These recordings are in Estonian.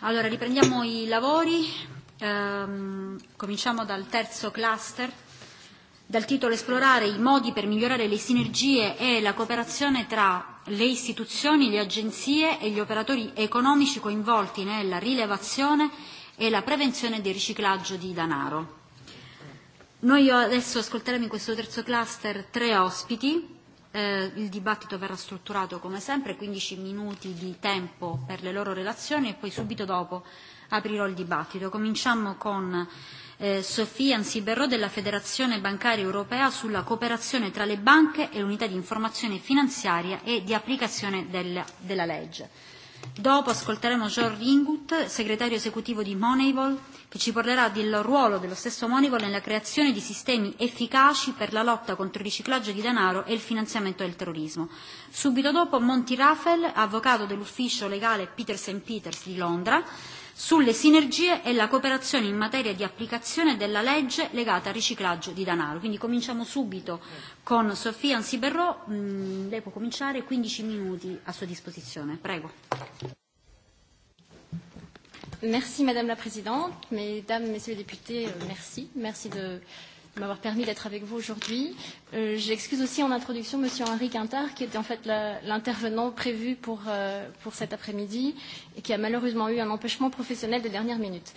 Allora, riprendiamo i lavori. Um, cominciamo dal terzo cluster, dal titolo Esplorare i modi per migliorare le sinergie e la cooperazione tra le istituzioni, le agenzie e gli operatori economici coinvolti nella rilevazione e la prevenzione del riciclaggio di denaro. Noi adesso ascolteremo in questo terzo cluster tre ospiti Eh, il dibattito verrà strutturato come sempre, 15 minuti di tempo per le loro relazioni e poi subito dopo aprirò il dibattito. Cominciamo con eh, Sofia Ansiberro della Federazione Bancaria Europea sulla cooperazione tra le banche e l'unità di informazione finanziaria e di applicazione del, della legge. Dopo ascolteremo John Ringut, segretario esecutivo di Moneyball, che ci parlerà del ruolo dello stesso Moneyball nella creazione di sistemi efficaci per la lotta contro il riciclaggio di denaro e il finanziamento del terrorismo. Subito dopo Monty Raffel, avvocato dell'ufficio legale Peters Peters di Londra, sulle sinergie e la cooperazione in materia di applicazione della legge legata al riciclaggio di denaro. Quindi cominciamo subito con Sofia Ansiberro, mh, mm, lei può cominciare, 15 minuti a sua disposizione. Prego. Merci Madame la Présidente, Mesdames, Messieurs les députés, merci. Merci de, euh, de m'avoir permis d'être avec vous aujourd'hui. Euh, J'excuse aussi en introduction Monsieur Henri Quintard, qui était en fait l'intervenant prévu pour, euh, pour cet après-midi et qui a malheureusement eu un empêchement professionnel de dernière minute.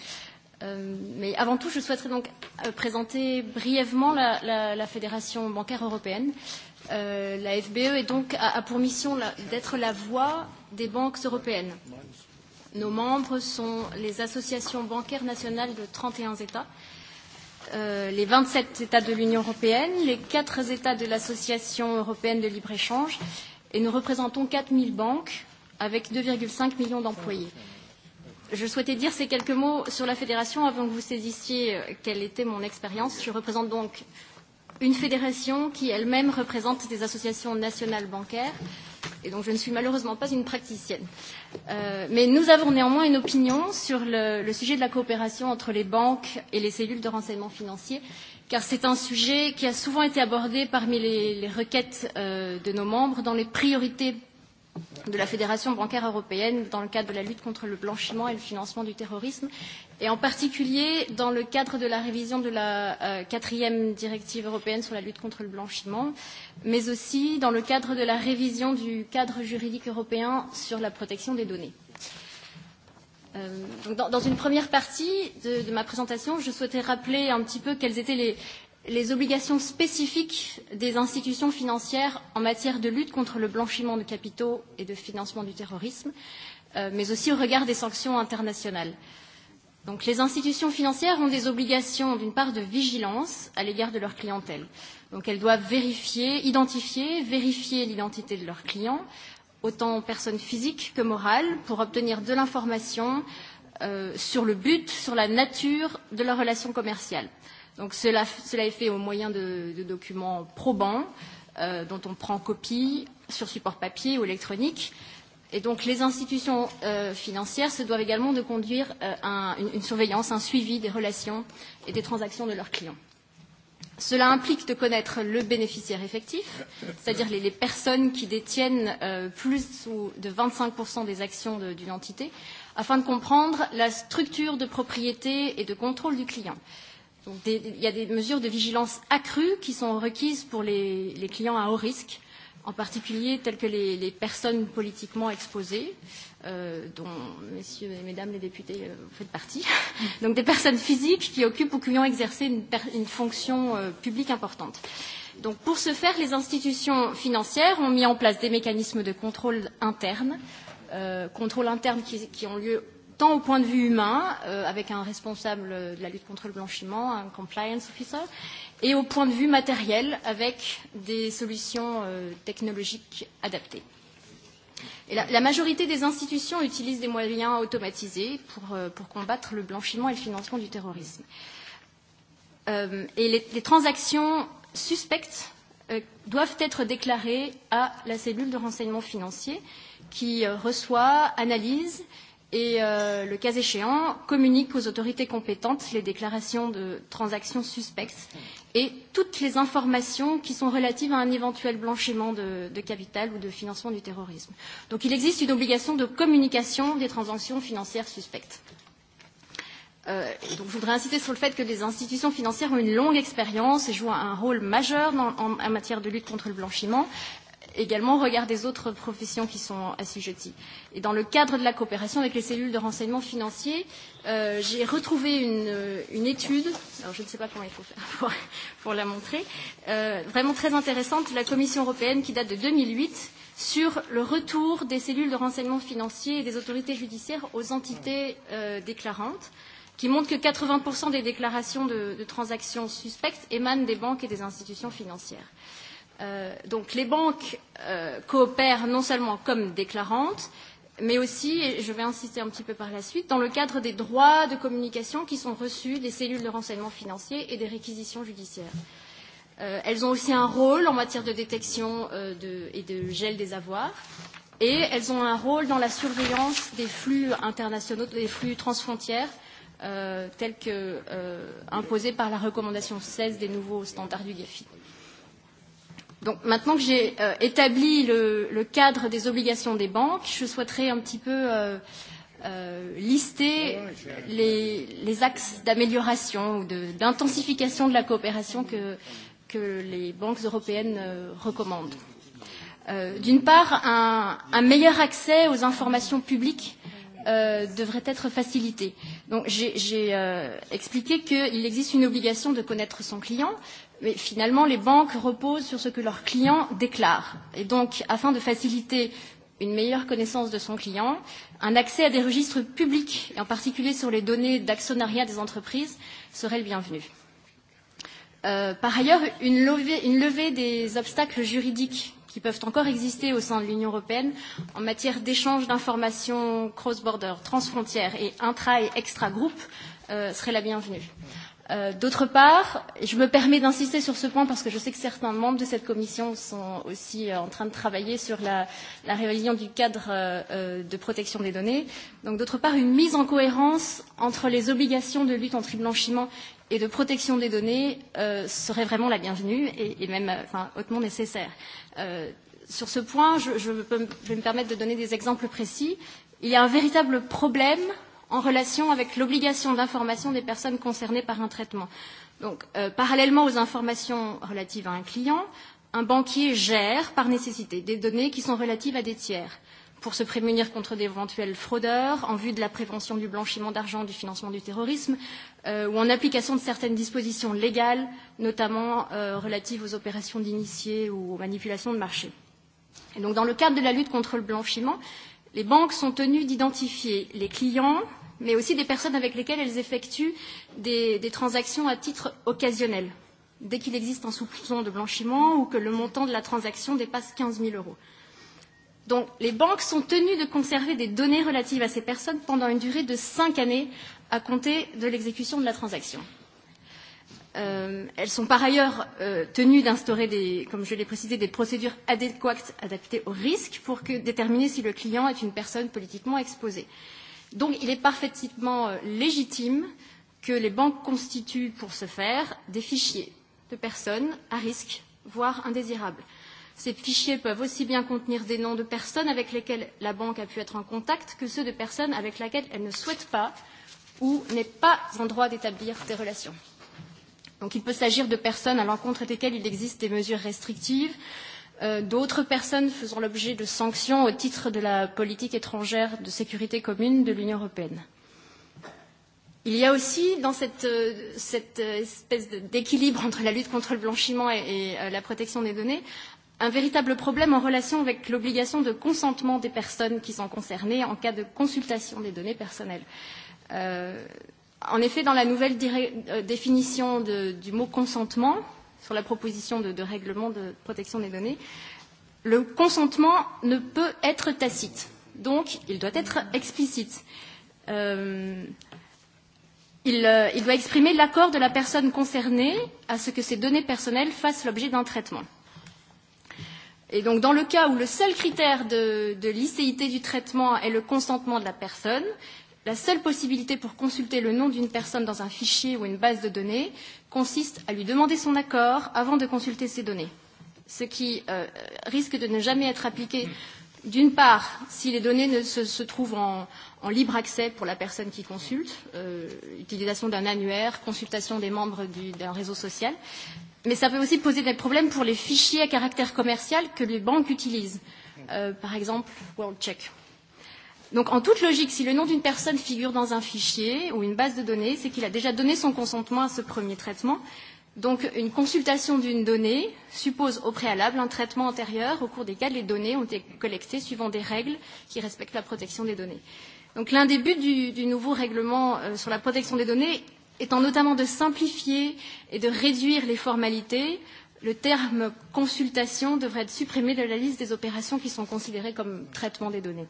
Euh, mais avant tout, je souhaiterais donc euh, présenter brièvement la, la, la Fédération bancaire européenne. Euh, la FBE est donc, a, a pour mission d'être la voix des banques européennes. Nos membres sont les associations bancaires nationales de 31 États, euh, euh, les 27 États de l'Union européenne, les 4 États de l'Association européenne de libre-échange, et nous représentons 4000 banques avec 2,5 millions d'employés. Je souhaitais dire ces quelques mots sur la fédération avant que vous saisissiez euh, quelle était mon expérience. Je représente donc une fédération qui elle-même représente des associations nationales bancaires, euh, et donc je ne suis malheureusement pas une praticienne. Euh, mais nous avons néanmoins une opinion sur le, le sujet de la coopération entre les banques et les cellules de renseignement financier, car c'est un sujet qui a souvent été abordé parmi les, les requêtes euh, de nos membres dans les priorités de la Fédération bancaire européenne dans le cadre de la lutte contre le blanchiment et le financement du terrorisme, et en particulier dans le cadre de la révision de la euh, quatrième euh, directive européenne sur la lutte contre le blanchiment, mais aussi dans le cadre de la révision du cadre juridique européen sur la protection des données. Euh, donc dans, dans une première partie de, de ma présentation, je souhaitais rappeler un petit peu quels étaient les, les obligations spécifiques des institutions financières en matière de lutte contre le blanchiment de capitaux et de financement du terrorisme, euh, mais aussi au regard des sanctions internationales. Donc, les institutions financières ont des obligations, d'une part, de vigilance à l'égard de leur clientèle. Donc, elles doivent vérifier, identifier, vérifier l'identité de leurs clients, autant personnes physiques que morales, pour obtenir de l'information euh, sur le but, sur la nature de leur relation commerciale. Euh, Donc cela, cela est fait au moyen de, de documents probants euh, dont on prend copie sur support papier ou électronique. Et donc les institutions euh, financières se doivent également de conduire euh, un, une, une surveillance, un suivi des relations et des transactions de leurs clients. Cela implique de connaître le bénéficiaire effectif, c'est-à-dire les, les personnes qui détiennent euh, plus de 25% des actions d'une de, entité, afin de comprendre la structure de propriété et de contrôle du client. Euh, Donc des, il y a des mesures de vigilance accrues qui sont requises pour les, les clients à haut risque, en particulier telles que les, les personnes politiquement exposées, euh, dont messieurs et mesdames les députés euh, vous faites partie. Donc des personnes physiques qui occupent ou qui ont exercé une, une fonction euh, publique importante. Donc pour ce faire, les institutions financières ont mis en place des mécanismes de contrôle interne, euh, contrôle interne qui, qui ont lieu tant au point de vue humain, euh, avec un responsable de la lutte contre le blanchiment, un compliance officer, et au point de vue matériel, avec des solutions euh, technologiques adaptées. Et la, la majorité des institutions utilisent des moyens automatisés pour, euh, pour combattre le blanchiment et le financement du terrorisme. Euh, et les, les transactions suspectes euh, doivent être déclarées à la cellule de renseignement financier qui euh, reçoit, analyse euh, et, euh, le cas échéant, communique aux autorités compétentes les déclarations de transactions suspectes et toutes les informations qui sont relatives à un éventuel blanchiment de, de capital ou de financement du terrorisme. Donc il existe une obligation de communication des transactions financières suspectes. Euh, et donc je voudrais insister sur le fait que les institutions financières ont une longue expérience et jouent un rôle majeur dans, en, en matière de lutte contre le blanchiment également au regard des autres professions qui sont assujetties. Et dans le cadre de la coopération avec les cellules de renseignement financier, euh, j'ai retrouvé une, euh, une étude, alors je ne sais pas comment il faut faire pour, pour la montrer, euh, vraiment très intéressante de la Commission européenne qui date de 2008 sur le retour des cellules de renseignement financier et des autorités judiciaires aux entités euh, déclarantes qui montre que 80% des déclarations de, de transactions suspectes émanent des banques et des institutions financières. Euh, Euh, donc les banques euh, coopèrent non seulement comme déclarantes, mais aussi, et je vais insister un petit peu par la suite, dans le cadre des droits de communication qui sont reçus des cellules de renseignement financier et des réquisitions judiciaires. Euh, elles ont aussi un rôle en matière de détection euh, de, et de gel des avoirs, et elles ont un rôle dans la surveillance des flux internationaux, des flux transfrontières, euh, tels que euh, imposés par la recommandation 16 des nouveaux standards du GAFI. Euh, Donc maintenant que j'ai euh, établi le, le cadre des obligations des banques, je souhaiterais un petit peu euh, euh, lister les, les axes d'amélioration ou d'intensification de, de la coopération que, que les banques européennes euh, recommandent. Euh, D'une part, un, un meilleur accès aux informations publiques euh, euh, devrait être facilitée. Donc j'ai euh, expliqué qu'il existe une obligation de connaître son client, mais finalement les banques reposent sur ce que leurs clients déclarent. Et donc afin de faciliter une meilleure connaissance de son client, un accès à des registres publics, et en particulier sur les données d'actionnariat des entreprises, serait le bienvenu. Euh, par ailleurs, une levée, une levée des obstacles juridiques qui peuvent encore exister au sein de l'Union européenne en matière d'échange d'informations cross-border, transfrontières et intra- et extra-groupe euh, serait la bienvenue. Euh, D'autre part, je me permets d'insister sur ce point parce que je sais que certains membres de cette commission sont aussi euh, en train de travailler sur la, la révision du cadre euh, euh de protection des données. Donc, d'autre part, une mise en cohérence entre les obligations de lutte anti-blanchiment et de protection des données euh, serait vraiment la bienvenue et, et même euh, enfin, hautement nécessaire. Euh, sur ce point, je, je, peux, je vais me permettre de donner des exemples précis. Il y a un véritable problème en relation avec l'obligation d'information des personnes concernées par un traitement. Donc, euh, parallèlement aux informations relatives à un client, un banquier gère par nécessité des données qui sont relatives à des tiers pour se prémunir contre d'éventuels fraudeurs, en vue de la prévention du blanchiment d'argent, du financement du terrorisme, euh, ou en application de certaines dispositions légales, notamment euh, relatives aux opérations d'initiés ou aux manipulations de marché. Et donc, dans le cadre de la lutte contre le blanchiment, les banques sont tenues d'identifier les clients, mais aussi des personnes avec lesquelles elles effectuent des, des transactions à titre occasionnel, dès qu'il existe un soupçon de blanchiment ou que le montant de la transaction dépasse 15 000 euros. Euh, Donc les banques sont tenues de conserver des données relatives à ces personnes pendant une durée de cinq années à compter de l'exécution de la transaction. Euh, elles sont par ailleurs euh, tenues d'instaurer, des, comme je l'ai précisé, des procédures adéquates adaptées au risque pour que, déterminer si le client est une personne politiquement exposée. Donc il est parfaitement euh, légitime que les banques constituent pour ce faire des fichiers de personnes à risque, voire indésirables. Euh, Ces fichiers peuvent aussi bien contenir des noms de personnes avec lesquelles la banque a pu être en contact que ceux de personnes avec lesquelles elle ne souhaite pas ou n'est pas en droit d'établir des relations. Donc il peut s'agir de personnes à l'encontre desquelles il existe des mesures restrictives, euh, d'autres personnes faisant l'objet de sanctions au titre de la politique étrangère de sécurité commune de l'Union européenne. Il y a aussi dans cette, euh, cette espèce d'équilibre entre la lutte contre le blanchiment et, et euh, la protection des données un véritable problème en relation avec l'obligation de consentement des personnes qui sont concernées en cas de consultation des données personnelles. Euh, en effet, dans la nouvelle euh, définition de, du mot consentement, sur la proposition de, de règlement de protection des données, le consentement ne peut être tacite, donc il doit être explicite. Euh, il, euh, il doit exprimer l'accord de la personne concernée à ce que ses données personnelles fassent l'objet d'un traitement. Et donc, dans le cas où le seul critère de, de licéité du traitement est le consentement de la personne, la seule possibilité pour consulter le nom d'une personne dans un fichier ou une base de données consiste à lui demander son accord avant de consulter ses données, ce qui euh, risque de ne jamais être appliqué, d'une part, si les données ne se, se trouvent en, en libre accès pour la personne qui consulte, euh, utilisation d'un annuaire, consultation des membres d'un du, réseau social, Mais ça peut aussi poser des problèmes pour les fichiers à caractère commercial que les banques utilisent. Euh, par exemple, World Check. Donc en toute logique, si le nom d'une personne figure dans un fichier ou une base de données, c'est qu'il a déjà donné son consentement à ce premier traitement. Donc une consultation d'une donnée suppose au préalable un traitement antérieur au cours desquels les données ont été collectées suivant des règles qui respectent la protection des données. Donc l'un des buts du, du nouveau règlement euh, sur la protection des données étant notamment de simplifier et de réduire les formalités, le terme consultation devrait être supprimé de la liste des opérations qui sont considérées comme traitement des données.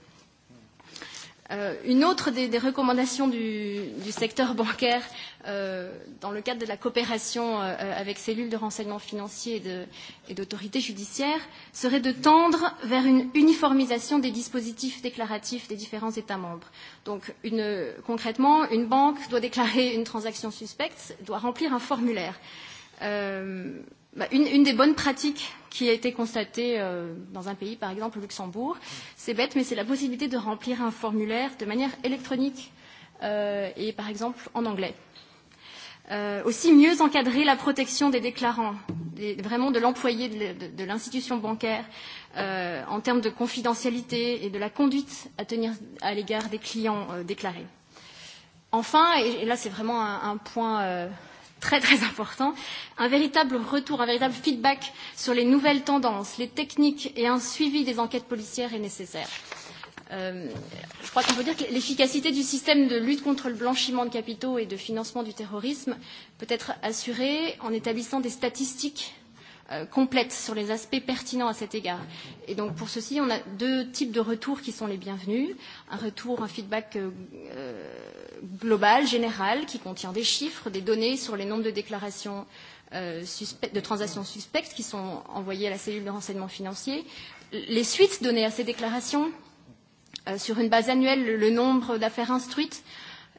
Euh, une autre des, des recommandations du, du secteur bancaire euh, dans le cadre de la coopération euh, avec cellules de renseignement financier et d'autorité judiciaire serait de tendre vers une uniformisation des dispositifs déclaratifs des différents États membres. Donc une, concrètement, une banque doit déclarer une transaction suspecte, doit remplir un formulaire. Euh, bah, une, une des bonnes pratiques qui a été constatée euh, dans un pays, par exemple Luxembourg, c'est bête, mais c'est la possibilité de remplir un formulaire de manière électronique euh, et par exemple en anglais. Euh, aussi mieux encadrer la protection des déclarants, des, vraiment de l'employé de, de, de l'institution bancaire euh, en termes de confidentialité et de la conduite à tenir à l'égard des clients euh, déclarés. Enfin, et, et là c'est vraiment un, un point euh, très très important, un véritable retour, un véritable feedback sur les nouvelles tendances, les techniques et un suivi des enquêtes policières est nécessaire. Euh, je crois qu'on peut dire que l'efficacité du système de lutte contre le blanchiment de capitaux et de financement du terrorisme peut être assurée en établissant des statistiques euh, complète sur les aspects pertinents à cet égard. Et donc pour ceci, on a deux types de retours qui sont les bienvenus. Un retour, un feedback euh, euh, global, général, qui contient des chiffres, des données sur les nombres de déclarations euh, suspect, de transactions suspectes qui sont envoyées à la cellule de renseignement financier, les suites données à ces déclarations euh, sur une base annuelle, le, le nombre d'affaires instruites,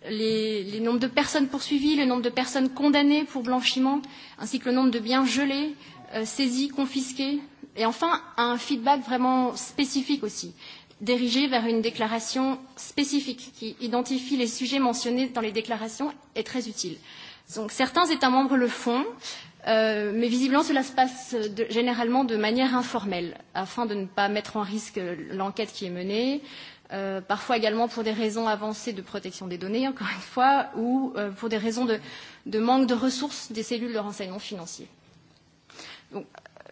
les, les nombres de personnes poursuivies, le nombre de personnes condamnées pour blanchiment, ainsi que le nombre de biens gelés, euh, saisis, confisqués, et enfin un feedback vraiment spécifique aussi, dirigé vers une déclaration spécifique qui identifie les sujets mentionnés dans les déclarations est très utile. Donc certains États membres le font, euh, mais visiblement cela se passe de, généralement de manière informelle, afin de ne pas mettre en risque l'enquête qui est menée, euh, parfois également pour des raisons avancées de protection des données, encore une fois, ou euh, pour des raisons de, de manque de ressources des cellules de renseignement financier. Donc,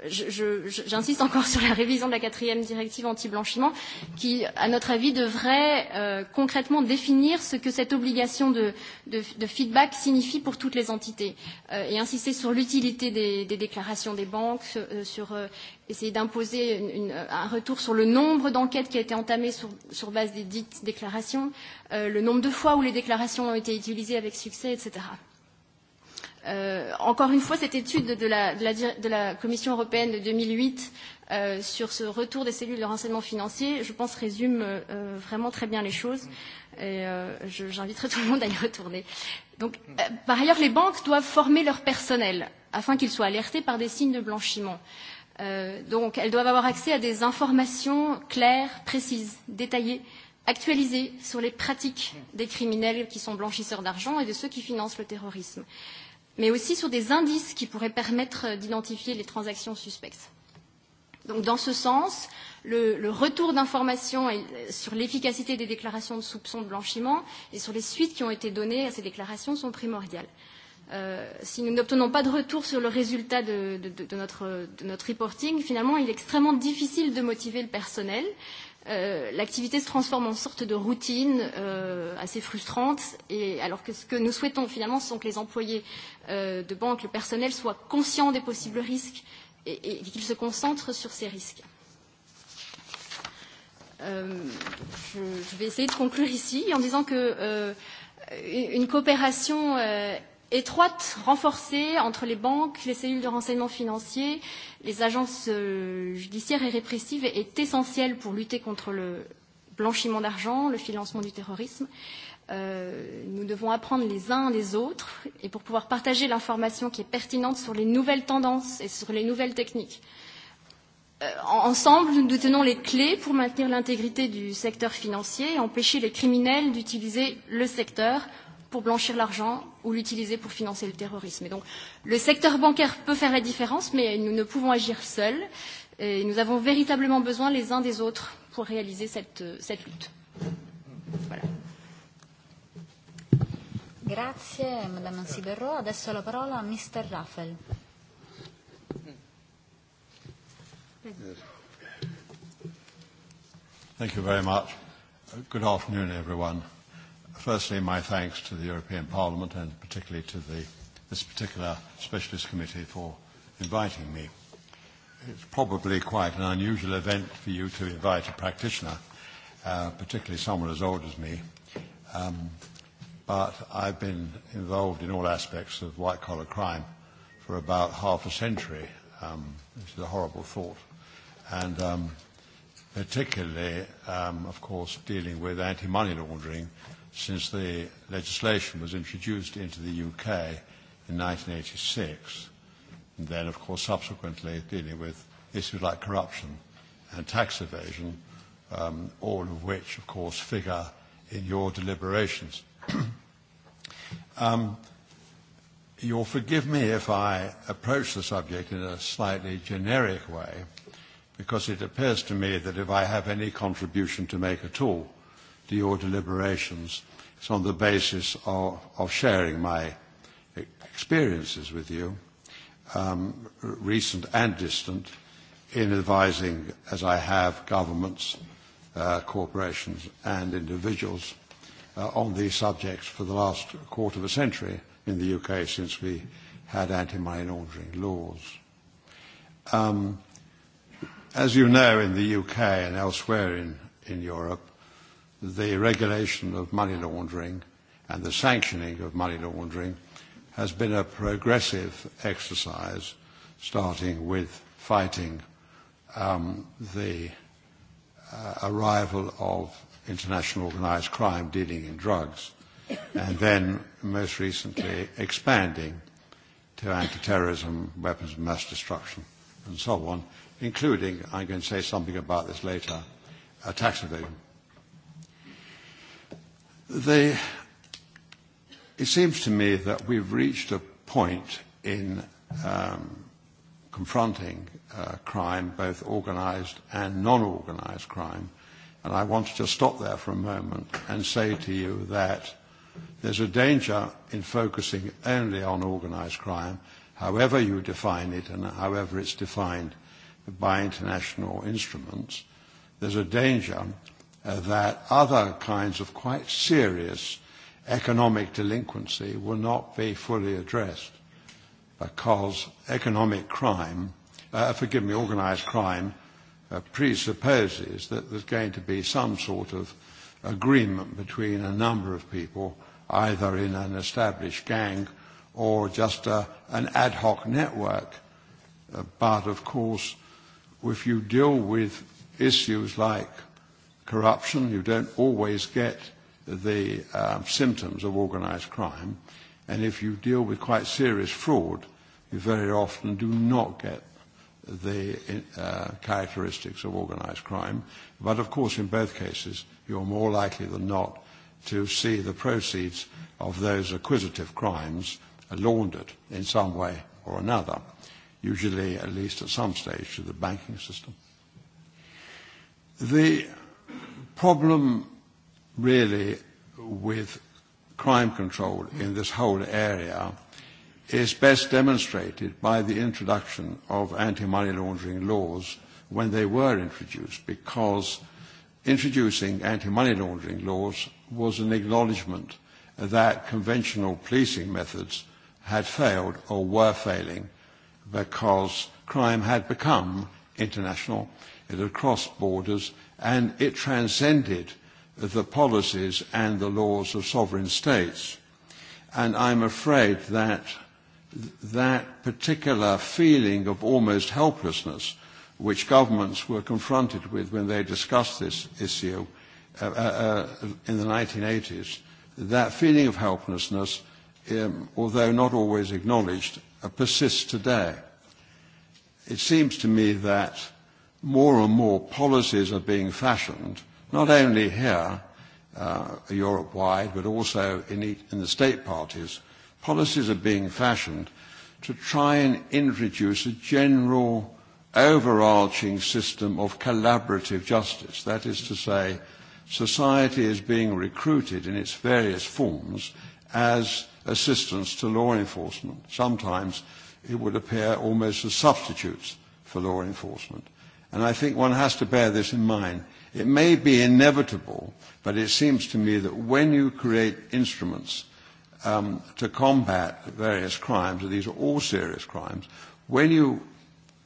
j'insiste encore sur la révision de la quatrième directive anti-blanchiment, qui, à notre avis, devrait euh, concrètement définir ce que cette obligation de, de, de feedback signifie pour toutes les entités, euh, et insister sur l'utilité des, des déclarations des banques, euh, sur euh, essayer d'imposer une, une, un retour sur le nombre d'enquêtes qui a été entamée sur, sur base des dites déclarations, euh, le nombre de fois où les déclarations ont été utilisées avec succès, etc. Euh, Euh, encore une fois, cette étude de la, de la, de la Commission européenne de 2008 euh, sur ce retour des cellules de renseignement financier, je pense, résume euh, vraiment très bien les choses. Et euh, j'inviterai tout le monde à y retourner. Donc, euh, par ailleurs, les banques doivent former leur personnel afin qu'ils soient alertés par des signes de blanchiment. Euh, donc, elles doivent avoir accès à des informations claires, précises, détaillées, actualisées sur les pratiques des criminels qui sont blanchisseurs d'argent et de ceux qui financent le terrorisme. Euh, mais aussi sur des indices qui pourraient permettre euh, d'identifier les transactions suspectes. Donc, dans ce sens, le, le retour d'informations euh, sur l'efficacité des déclarations de soupçons de blanchiment et sur les suites qui ont été données à ces déclarations sont primordiales. Euh, si nous n'obtenons pas de retour sur le résultat de, de, de, de, notre, de notre reporting, finalement, il est extrêmement difficile de motiver le personnel euh, l'activité se transforme en sorte de routine euh, assez frustrante, et alors que ce que nous souhaitons finalement, ce sont que les employés euh, de banque, le personnel, soient conscients des possibles risques et, et qu'ils se concentrent sur ces risques. Euh, je, je vais essayer de conclure ici en disant que euh, une coopération euh, étroite, renforcée entre les banques, les cellules de renseignement financier, les agences euh, judiciaires et répressives est essentielle pour lutter contre le blanchiment d'argent, le financement du terrorisme. Euh, nous devons apprendre les uns les autres et pour pouvoir partager l'information qui est pertinente sur les nouvelles tendances et sur les nouvelles techniques. Euh, ensemble, nous détenons les clés pour maintenir l'intégrité du secteur financier et empêcher les criminels d'utiliser le secteur pour blanchir l'argent ou l'utiliser pour financer le terrorisme. Et donc, le secteur bancaire peut faire la différence, mais nous ne pouvons agir seuls. Et nous avons véritablement besoin les uns des autres pour réaliser cette, cette lutte. Voilà. Grazie Madame Siberro. Adesso la parola a Mr. Raffel. Thank you very much. Good afternoon everyone. Firstly, my thanks to the European Parliament and particularly to the, this particular specialist committee for inviting me. It's probably quite an unusual event for you to invite a practitioner, uh, particularly someone as old as me. Um, but I've been involved in all aspects of white-collar crime for about half a century, um, which is a horrible thought. And um, particularly, um, of course, dealing with anti-money laundering, since the legislation was introduced into the UK in 1986. And then, of course, subsequently dealing with issues like corruption and tax evasion, um, all of which, of course, figure in your deliberations. um, you'll forgive me if I approach the subject in a slightly generic way, because it appears to me that if I have any contribution to make at all, to your deliberations. It's on the basis of, of sharing my experiences with you, um, recent and distant, in advising, as I have, governments, uh, corporations and individuals uh, on these subjects for the last quarter of a century in the UK since we had anti-money laundering laws. Um, as you know, in the UK and elsewhere in, in Europe, the regulation of money laundering and the sanctioning of money laundering has been a progressive exercise, starting with fighting um, the uh, arrival of international organized crime dealing in drugs, and then most recently expanding to anti-terrorism, weapons of mass destruction, and so on, including, I'm going to say something about this later, uh, tax evasion. They, it seems to me that we've reached a point in um, confronting uh, crime, both organised and non-organised crime, and I want to just stop there for a moment and say to you that there's a danger in focusing only on organised crime, however you define it and however it's defined by international instruments. There's a danger uh, that other kinds of quite serious economic delinquency will not be fully addressed because economic crime, uh, forgive me, organized crime, uh, presupposes that there's going to be some sort of agreement between a number of people, either in an established gang or just a, uh, an ad hoc network. Uh, but of course, if you deal with issues like corruption. You don't always get the um, symptoms of organized crime. And if you deal with quite serious fraud, you very often do not get the uh, characteristics of organized crime. But of course, in both cases, you're more likely than not to see the proceeds of those acquisitive crimes laundered in some way or another, usually at least at some stage to the banking system. The problem really with crime control in this whole area is best demonstrated by the introduction of anti-money laundering laws when they were introduced, because introducing anti-money laundering laws was an acknowledgement that conventional policing methods had failed or were failing because crime had become international. It had crossed borders and it transcended the policies and the laws of sovereign states. And I'm afraid that that particular feeling of almost helplessness which governments were confronted with when they discussed this issue uh, uh, uh in the 1980s, that feeling of helplessness, um, although not always acknowledged, uh, persists today. It seems to me that more and more policies are being fashioned, not only here, uh, Europe-wide, but also in, each, in the state parties. Policies are being fashioned to try and introduce a general overarching system of collaborative justice. That is to say, society is being recruited in its various forms as assistance to law enforcement. Sometimes it would appear almost as substitutes for law enforcement. And I think one has to bear this in mind. It may be inevitable, but it seems to me that when you create instruments um, to combat various crimes, and these are all serious crimes, when you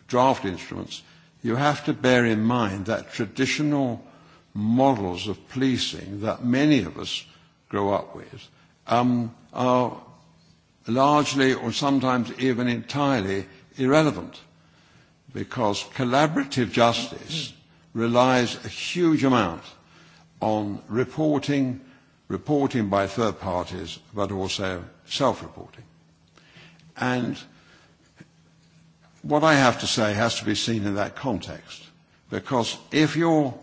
draft instruments, you have to bear in mind that traditional models of policing that many of us grow up with um, are largely or sometimes even entirely irrelevant because collaborative justice relies a huge amount on reporting, reporting by third parties, but also self-reporting. And what I have to say has to be seen in that context, because if you're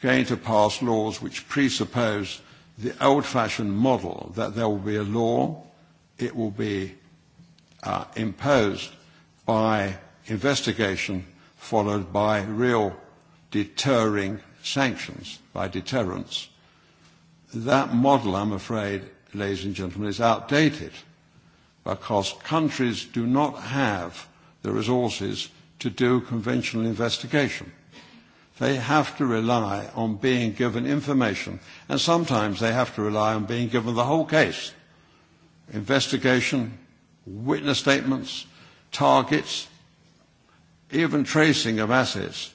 going to pass laws which presuppose the old-fashioned model that there will be a law, it will be uh, imposed by investigation followed by real deterring sanctions, by deterrence. That model, I'm afraid, ladies and gentlemen, is outdated because countries do not have the resources to do conventional investigation. They have to rely on being given information, and sometimes they have to rely on being given the whole case. Investigation, witness statements, targets, Even tracing of assets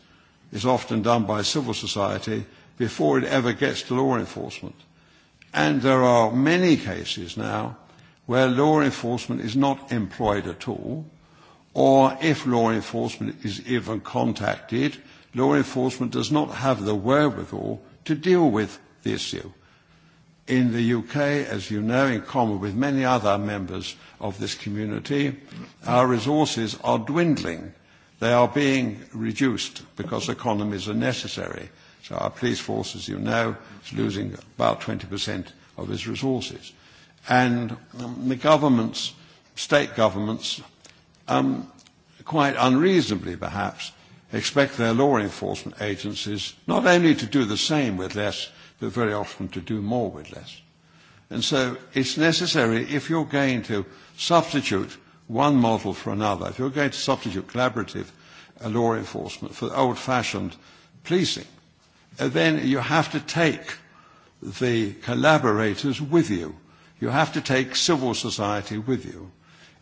is often done by civil society before it ever gets to law enforcement. And there are many cases now where law enforcement is not employed at all, or if law enforcement is even contacted, law enforcement does not have the wherewithal to deal with the issue. In the UK, as you know, in common with many other members of this community, our resources are dwindling They are being reduced because economies are necessary. So our police force, as you know, is losing about 20% of its resources. And um, the governments, state governments, um, quite unreasonably perhaps, expect their law enforcement agencies not only to do the same with less, but very often to do more with less. And so it's necessary, if you're going to substitute one model for another. If you're going to substitute collaborative uh, law enforcement for old-fashioned policing, uh, then you have to take the collaborators with you. You have to take civil society with you.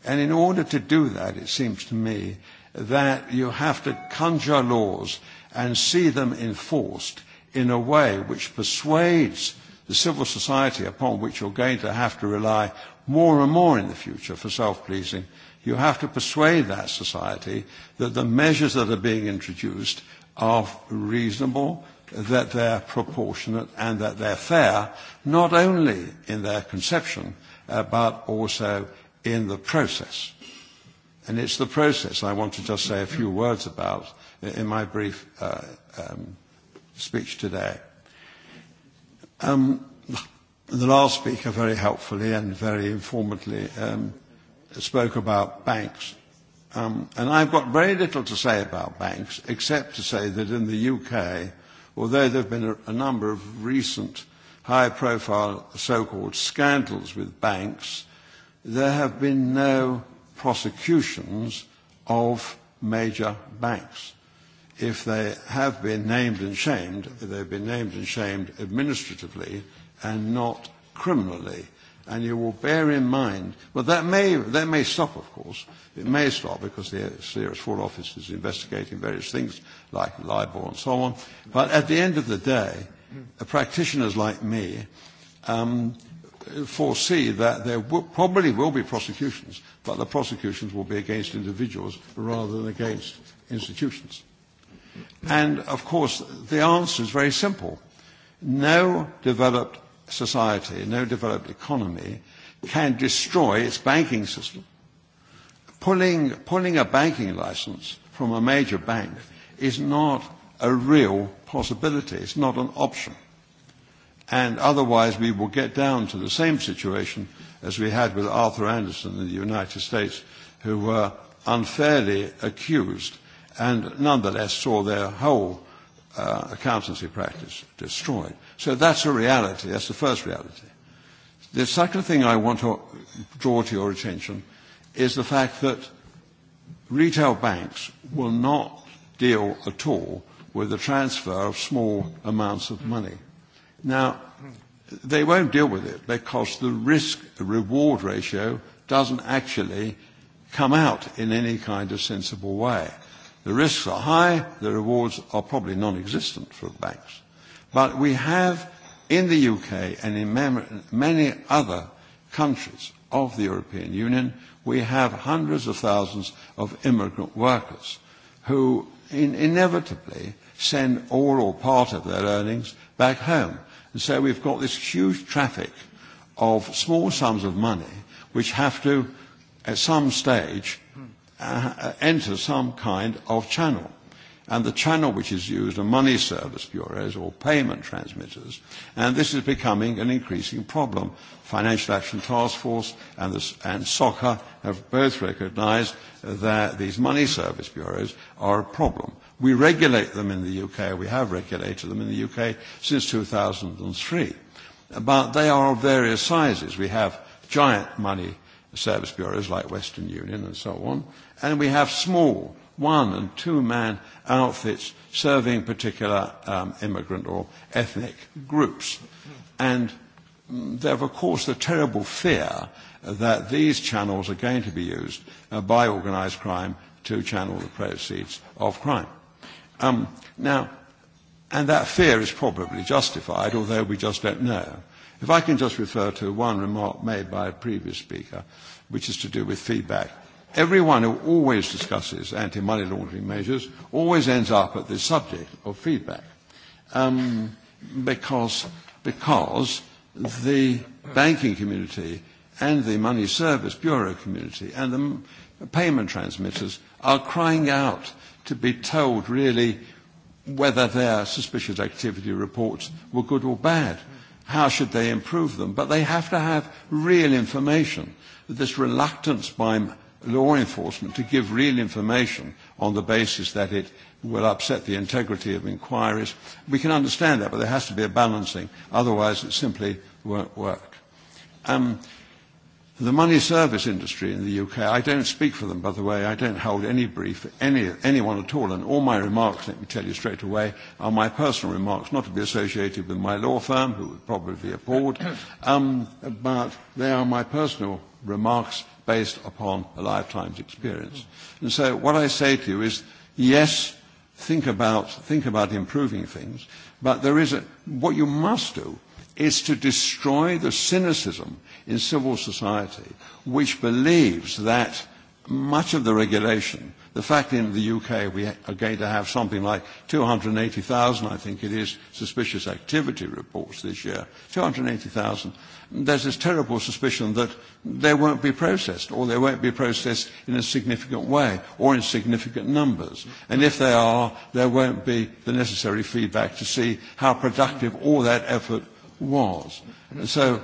And in order to do that, it seems to me that you have to conjure laws and see them enforced in a way which persuades the civil society upon which you're going to have to rely more and more in the future for self-policing, you have to persuade that society that the measures that are being introduced are reasonable, that they're proportionate, and that they're fair, not only in their conception, uh, but also in the process. And it's the process I want to just say a few words about in my brief uh, um, speech today. Um, the last speaker very helpfully and very informatively um, spoke about banks. Um, and I've got very little to say about banks, except to say that in the UK, although there have been a, a number of recent high-profile so-called scandals with banks, there have been no prosecutions of major banks. If they have been named and shamed, they've been named and shamed administratively and not criminally. And you will bear in mind, but that may, that may stop, of course. It may stop because the Serious Fraud Office is investigating various things like libel and so on. But at the end of the day, practitioners like me um, foresee that there w- probably will be prosecutions, but the prosecutions will be against individuals rather than against institutions. And of course, the answer is very simple. No developed society, no developed economy, can destroy its banking system. Pulling, pulling a banking license from a major bank is not a real possibility. It's not an option. And otherwise, we will get down to the same situation as we had with Arthur Anderson in the United States, who were unfairly accused and nonetheless saw their whole uh, accountancy practice destroyed. So that's a reality. That's the first reality. The second thing I want to draw to your attention is the fact that retail banks will not deal at all with the transfer of small amounts of money. Now, they won't deal with it because the risk-reward ratio doesn't actually come out in any kind of sensible way. The risks are high, the rewards are probably non-existent for banks. But we have in the UK and in many other countries of the European Union, we have hundreds of thousands of immigrant workers who in inevitably send all or part of their earnings back home. And so we've got this huge traffic of small sums of money which have to, at some stage, uh, enter some kind of channel and the channel which is used are money service bureaus or payment transmitters, and this is becoming an increasing problem. Financial Action Task Force and, the, and SOCA have both recognised that these money service bureaus are a problem. We regulate them in the UK, we have regulated them in the UK since 2003, but they are of various sizes. We have giant money service bureaus like Western Union and so on, and we have small one and two man outfits serving particular um, immigrant or ethnic groups. And there, of course, the terrible fear that these channels are going to be used uh, by organized crime to channel the proceeds of crime. Um, now, and that fear is probably justified, although we just don't know. If I can just refer to one remark made by a previous speaker, which is to do with feedback Everyone who always discusses anti-money laundering measures always ends up at the subject of feedback um, because, because the banking community and the money service bureau community and the payment transmitters are crying out to be told really whether their suspicious activity reports were good or bad. How should they improve them? But they have to have real information. This reluctance by law enforcement to give real information on the basis that it will upset the integrity of inquiries. We can understand that, but there has to be a balancing. Otherwise, it simply won't work. Um, the money service industry in the UK, I don't speak for them, by the way. I don't hold any brief, any, anyone at all. And all my remarks, let me tell you straight away, are my personal remarks, not to be associated with my law firm, who would probably be appalled. Um, but they are my personal remarks based upon a lifetime's experience. And so what I say to you is, yes, think about, think about improving things, but there is a, what you must do is to destroy the cynicism in civil society which believes that much of the regulation, the fact in the UK we are going to have something like 280,000, I think it is, suspicious activity reports this year, 280,000 there's this terrible suspicion that they won't be processed, or they won't be processed in a significant way, or in significant numbers. And if they are, there won't be the necessary feedback to see how productive all that effort was. And so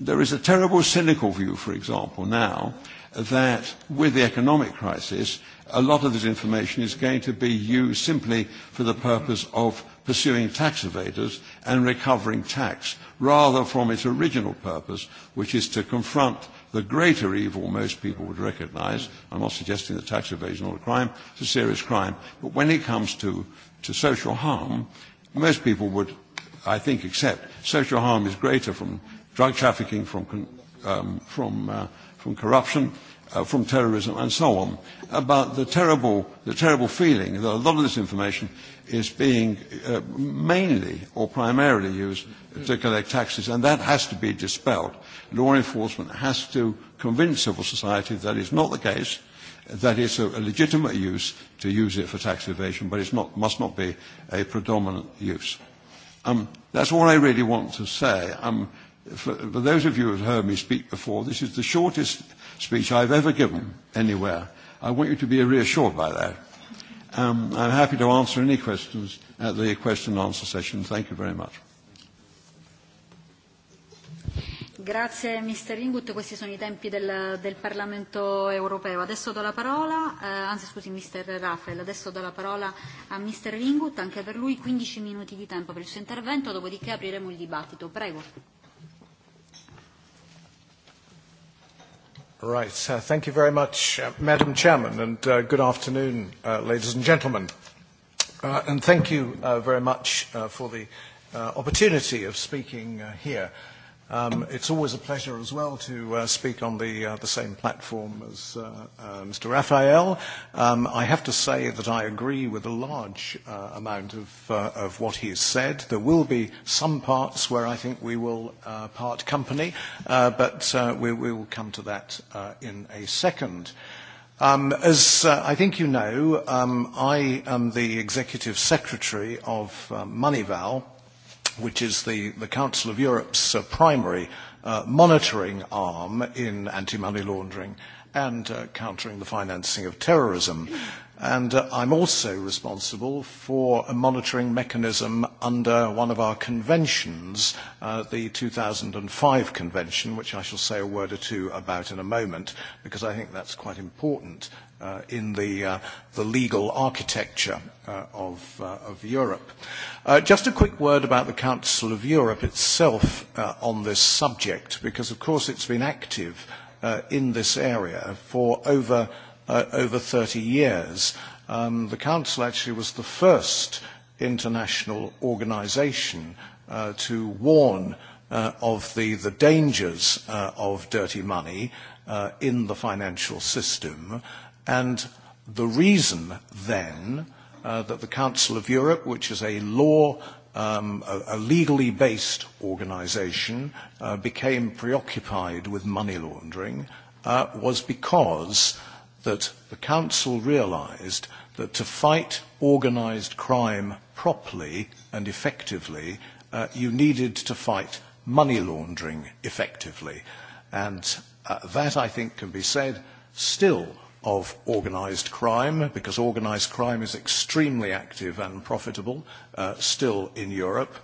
there is a terrible cynical view, for example, now that with the economic crisis, a lot of this information is going to be used simply for the purpose of pursuing tax evaders and recovering tax, rather from its original purpose, which is to confront the greater evil most people would recognize. I'm not suggesting that tax evasion is not a crime, it's a serious crime. But when it comes to, to social harm, most people would, I think, accept social harm is greater from drug trafficking, from, um, from, uh, from corruption, uh, from terrorism, and so on. About uh, the terrible, the terrible feeling that a lot of this information is being uh, mainly or primarily used to collect taxes, and that has to be dispelled. Law enforcement has to convince civil society that is not the case, that it's a, a legitimate use to use it for tax evasion, but it not, must not be a predominant use. Um, that's all I really want to say. Um, for, for those of you who have heard me speak before, this is the shortest speech I've ever given anywhere. I want you to be reassured by that. Um, I'm happy to answer any questions at the question and answer session. Thank you very much. Grazie Mr. Ingut, questi sono i tempi del, del Parlamento europeo. Adesso do la parola, eh, anzi scusi Mr. Rafael, adesso do la parola a Mr. Ingut, anche per lui 15 minuti di tempo per il suo intervento, dopodiché apriremo il dibattito. Prego. Right. Uh, thank you very much, uh, Madam Chairman, and uh, good afternoon, uh, ladies and gentlemen. Uh, and thank you uh, very much uh, for the uh, opportunity of speaking uh, here. Um, it's always a pleasure as well to uh, speak on the, uh, the same platform as uh, uh, Mr. Raphael. Um, I have to say that I agree with a large uh, amount of, uh, of what he has said. There will be some parts where I think we will uh, part company, uh, but uh, we, we will come to that uh, in a second. Um, as uh, I think you know, um, I am the executive secretary of um, Moneyval, which is the, the Council of Europe's uh, primary uh, monitoring arm in anti-money laundering and uh, countering the financing of terrorism. And uh, I'm also responsible for a monitoring mechanism under one of our conventions, uh, the 2005 convention, which I shall say a word or two about in a moment, because I think that's quite important uh, in the, uh, the legal architecture uh, of, uh, of Europe. Uh, just a quick word about the Council of Europe itself uh, on this subject, because of course it's been active uh, in this area for over, uh, over 30 years. Um, the Council actually was the first international organization uh, to warn uh, of the, the dangers uh, of dirty money uh, in the financial system And the reason then uh, that the Council of Europe, which is a law, um, a, a legally based organization, uh, became preoccupied with money laundering uh, was because that the Council realized that to fight organized crime properly and effectively, uh, you needed to fight money laundering effectively. And uh, that, I think, can be said still of organized crime, because organized crime is extremely active and profitable uh, still in Europe.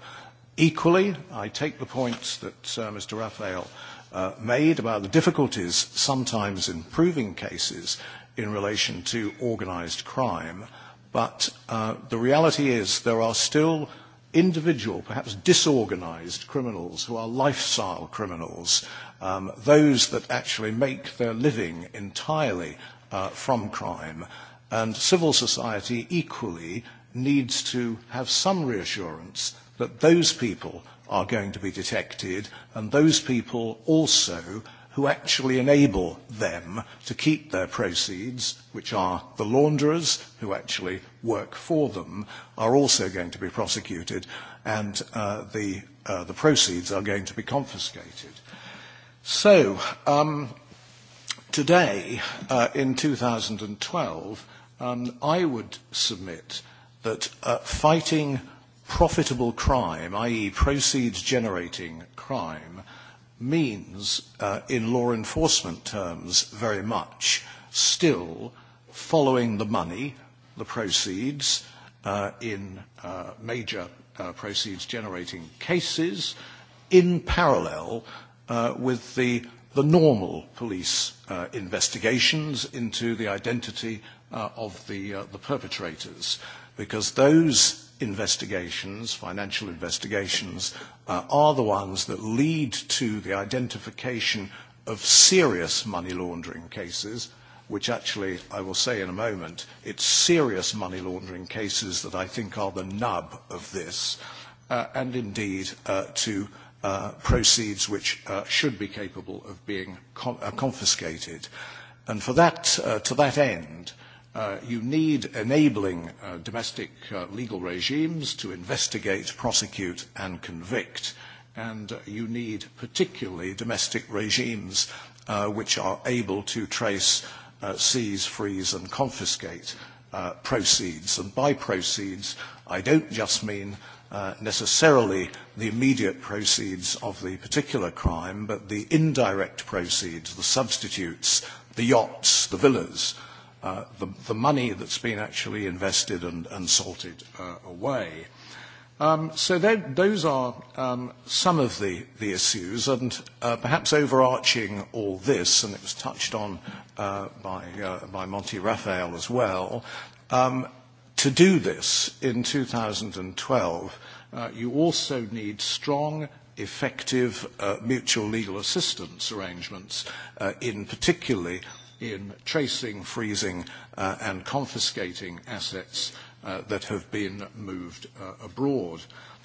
Equally, I take the point that uh, Mr. Raphael uh, made about the difficulties sometimes in proving cases in relation to organized crime, but uh, the reality is there are still individual, perhaps disorganized criminals who are lifestyle criminals, um, those that actually make their living entirely uh, from crime. And civil society equally needs to have some reassurance that those people are going to be detected and those people also who actually enable them to keep their proceeds, which are the launderers who actually work for them, are also going to be prosecuted and uh, the, uh, the proceeds are going to be confiscated. So, um, Today, uh, in 2012, um, I would submit that uh, fighting profitable crime, i.e. proceeds generating crime, means, uh, in law enforcement terms, very much still following the money, the proceeds, uh, in uh, major uh, proceeds generating cases in parallel uh, with the the normal police uh, investigations into the identity uh, of the, uh, the perpetrators, because those investigations, financial investigations, uh, are the ones that lead to the identification of serious money laundering cases, which actually I will say in a moment, it's serious money laundering cases that I think are the nub of this, uh, and indeed uh, to uh, proceeds which uh, should be capable of being con- uh, confiscated. And for that, uh, to that end, uh, you need enabling uh, domestic uh, legal regimes to investigate, prosecute, and convict. And uh, you need particularly domestic regimes uh, which are able to trace, uh, seize, freeze, and confiscate uh, proceeds. And by proceeds, I don't just mean uh, uh, necessarily the immediate proceeds of the particular crime, but the indirect proceeds, the substitutes, the yachts, the villas, uh, the, the money that's been actually invested and, and salted uh, away. Um, so that, those are um, some of the, the issues, and uh, perhaps overarching all this, and it was touched on uh, by, uh, by Monty Raphael as well, um, to do this in 2012, uh, you also need strong, effective uh, mutual legal assistance arrangements, uh, in particularly in tracing, freezing, uh, and confiscating assets uh, that have been moved uh, abroad.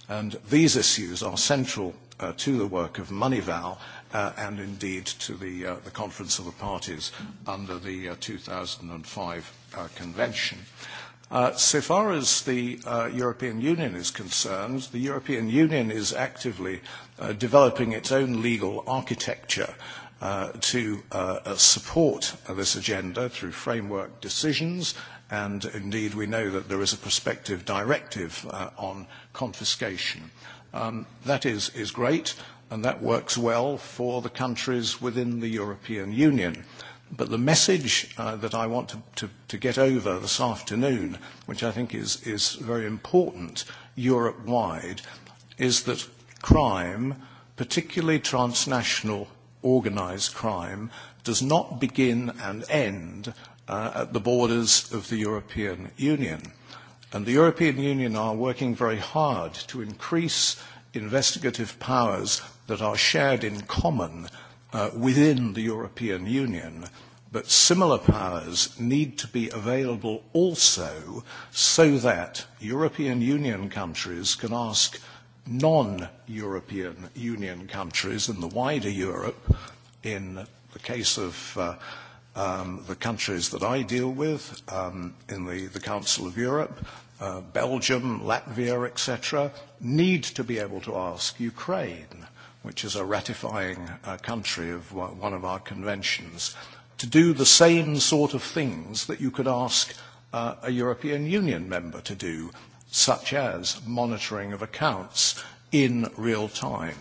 And these issues are central uh, to the work of Moneyval uh, and indeed to the, uh, the Conference of the Parties under the uh, 2005 uh, Convention. Uh, Uh, so far as the uh, European Union is concerned, the European Union is actively uh, developing its own legal architecture uh, to uh, uh, support uh, this agenda through framework decisions and indeed we know that there is a prospective directive uh, on confiscation. Um, that is, is great, and that works well for the countries within the European Union. Uh, But the message uh, that I want to, to, to get over this afternoon, which I think is, is very important Europe-wide, is that crime, particularly transnational organized crime, does not begin and end uh, at the borders of the European Union. And the European Union are working very hard to increase investigative powers that are shared in common uh, within the European Union, but similar powers need to be available also so that European Union countries can ask non-European Union countries in the wider Europe, in the case of uh, um, the countries that I deal with um, in the, the Council of Europe, uh, Belgium, Latvia, etc., need to be able to ask Ukraine which is a ratifying uh, country of one of our conventions, to do the same sort of things that you could ask uh, a European Union member to do, such as monitoring of accounts in real time.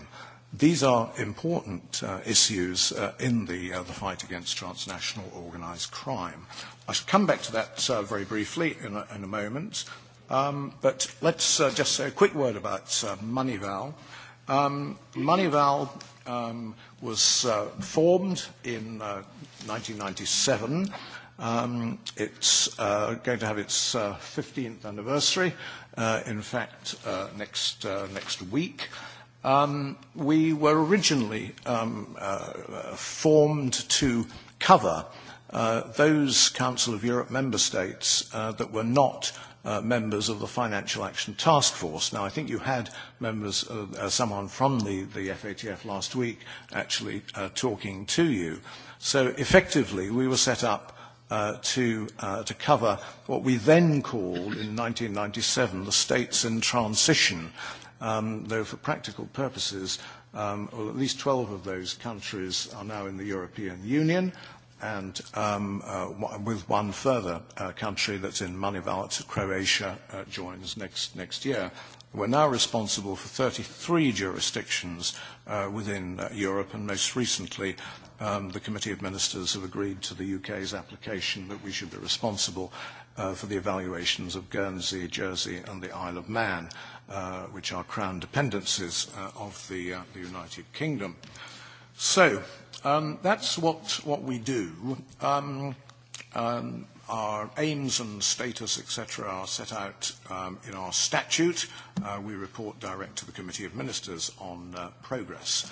These are important uh, issues uh, in the, uh, the fight against transnational organized crime. I shall come back to that uh, very briefly in a, in a moment, um, but let's uh, just say a quick word about uh, Moneyval. Uh, Um, Moneyval um, was uh, formed in uh, 1997. Um, it's uh, going to have its uh, 15th anniversary, uh, in fact, uh, next, uh, next week. Um, we were originally um, uh, formed to cover uh, those Council of Europe member states uh, that were not uh, uh, members of the Financial Action Task Force. Now, I think you had members, uh, uh, someone from the, the FATF last week actually uh, talking to you. So effectively, we were set up uh, to, uh, to cover what we then called in 1997 the states in transition, um, though for practical purposes, um, well, at least 12 of those countries are now in the European Union and um, uh, w- with one further uh, country that's in Manival, Croatia, uh, joins next, next year. We're now responsible for 33 jurisdictions uh, within uh, Europe, and most recently, um, the Committee of Ministers have agreed to the UK's application that we should be responsible uh, for the evaluations of Guernsey, Jersey, and the Isle of Man, uh, which are crown dependencies uh, of the, uh, the United Kingdom. So, Um, that's what, what we do. Um, um, our aims and status, etc., are set out um, in our statute. Uh, we report direct to the Committee of Ministers on uh, progress.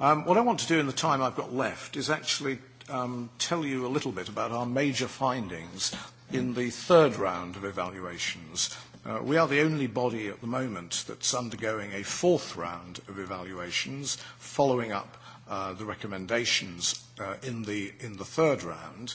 Um, what I want to do in the time I've got left is actually um, tell you a little bit about our major findings in the third round of evaluations. Uh, we are the only body at the moment that's undergoing a fourth round of evaluations following up uh, the recommendations uh, in, the, in the third round.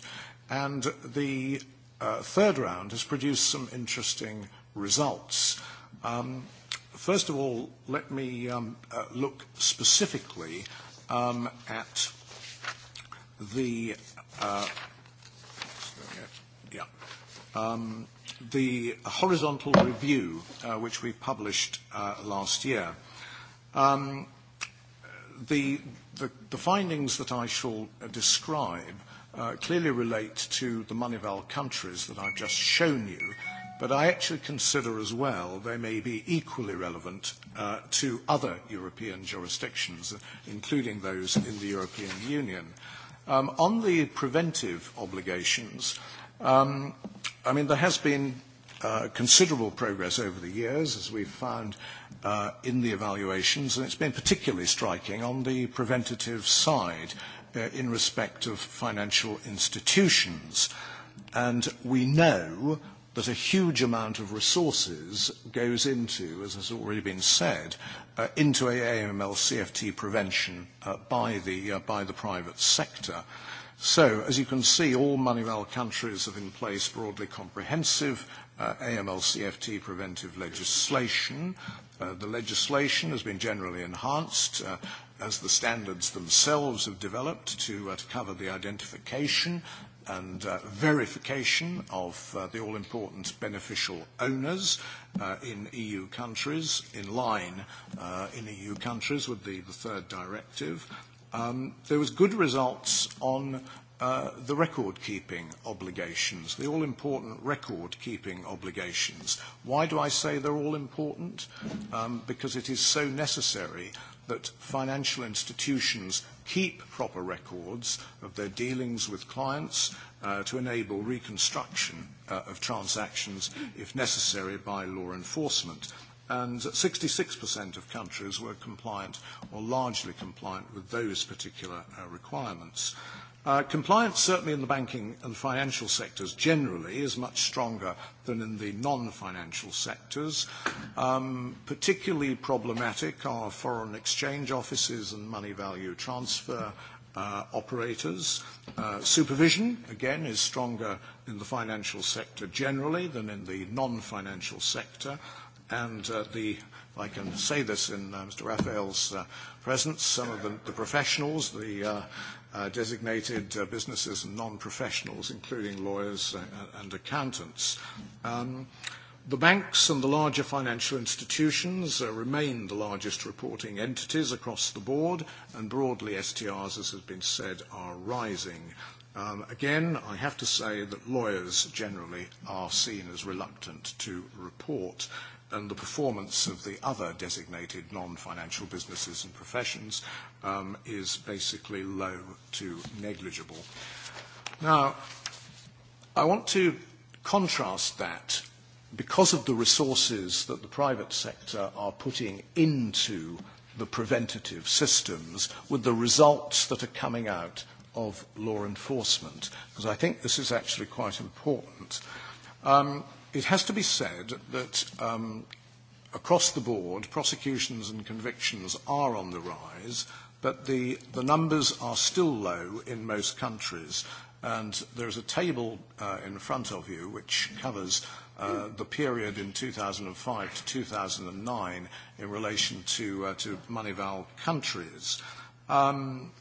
And the uh, third round has produced some interesting results. Um, first of all, let me um, uh, look specifically um, at the uh, yeah, um, the horizontal review uh, which we published uh, last year. Um, the the, the findings that I shall uh, describe uh, clearly relate to the Moneyval countries that I've just shown you, but I actually consider as well they may be equally relevant uh, to other European jurisdictions, including those in the European Union. Um, on the preventive obligations, um, I mean, there has been uh, considerable progress over the years, as we've found uh, in the evaluations, and it's been particularly striking on the preventative side uh, in respect of financial institutions. And we know that a huge amount of resources goes into, as has already been said, uh, into AML CFT prevention uh, by, the, uh, by the private sector. So, as you can see, all Moneyval countries have in place broadly comprehensive uh, AML-CFT preventive legislation. Uh, the legislation has been generally enhanced uh, as the standards themselves have developed to, uh, to cover the identification and uh, verification of uh, the all-important beneficial owners uh, in EU countries, in line uh, in EU countries with the, the third directive. Um, there was good results on uh, the record-keeping obligations, the all-important record-keeping obligations. Why do I say they're all important? Um, because it is so necessary that financial institutions keep proper records of their dealings with clients uh, to enable reconstruction uh, of transactions, if necessary, by law enforcement. And 66% of countries were compliant or largely compliant with those particular uh, requirements. Uh, Uh, compliance, certainly in the banking and financial sectors generally, is much stronger than in the non-financial sectors. Um, particularly problematic are foreign exchange offices and money value transfer Uh, operators. Uh, supervision, again, is stronger in the financial sector generally than in the non-financial sector. And uh, the, I can say this in uh, Mr. Raphael's uh, presence, some of the, the professionals, the uh, uh, designated uh, businesses and non-professionals, including lawyers and accountants. Um, the banks and the larger financial institutions uh, remain the largest reporting entities across the board, and broadly STRs, as has been said, are rising. Um, again, I have to say that lawyers generally are seen as reluctant to report. Uh, and the performance of the other designated non-financial businesses and professions um, is basically low to negligible. Now, I want to contrast that because of the resources that the private sector are putting into the preventative systems with the results that are coming out of law enforcement, because I think this is actually quite important. Um, it has to be said that um, across the board, prosecutions and convictions are on the rise, but the, the numbers are still low in most countries. And there's a table uh, in front of you which covers uh, the period in 2005 to 2009 in relation to, uh, to money val countries. Um,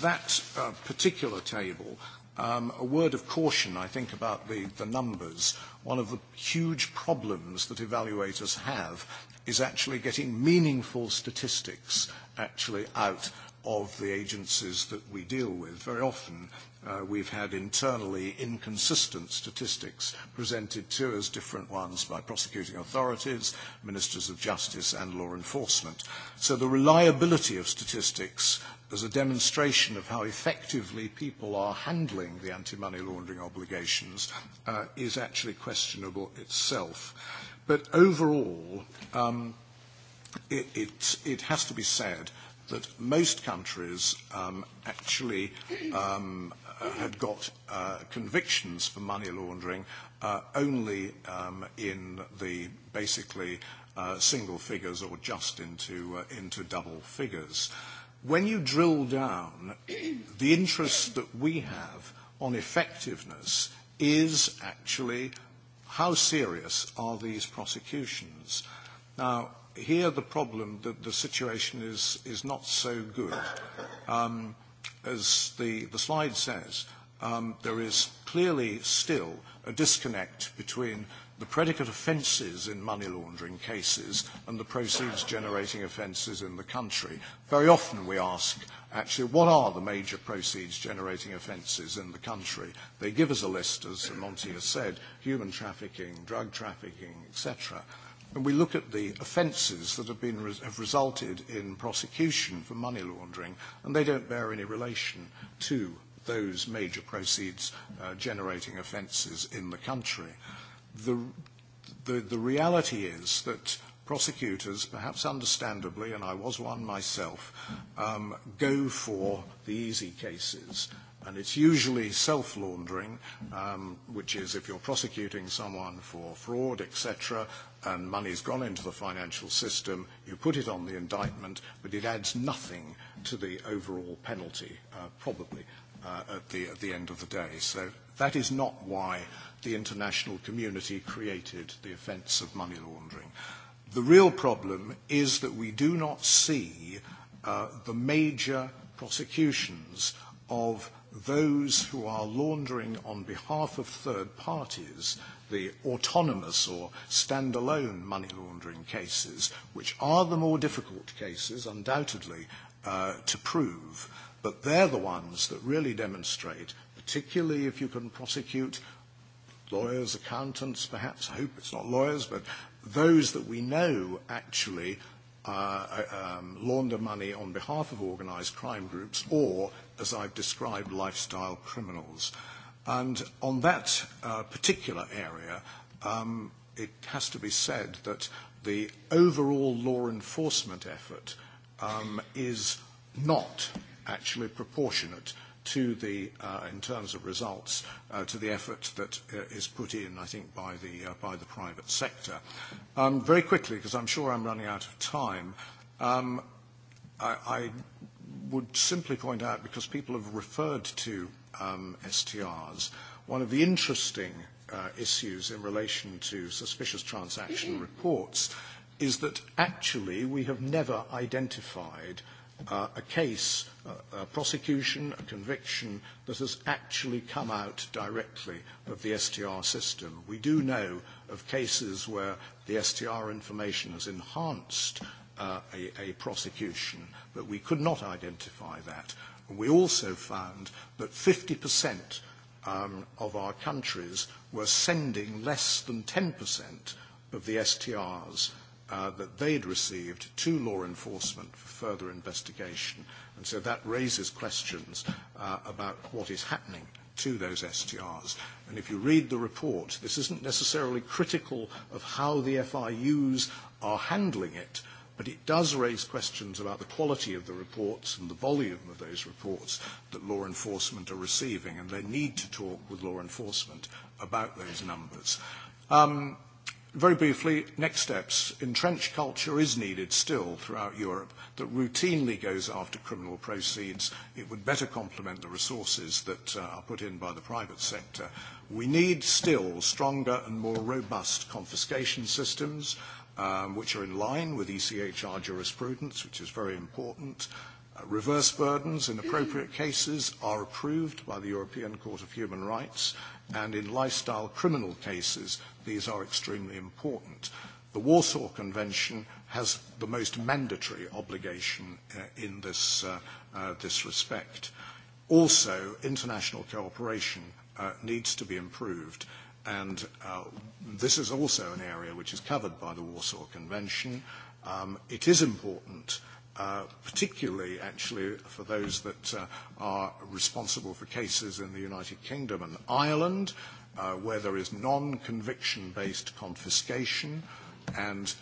that uh, particular table Um, a word of caution, I think, about the, the numbers. One of the huge problems that evaluators have is actually getting meaningful statistics actually out of the agencies that we deal with. Very often uh, we've had internally inconsistent statistics presented to us, different ones by prosecuting authorities, ministers of justice and law enforcement. So the reliability of statistics as a demonstration of how effectively people are handling the anti-money laundering obligations uh, is actually questionable itself. But overall, um, it, it, it has to be said that most countries um, actually um, had got uh, convictions for money laundering uh, only um, in the basically uh, single figures or just into, uh, into double figures. Uh, When you drill down, the interest that we have on effectiveness is actually how serious are these prosecutions? Now, here the problem, the, the situation is, is not so good. Um, as the, the slide says, um, there is clearly still a disconnect between the predicate offences in money laundering cases and the proceeds generating offences in the country. Very often we ask, actually, what are the major proceeds generating offences in the country? They give us a list, as Monty has said, human trafficking, drug trafficking, etc. And we look at the offences that have, been, have resulted in prosecution for money laundering, and they don't bear any relation to those major proceeds uh, generating offences in the country. Uh, The, the, the reality is that prosecutors, perhaps understandably, and I was one myself, um, go for the easy cases. And it's usually self-laundering, um, which is if you're prosecuting someone for fraud, etc., and money's gone into the financial system, you put it on the indictment, but it adds nothing to the overall penalty, uh, probably, uh, at, the, at the end of the day. So That is not why the international community created the offence of money laundering. The real problem is that we do not see uh, the major prosecutions of those who are laundering on behalf of third parties the autonomous or standalone money laundering cases, which are the more difficult cases, undoubtedly, uh, to prove. But they're the ones that really demonstrate particularly if you can prosecute lawyers, accountants, perhaps, I hope it's not lawyers, but those that we know actually uh, uh, um, launder money on behalf of organized crime groups or, as I've described, lifestyle criminals. And on that uh, particular area, um, it has to be said that the overall law enforcement effort um, is not actually proportionate to the, uh, in terms of results, uh, to the effort that uh, is put in, I think, by the, uh, by the private sector. Um, very quickly, because I'm sure I'm running out of time, um, I, I would simply point out, because people have referred to um, STRs, one of the interesting uh, issues in relation to suspicious transaction reports is that actually we have never identified uh, uh, a case, a, uh, a prosecution, a conviction that has actually come out directly of the STR system. We do know of cases where the STR information has enhanced uh, a, a prosecution, but we could not identify that. And we also found that 50% um, of our countries were sending less than 10% of the STRs uh, that they'd received to law enforcement for further investigation. And so that raises questions uh, about what is happening to those STRs. And if you read the report, this isn't necessarily critical of how the FIUs are handling it, but it does raise questions about the quality of the reports and the volume of those reports that law enforcement are receiving, and they need to talk with law enforcement about those numbers. Um, Very briefly, next steps. Entrenched culture is needed still throughout Europe that routinely goes after criminal proceeds. It would better complement the resources that uh, are put in by the private sector. We need still stronger and more robust confiscation systems, um, which are in line with ECHR jurisprudence, which is very important. Uh, reverse burdens in appropriate cases are approved by the European Court of Human Rights. Uh, and in lifestyle criminal cases, these are extremely important. The Warsaw Convention has the most mandatory obligation uh, in this, uh, uh, this respect. Also, international cooperation uh, needs to be improved, and uh, this is also an area which is covered by the Warsaw Convention. Um, it is important uh, particularly actually for those that uh, are responsible for cases in the United Kingdom and Ireland, uh, where there is non-conviction based confiscation, and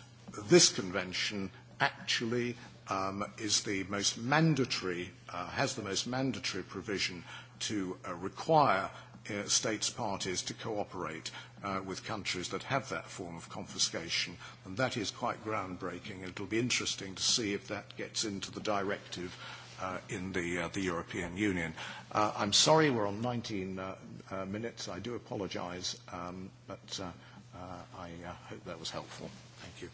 this convention actually um, is the most mandatory, uh, has the most mandatory provision to uh, require uh, states parties to cooperate uh, with countries that have that form of confiscation, and that is quite groundbreaking. It'll be interesting to see if that gets into the directive uh, in the, uh, the European Union. Uh, I'm sorry we're on 19 uh, uh, minutes. I do apologize, um, but uh, uh, I uh, hope that was helpful. Thank you.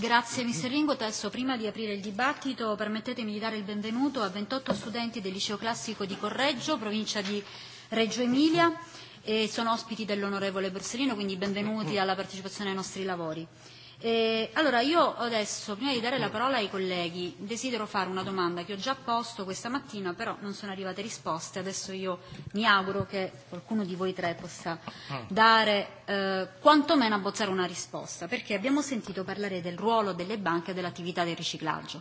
Grazie Mr. Ringo. Adesso prima di aprire il dibattito permettetemi di dare il benvenuto a 28 studenti del liceo classico di Correggio, provincia di Reggio Emilia e sono ospiti dell'onorevole Borsellino, quindi benvenuti alla partecipazione ai nostri lavori. Eh, allora, io adesso, prima di dare la parola ai colleghi, desidero fare una domanda che ho già posto questa mattina, però non sono arrivate risposte. Adesso io mi auguro che qualcuno di voi tre possa ah. dare eh, quantomeno abbozzare una risposta, perché abbiamo sentito parlare del ruolo delle banche e dell'attività del riciclaggio.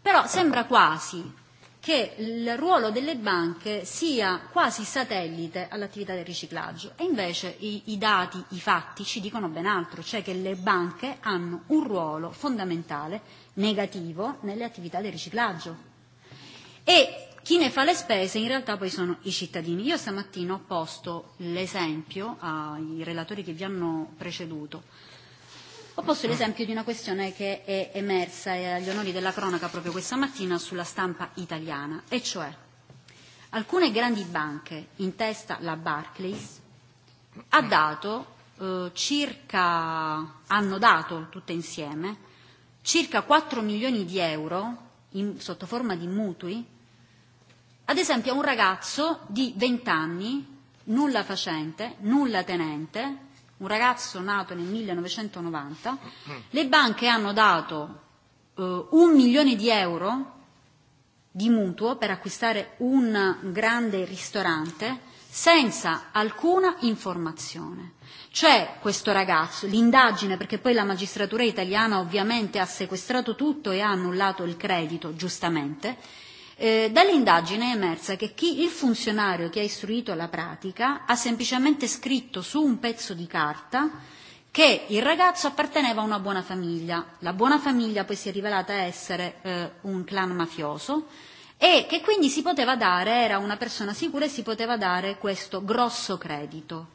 Però sembra quasi che il ruolo delle banche sia quasi satellite all'attività del riciclaggio e invece i, i dati, i fatti ci dicono ben altro, cioè che le banche hanno un ruolo fondamentale negativo nelle attività del riciclaggio e chi ne fa le spese in realtà poi sono i cittadini. Io stamattina ho posto l'esempio ai relatori che vi hanno preceduto Ho posto l'esempio di una questione che è emersa eh, agli onori della cronaca proprio questa mattina sulla stampa italiana, e cioè alcune grandi banche, in testa la Barclays, ha dato eh, circa, hanno dato tutte insieme circa 4 milioni di euro in, sotto forma di mutui, ad esempio a un ragazzo di 20 anni, nulla facente, nulla tenente, un ragazzo nato nel 1990, le banche hanno dato eh, un milione di euro di mutuo per acquistare un grande ristorante senza alcuna informazione. C'è questo ragazzo, l'indagine, perché poi la magistratura italiana ovviamente ha sequestrato tutto e ha annullato il credito, giustamente, Eh, dall'indagine è emersa che chi, il funzionario che ha istruito la pratica ha semplicemente scritto su un pezzo di carta che il ragazzo apparteneva a una buona famiglia. La buona famiglia poi si è rivelata essere eh, un clan mafioso e che quindi si poteva dare, era una persona sicura e si poteva dare questo grosso credito.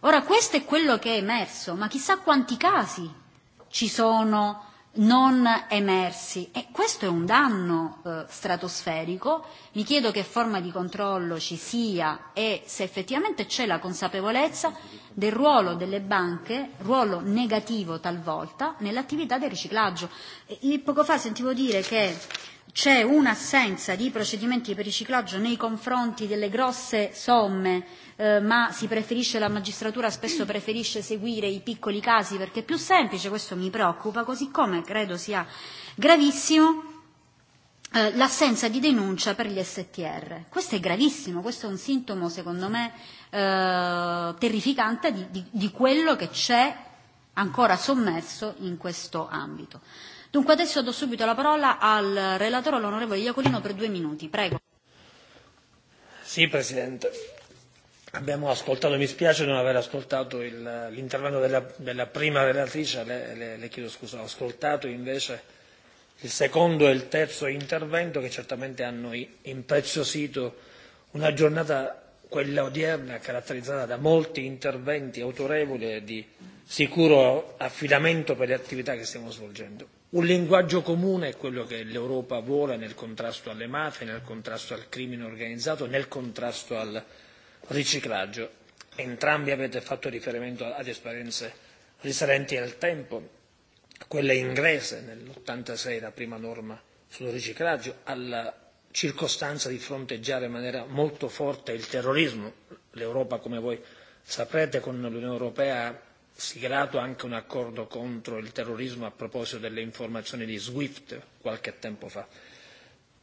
Ora questo è quello che è emerso, ma chissà quanti casi ci sono non emersi e questo è un danno eh, stratosferico. Mi chiedo che forma di controllo ci sia e se effettivamente c'è la consapevolezza del ruolo delle banche, ruolo negativo talvolta, nell'attività del riciclaggio. E, eh, poco fa sentivo dire che c'è un'assenza di procedimenti per riciclaggio nei confronti delle grosse somme, eh, ma si preferisce, la magistratura spesso preferisce seguire i piccoli casi perché è più semplice, questo mi preoccupa, così come credo sia gravissimo eh, l'assenza di denuncia per gli STR. Questo è gravissimo, questo è un sintomo secondo me eh, terrificante di, di, di quello che c'è ancora sommerso in questo ambito. Eh, Dunque adesso do subito la parola al relatore, l'onorevole Iacolino, per due minuti. Prego. Sì, Presidente. Abbiamo ascoltato, mi spiace non aver ascoltato il, l'intervento della, della prima relatrice, le, le, le chiedo scusa, ho ascoltato invece il secondo e il terzo intervento che certamente hanno impreziosito una giornata, quella odierna, caratterizzata da molti interventi autorevoli e di sicuro affidamento per le attività che stiamo svolgendo. Un linguaggio comune è quello che l'Europa vuole nel contrasto alle mafie, nel contrasto al crimine organizzato, nel contrasto al riciclaggio. Entrambi avete fatto riferimento ad esperienze risalenti al tempo, quella inglese nell'86, la prima norma sul riciclaggio, alla circostanza di fronteggiare in maniera molto forte il terrorismo. L'Europa, come voi saprete, con l'Unione Europea siglato anche un accordo contro il terrorismo a proposito delle informazioni di SWIFT qualche tempo fa.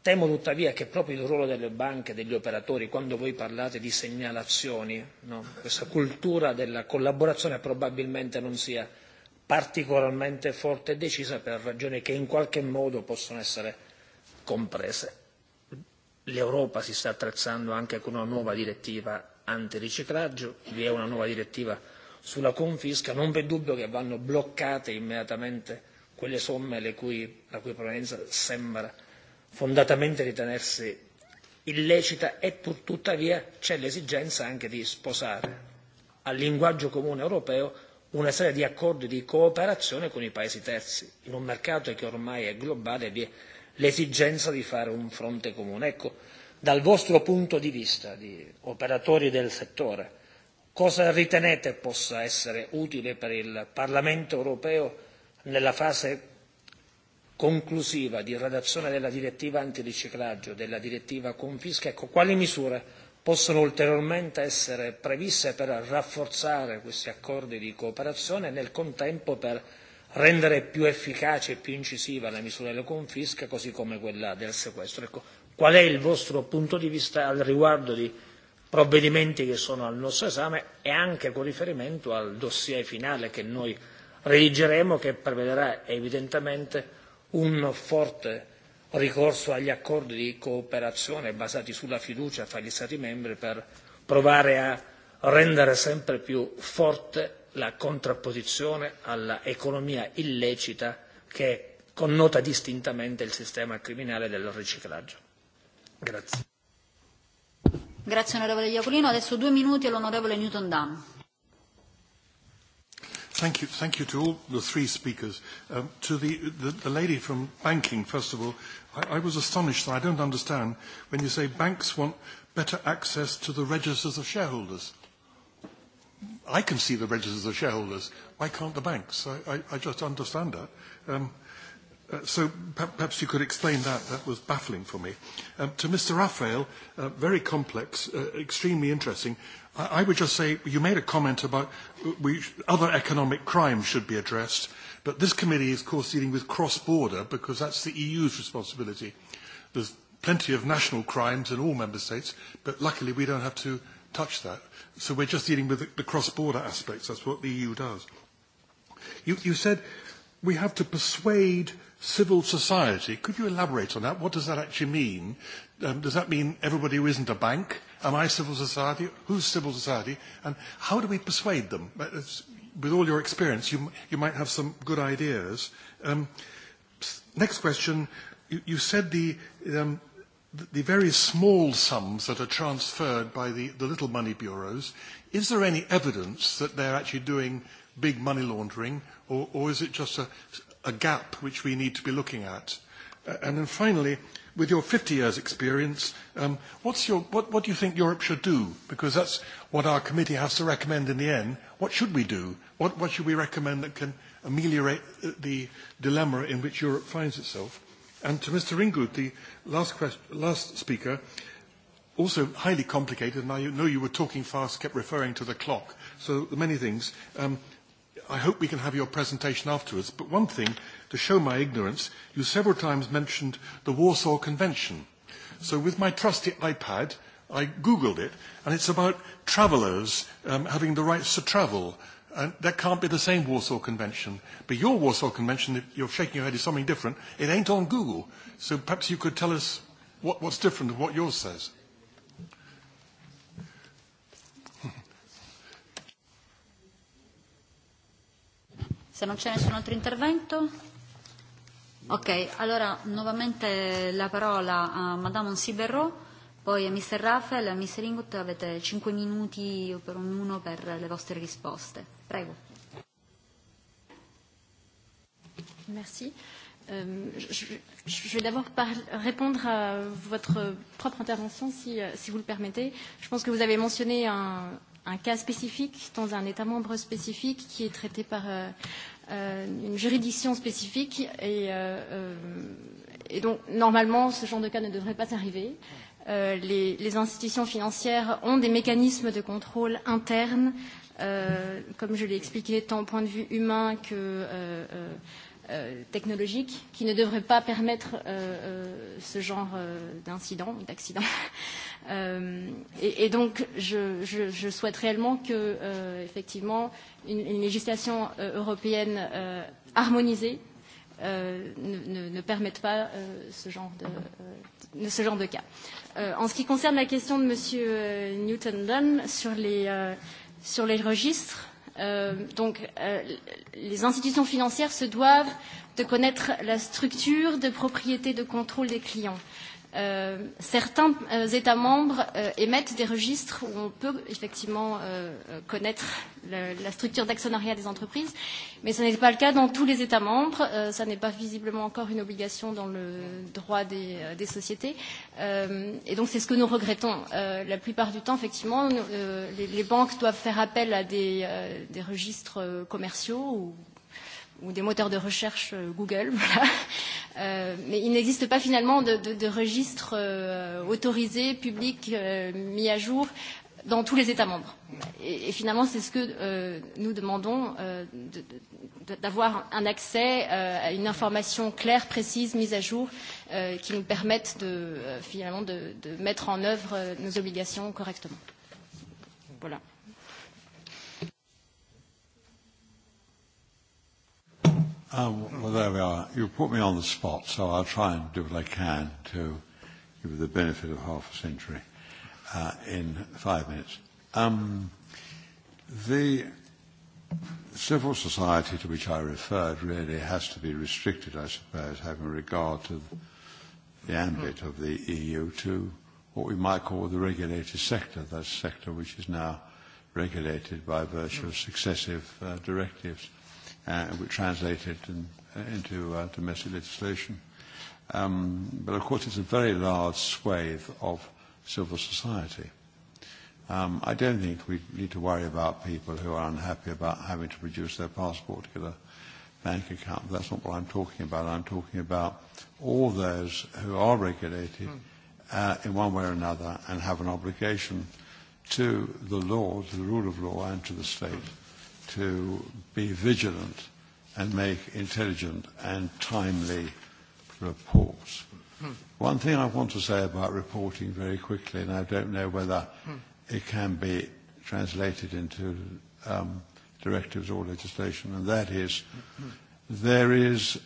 Temo tuttavia che proprio il ruolo delle banche e degli operatori, quando voi parlate di segnalazioni, no? questa cultura della collaborazione probabilmente non sia particolarmente forte e decisa per ragioni che in qualche modo possono essere comprese. L'Europa si sta attrezzando anche con una nuova direttiva antiriciclaggio, vi è una nuova direttiva sulla confisca, non v'è dubbio che vanno bloccate immediatamente quelle somme le cui, la cui provenienza sembra fondatamente ritenersi illecita e pur tuttavia c'è l'esigenza anche di sposare al linguaggio comune europeo una serie di accordi di cooperazione con i paesi terzi, in un mercato che ormai è globale e vi è l'esigenza di fare un fronte comune. Ecco, dal vostro punto di vista di operatori del settore, Cosa ritenete possa essere utile per il Parlamento europeo nella fase conclusiva di redazione della direttiva antiriciclaggio, della direttiva confisca, ecco, quali misure possono ulteriormente essere previste per rafforzare questi accordi di cooperazione e nel contempo per rendere più efficace e più incisiva la misura della confisca, così come quella del sequestro. Ecco, qual è il vostro punto di vista al riguardo di provvedimenti che sono al nostro esame e anche con riferimento al dossier finale che noi redigeremo, che prevederà evidentemente un forte ricorso agli accordi di cooperazione basati sulla fiducia fra gli Stati membri per provare a rendere sempre più forte la contrapposizione all'economia illecita che connota distintamente il sistema criminale del riciclaggio. Grazie. Grazie onorevole Iacolino. Adesso due minuti all'onorevole Newton Dunn. Thank you, thank you to all the three speakers. Um, to the, the, the lady from banking, first of all, I, I was astonished, and I don't understand, when you say banks want better access to the registers of shareholders. I can see the registers of shareholders. Why can't the banks? I, I, I just understand that. Um, Uh, so perhaps you could explain that. That was baffling for me. Um, to Mr. Raphael, uh, very complex, uh, extremely interesting. I, I would just say you made a comment about uh, we, other economic crime should be addressed, but this committee is, of course, dealing with cross-border because that's the EU's responsibility. There's plenty of national crimes in all member states, but luckily we don't have to touch that. So we're just dealing with the, the cross-border aspects. That's what the EU does. You, you said we have to persuade – civil society. Could you elaborate on that? What does that actually mean? Um, does that mean everybody who isn't a bank? Am I civil society? Who's civil society? And how do we persuade them? It's, with all your experience, you, you might have some good ideas. Um, next question. You, you said the, um, the, the very small sums that are transferred by the, the little money bureaus. Is there any evidence that they're actually doing big money laundering, or, or is it just a, a gap which we need to be looking at? Uh, and then finally, with your 50 years experience, um, what's your, what, what do you think Europe should do? Because that's what our committee has to recommend in the end. What should we do? What, what should we recommend that can ameliorate the dilemma in which Europe finds itself? And to Mr. Ringgood, the last, question, last speaker, also highly complicated, and I know you were talking fast, kept referring to the clock, so many things. Um, I hope we can have your presentation afterwards, but one thing, to show my ignorance, you several times mentioned the Warsaw Convention. So with my trusty iPad, I googled it, and it's about travellers um, having the rights to travel. And that can't be the same Warsaw Convention. But your Warsaw Convention, if you're shaking your head, is something different. It ain't on Google. So perhaps you could tell us what, what's different and what yours says. Se non c'è nessun altro intervento? Ok, allora nuovamente la parola a Madame Onsiberro, poi a Mr. Raffel e a Mr. Ingot avete 5 minuti per ognuno per le vostre risposte. Prego. Merci. Euh, je, je vais d'abord répondre à votre propre intervention, si, euh, si vous le permettez. Je pense que vous avez mentionné un, un cas spécifique dans un État membre spécifique qui est traité par euh, euh, une juridiction spécifique. Et, euh, euh, et donc, normalement, ce genre de cas ne devrait pas arriver. Euh, les, les institutions financières ont des mécanismes de contrôle internes, euh, comme je l'ai expliqué, tant au point de vue humain que euh, euh, euh, technologique, qui ne devraient pas permettre euh, euh, ce genre euh, d'incident ou d'accident. Euh, et, et donc, je, je, je souhaite réellement que, euh, effectivement, une, une législation euh, européenne euh, harmonisée euh, ne, ne, ne permette pas euh, ce, genre de, euh, de, ce genre de cas. Euh, en ce qui concerne la question de M. Euh, Newton-Dunn sur, les, euh, sur les registres, euh, donc, euh, les institutions financières se doivent de connaître la structure de propriété de contrôle des clients. Euh, euh, certains euh, États membres euh, émettent des registres où on peut effectivement euh, euh connaître le, la structure d'actionnariat des entreprises, mais ce n'est pas le cas dans tous les États membres. Euh, ça n'est pas visiblement encore une obligation dans le droit des, euh, des sociétés. Euh, et donc c'est ce que nous regrettons. Euh, la plupart du temps, effectivement, nous, euh, les, les banques doivent faire appel à des, euh, des registres euh, commerciaux ou ou des moteurs de recherche euh, Google, voilà. Euh, mais il n'existe pas finalement de, de, de registre euh, autorisé, public, euh, mis à jour dans tous les États membres. Et, et finalement, c'est ce que euh, nous demandons, euh, d'avoir de, de, un accès euh, à une information claire, précise, mise à jour, euh, qui nous permette de, euh, finalement de, de mettre en œuvre euh, nos obligations correctement. Voilà. Um, well, there we are. You put me on the spot, so I'll try and do what I can to give you the benefit of half a century uh, in five minutes. Um, the civil society to which I referred really has to be restricted, I suppose, having regard to the ambit of the EU to what we might call the regulated sector, that sector which is now regulated by virtue of successive uh, directives uh, which translated in, uh, into uh, domestic legislation. Um, but of course, it's a very large swathe of civil society. Um, I don't think we need to worry about people who are unhappy about having to produce their passport to get a bank account. That's not what I'm talking about. I'm talking about all those who are regulated mm. uh, in one way or another and have an obligation to the law, to the rule of law, and to the state. Mm to be vigilant and make intelligent and timely reports. Hmm. One thing I want to say about reporting very quickly, and I don't know whether hmm. it can be translated into um, directives or legislation, and that is hmm. there is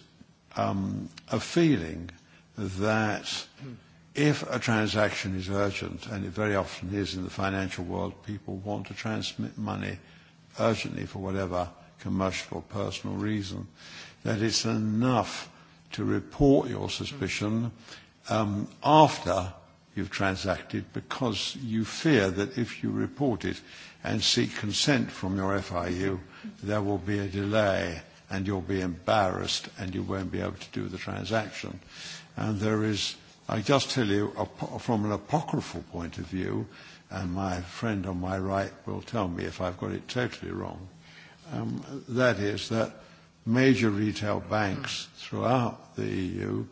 um, a feeling that hmm. if a transaction is urgent, and it very often is in the financial world, people want to transmit money hmm urgently for whatever commercial or personal reason, that it's enough to report your suspicion um, after you've transacted because you fear that if you report it and seek consent from your FIU, there will be a delay and you'll be embarrassed and you won't be able to do the transaction. And there is, I just tell you, a, from an apocryphal point of view, and my friend on my right will tell me if I've got it totally wrong. Um, that is that major retail banks hmm. throughout the EU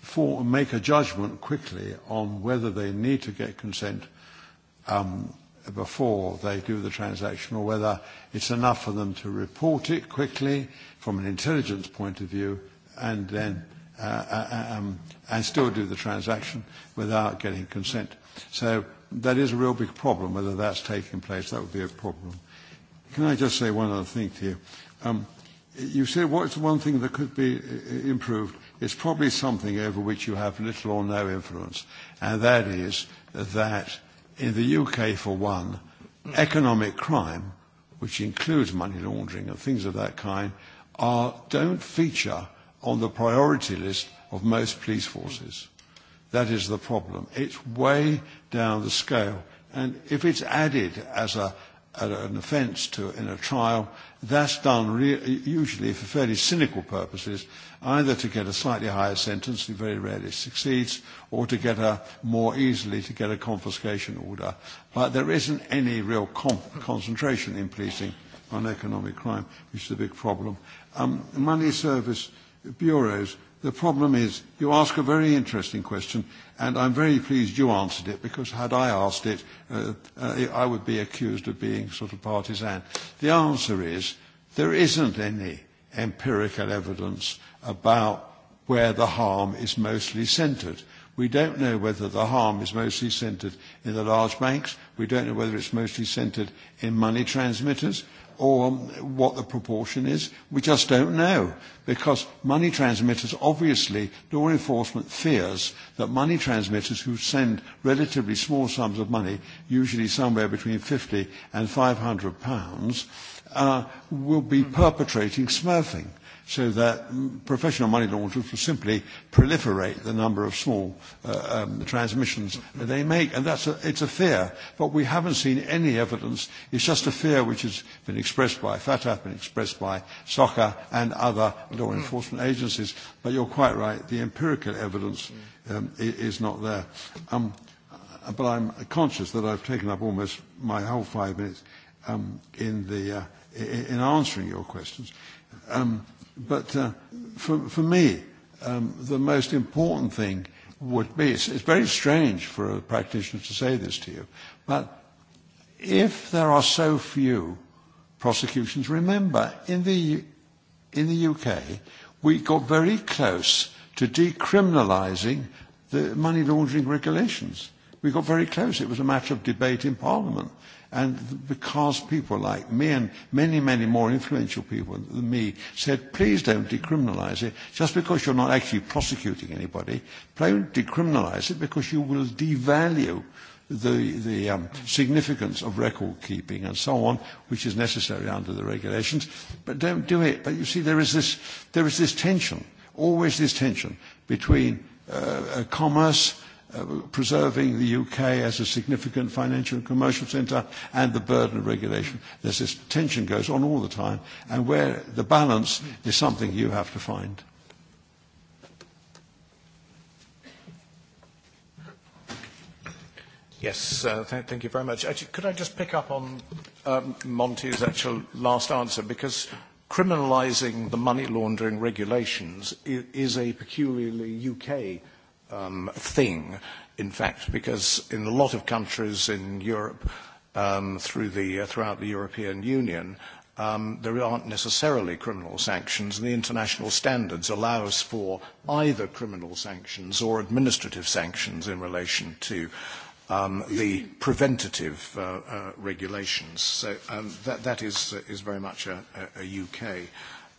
for, make a judgment quickly on whether they need to get consent um, before they do the transaction or whether it's enough for them to report it quickly from an intelligence point of view and then uh, uh, uh um, and still do the transaction without getting consent. So that is a real big problem. Whether that's taking place, that would be a problem. Can I just say one other thing to you? Um, you said what's one thing that could be uh, improved? It's probably something over which you have little or no influence, and that is that in the UK, for one, economic crime, which includes money laundering and things of that kind, are, don't feature on the priority list of most police forces. Mm. That is the problem. It's way down the scale. And if it's added as a, an offence to in a trial, that's done re- usually for fairly cynical purposes, either to get a slightly higher sentence, who very rarely succeeds, or to get a more easily to get a confiscation order. But there isn't any real comp- concentration in policing on economic crime, which is a big problem. Um, money service bureaus The problem is, you ask a very interesting question, and I'm very pleased you answered it, because had I asked it, uh, uh, I would be accused of being sort of partisan. The answer is, there isn't any empirical evidence about where the harm is mostly centred. We don't know whether the harm is mostly centred in the large banks. We don't know whether it's mostly centred in money transmitters or what the proportion is. We just don't know because money transmitters, obviously, law enforcement fears that money transmitters who send relatively small sums of money, usually somewhere between 50 and 500 pounds, uh, will be perpetrating smurfing so that professional money launderers will simply proliferate the number of small uh, um, transmissions that they make. And that's a, it's a fear, but we haven't seen any evidence. It's just a fear which has been expressed by FATF, been expressed by SOCA and other law hmm. enforcement agencies. But you're quite right, the empirical evidence hmm. um, is not there. Um, uh, but I'm conscious that I've taken up almost my whole five minutes um, in, the, uh, in answering your questions. Um, But uh, for, for me, um, the most important thing would be, it's, it's very strange for a practitioner to say this to you, but if there are so few prosecutions, remember, in the, in the UK, we got very close to decriminalising the money laundering regulations. We got very close. It was a matter of debate in Parliament. And because people like me and many, many more influential people than me said, please don't decriminalise it just because you're not actually prosecuting anybody. Don't decriminalise it because you will devalue the, the um, significance of record keeping and so on, which is necessary under the regulations, but don't do it. But you see, there is this, there is this tension, always this tension between uh, uh, commerce uh, preserving the UK as a significant financial and commercial centre and the burden of regulation. There's this tension goes on all the time, and where the balance is something you have to find. Yes, uh, th thank you very much. Actually, could I just pick up on um, Monty's actual last answer? Because criminalising the money laundering regulations is, is a peculiarly UK um, thing, in fact, because in a lot of countries in Europe, um, through the, uh, throughout the European Union, um, there aren't necessarily criminal sanctions, and the international standards allows for either criminal sanctions or administrative sanctions in relation to um, the preventative uh, uh, regulations. So um, that, that is, uh, is very much a, a UK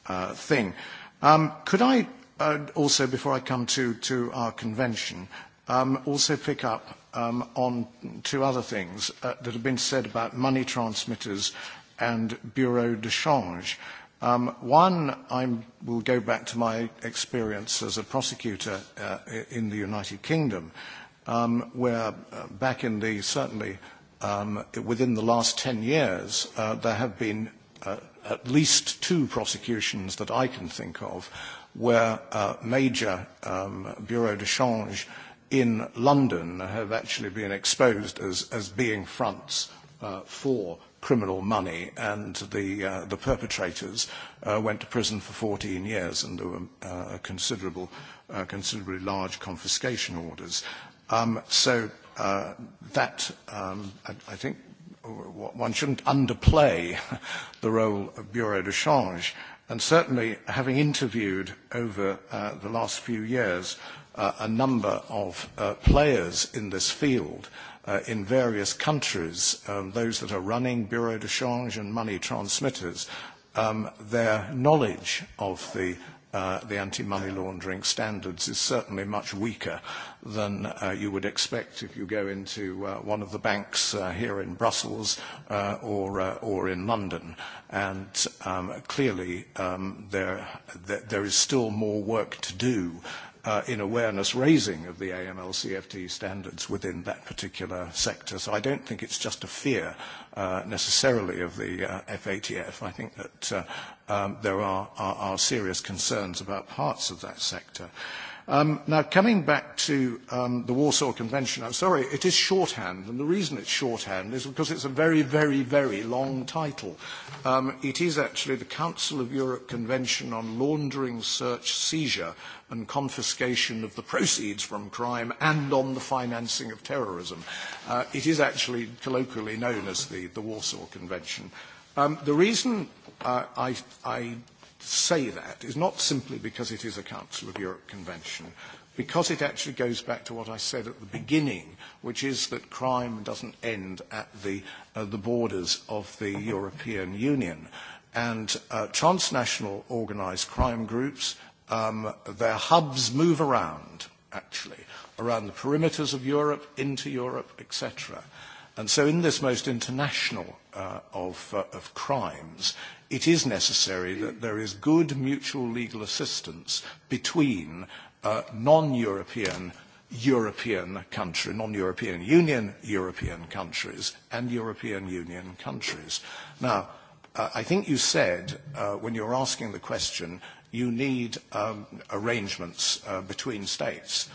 uh, thing. Um, could I uh, also before I come to, to our convention, um, also pick up um, on two other things uh, that have been said about money transmitters and bureau de change. Um, one, I will go back to my experience as a prosecutor uh, in the United Kingdom, um, where uh, back in the, certainly um, within the last 10 years, uh, there have been uh, at least two prosecutions that I can think of where uh, major um, bureau de change in London have actually been exposed as, as being fronts uh, for criminal money, and the, uh, the perpetrators uh, went to prison for 14 years, and there were uh, considerable, uh, considerably large confiscation orders. Um, so uh, that, um, I, I think, one shouldn't underplay the role of bureau de change. Uh, And certainly, having interviewed over uh, the last few years uh, a number of uh, players in this field uh, in various countries, um, those that are running Bureau de Change and money transmitters, um, their knowledge of the uh, the anti-money laundering standards is certainly much weaker than uh, you would expect if you go into uh, one of the banks uh, here in Brussels uh, or, uh, or in London. And um, clearly um, there, there, there is still more work to do uh, in awareness raising of the AML-CFT standards within that particular sector. So I don't think it's just a fear uh, necessarily of the uh, FATF. I think that uh, um, there are, are, are serious concerns about parts of that sector. Um, now, coming back to um, the Warsaw Convention, I'm sorry, it is shorthand, and the reason it's shorthand is because it's a very, very, very long title. Um, it is actually the Council of Europe Convention on Laundering, Search, Seizure, and Confiscation of the Proceeds from Crime and on the Financing of Terrorism. Uh, it is actually colloquially known as the, the Warsaw Convention. Um, the reason uh, I, I say that is not simply because it is a Council of Europe convention, because it actually goes back to what I said at the beginning, which is that crime doesn't end at the, uh, the borders of the European Union. And uh, transnational organized crime groups, um, their hubs move around, actually, around the perimeters of Europe, into Europe, etc. And so in this most international uh, of, uh, of crimes, it is necessary that there is good mutual legal assistance between uh, non-European European country, non-European Union European countries and European Union countries. Now, uh, I think you said uh, when you were asking the question, you need um, arrangements uh, between states.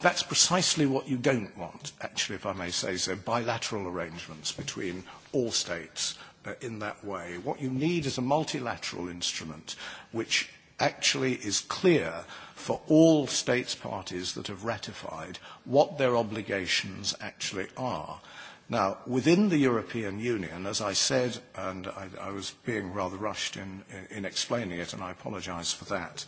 That's precisely what you don't want, actually, if I may say so, bilateral arrangements between all states uh, in that way. What you need is a multilateral instrument which actually is clear for all states parties that have ratified what their obligations actually are. Now, within the European Union, as I said, and I, I was being rather rushed in, in, in explaining it, and I apologize for that,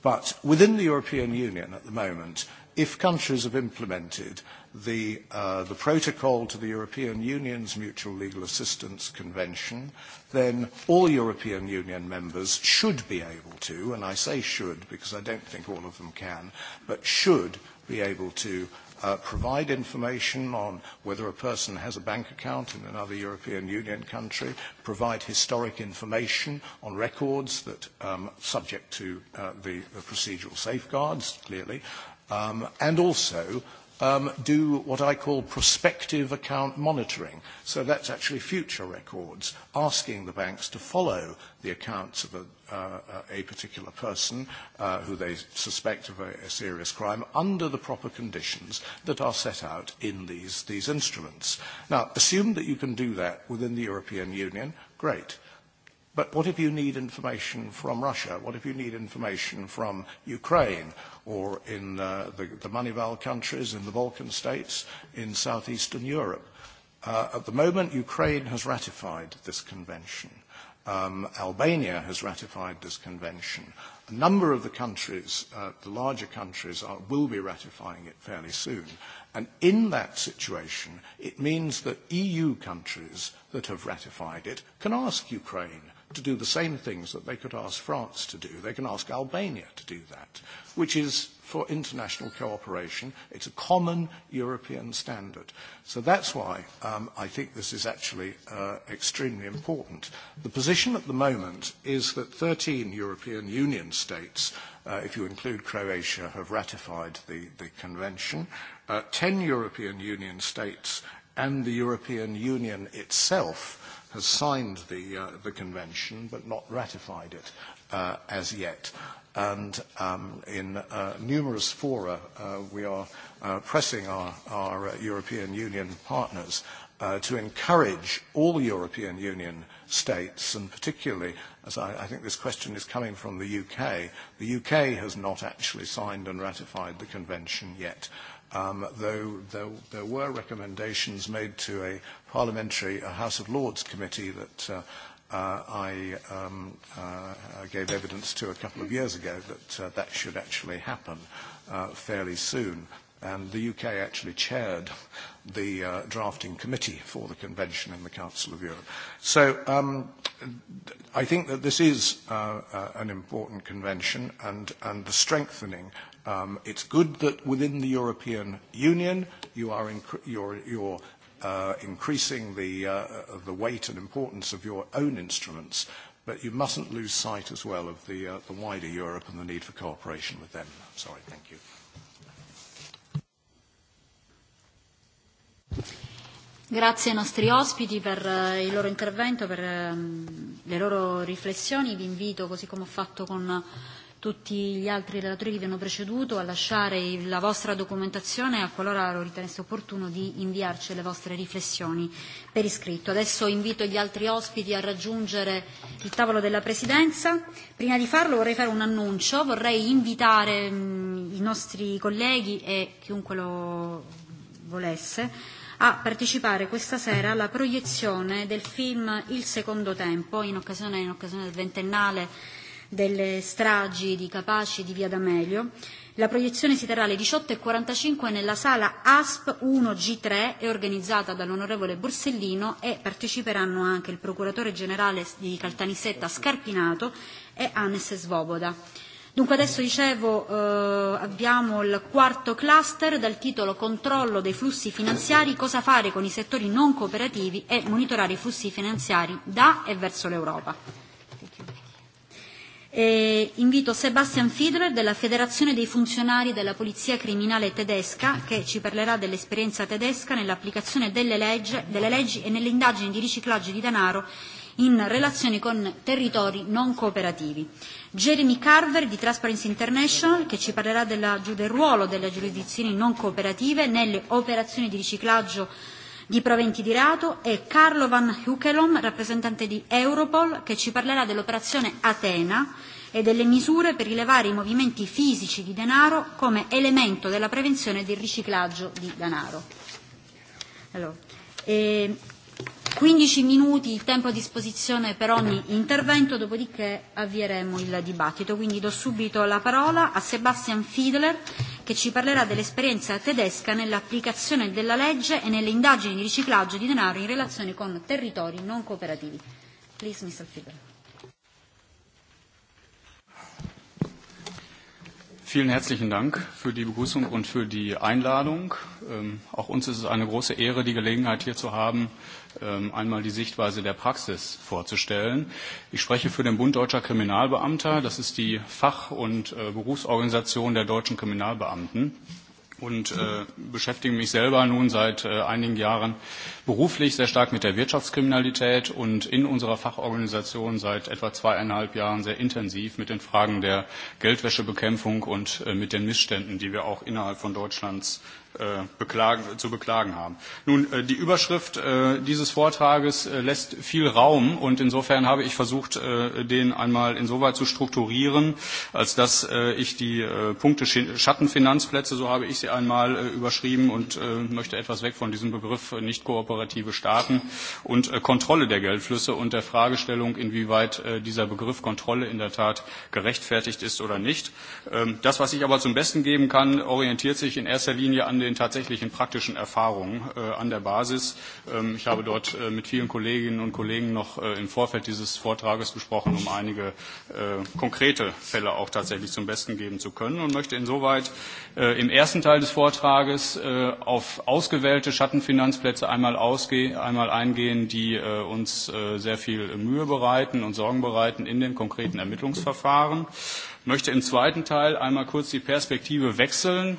but within the European Union at the moment, if countries have implemented the, uh, the protocol to the European Union's Mutual Legal Assistance Convention, then all European Union members should be able to, and I say should because I don't think all of them can, but should be able to uh, provide information on whether a person has a bank account in another European Union country, provide historic information on records that um, subject to uh, the, the procedural safeguards, clearly, um, and also um, do what I call prospective account monitoring. So that's actually future records, asking the banks to follow the accounts of a, uh, a particular person uh, who they suspect of a, a serious crime under the proper conditions that are set out in these, these instruments. Now, assume that you can do that within the European Union, great. But what if you need information from Russia? What if you need information from Ukraine or in uh, the, the Moneyval countries, in the Balkan states, in southeastern Europe? Uh, at the moment, Ukraine has ratified this convention. Um, Albania has ratified this convention. A number of the countries, uh, the larger countries, are, will be ratifying it fairly soon. And in that situation, it means that EU countries that have ratified it can ask Ukraine to do the same things that they could ask France to do. They can ask Albania to do that, which is for international cooperation. It's a common European standard. So that's why um, I think this is actually uh, extremely important. The position at the moment is that 13 European Union states, uh, if you include Croatia, have ratified the, the convention. Uh, 10 European Union states and the European Union itself has signed the, uh, the convention but not ratified it uh, as yet. And um, in uh, numerous fora, uh, we are uh, pressing our, our uh, European Union partners uh, to encourage all European Union states, and particularly, as I, I think this question is coming from the UK, the UK has not actually signed and ratified the convention yet. Um, though there, there were recommendations made to a Parliamentary uh, House of Lords committee that uh, uh, I um, uh, uh, gave evidence to a couple of years ago that uh, that should actually happen uh, fairly soon. And the UK actually chaired the uh, drafting committee for the convention in the Council of Europe. So um, I think that this is uh, uh, an important convention and, and the strengthening Um, it's good that within the European Union you are in, you're, you're uh, increasing the, uh, the weight and importance of your own instruments, but you mustn't lose sight as well of the, uh, the wider Europe and the need for cooperation with them. Sorry, thank you. Grazie ai nostri ospiti per eh, il loro intervento, per eh, le loro riflessioni. Vi invito, così come ho fatto con tutti gli altri relatori che vi hanno preceduto a lasciare la vostra documentazione e a qualora lo ritenesse opportuno di inviarci le vostre riflessioni per iscritto. Adesso invito gli altri ospiti a raggiungere il tavolo della Presidenza. Prima di farlo vorrei fare un annuncio, vorrei invitare mh, mm, i nostri colleghi e chiunque lo volesse a partecipare questa sera alla proiezione del film Il secondo tempo in occasione, in occasione del ventennale delle stragi di Capaci e di Via D'Amelio. La proiezione si terrà alle 18.45 nella sala ASP 1G3, è organizzata dall'onorevole Borsellino e parteciperanno anche il procuratore generale di Caltanissetta Scarpinato e Hannes Svoboda. Dunque adesso dicevo eh, abbiamo il quarto cluster dal titolo Controllo dei flussi finanziari, cosa fare con i settori non cooperativi e monitorare i flussi finanziari da e verso l'Europa. E invito Sebastian Fiedler della Federazione dei funzionari della Polizia Criminale Tedesca che ci parlerà dell'esperienza tedesca nell'applicazione delle, legge, delle leggi e nelle indagini di riciclaggio di denaro in relazione con territori non cooperativi. Jeremy Carver di Transparency International che ci parlerà della, del ruolo delle giurisdizioni non cooperative nelle operazioni di riciclaggio di proventi di rato, e Carlo Van Hukelom, rappresentante di Europol, che ci parlerà dell'operazione Atena e delle misure per rilevare i movimenti fisici di denaro come elemento della prevenzione del riciclaggio di denaro. Allora, e 15 minuti il tempo a disposizione per ogni intervento, dopodiché avvieremo il dibattito. Quindi do subito la parola a Sebastian Fiedler che ci parlerà dell'esperienza tedesca nell'applicazione della legge e nelle indagini di riciclaggio di denaro in relazione con territori non cooperativi. Please, Mr. Fiedler. Vielen herzlichen Dank für die Begrüßung und für die Einladung. Ähm, auch uns ist es eine große Ehre, die Gelegenheit hier zu haben, äh, Ähm, einmal die Sichtweise der Praxis vorzustellen. Ich spreche für den Bund Deutscher Kriminalbeamter. Das ist die Fach- und äh, Berufsorganisation der deutschen Kriminalbeamten und äh, beschäftige mich selber nun seit äh, einigen Jahren beruflich sehr stark mit der Wirtschaftskriminalität und in unserer Fachorganisation seit etwa zweieinhalb Jahren sehr intensiv mit den Fragen der Geldwäschebekämpfung und äh, mit den Missständen, die wir auch innerhalb von Deutschlands äh, beklagen, zu beklagen haben. Nun, äh, die Überschrift äh, dieses Vortrages äh, lässt viel Raum und insofern habe ich versucht, äh, den einmal insoweit zu strukturieren, als dass äh, ich die äh, Punkte Schattenfinanzplätze, so habe ich sie einmal äh, überschrieben und äh, möchte etwas weg von diesem Begriff äh, nicht kooperative Staaten und äh, Kontrolle der Geldflüsse und der Fragestellung, inwieweit äh, dieser Begriff Kontrolle in der Tat gerechtfertigt ist oder nicht. Ähm, das, was ich aber zum Besten geben kann, orientiert sich in erster Linie an den tatsächlichen praktischen Erfahrungen äh, an der Basis. Ähm, ich habe dort äh, mit vielen Kolleginnen und Kollegen noch äh, im Vorfeld dieses Vortrages gesprochen, um einige äh, konkrete Fälle auch tatsächlich zum Besten geben zu können und möchte insoweit äh, im ersten Teil des Vortrages äh, auf ausgewählte Schattenfinanzplätze einmal, ausge einmal eingehen, die äh, uns äh, sehr viel Mühe bereiten und Sorgen bereiten in den konkreten Ermittlungsverfahren möchte im zweiten Teil einmal kurz die Perspektive wechseln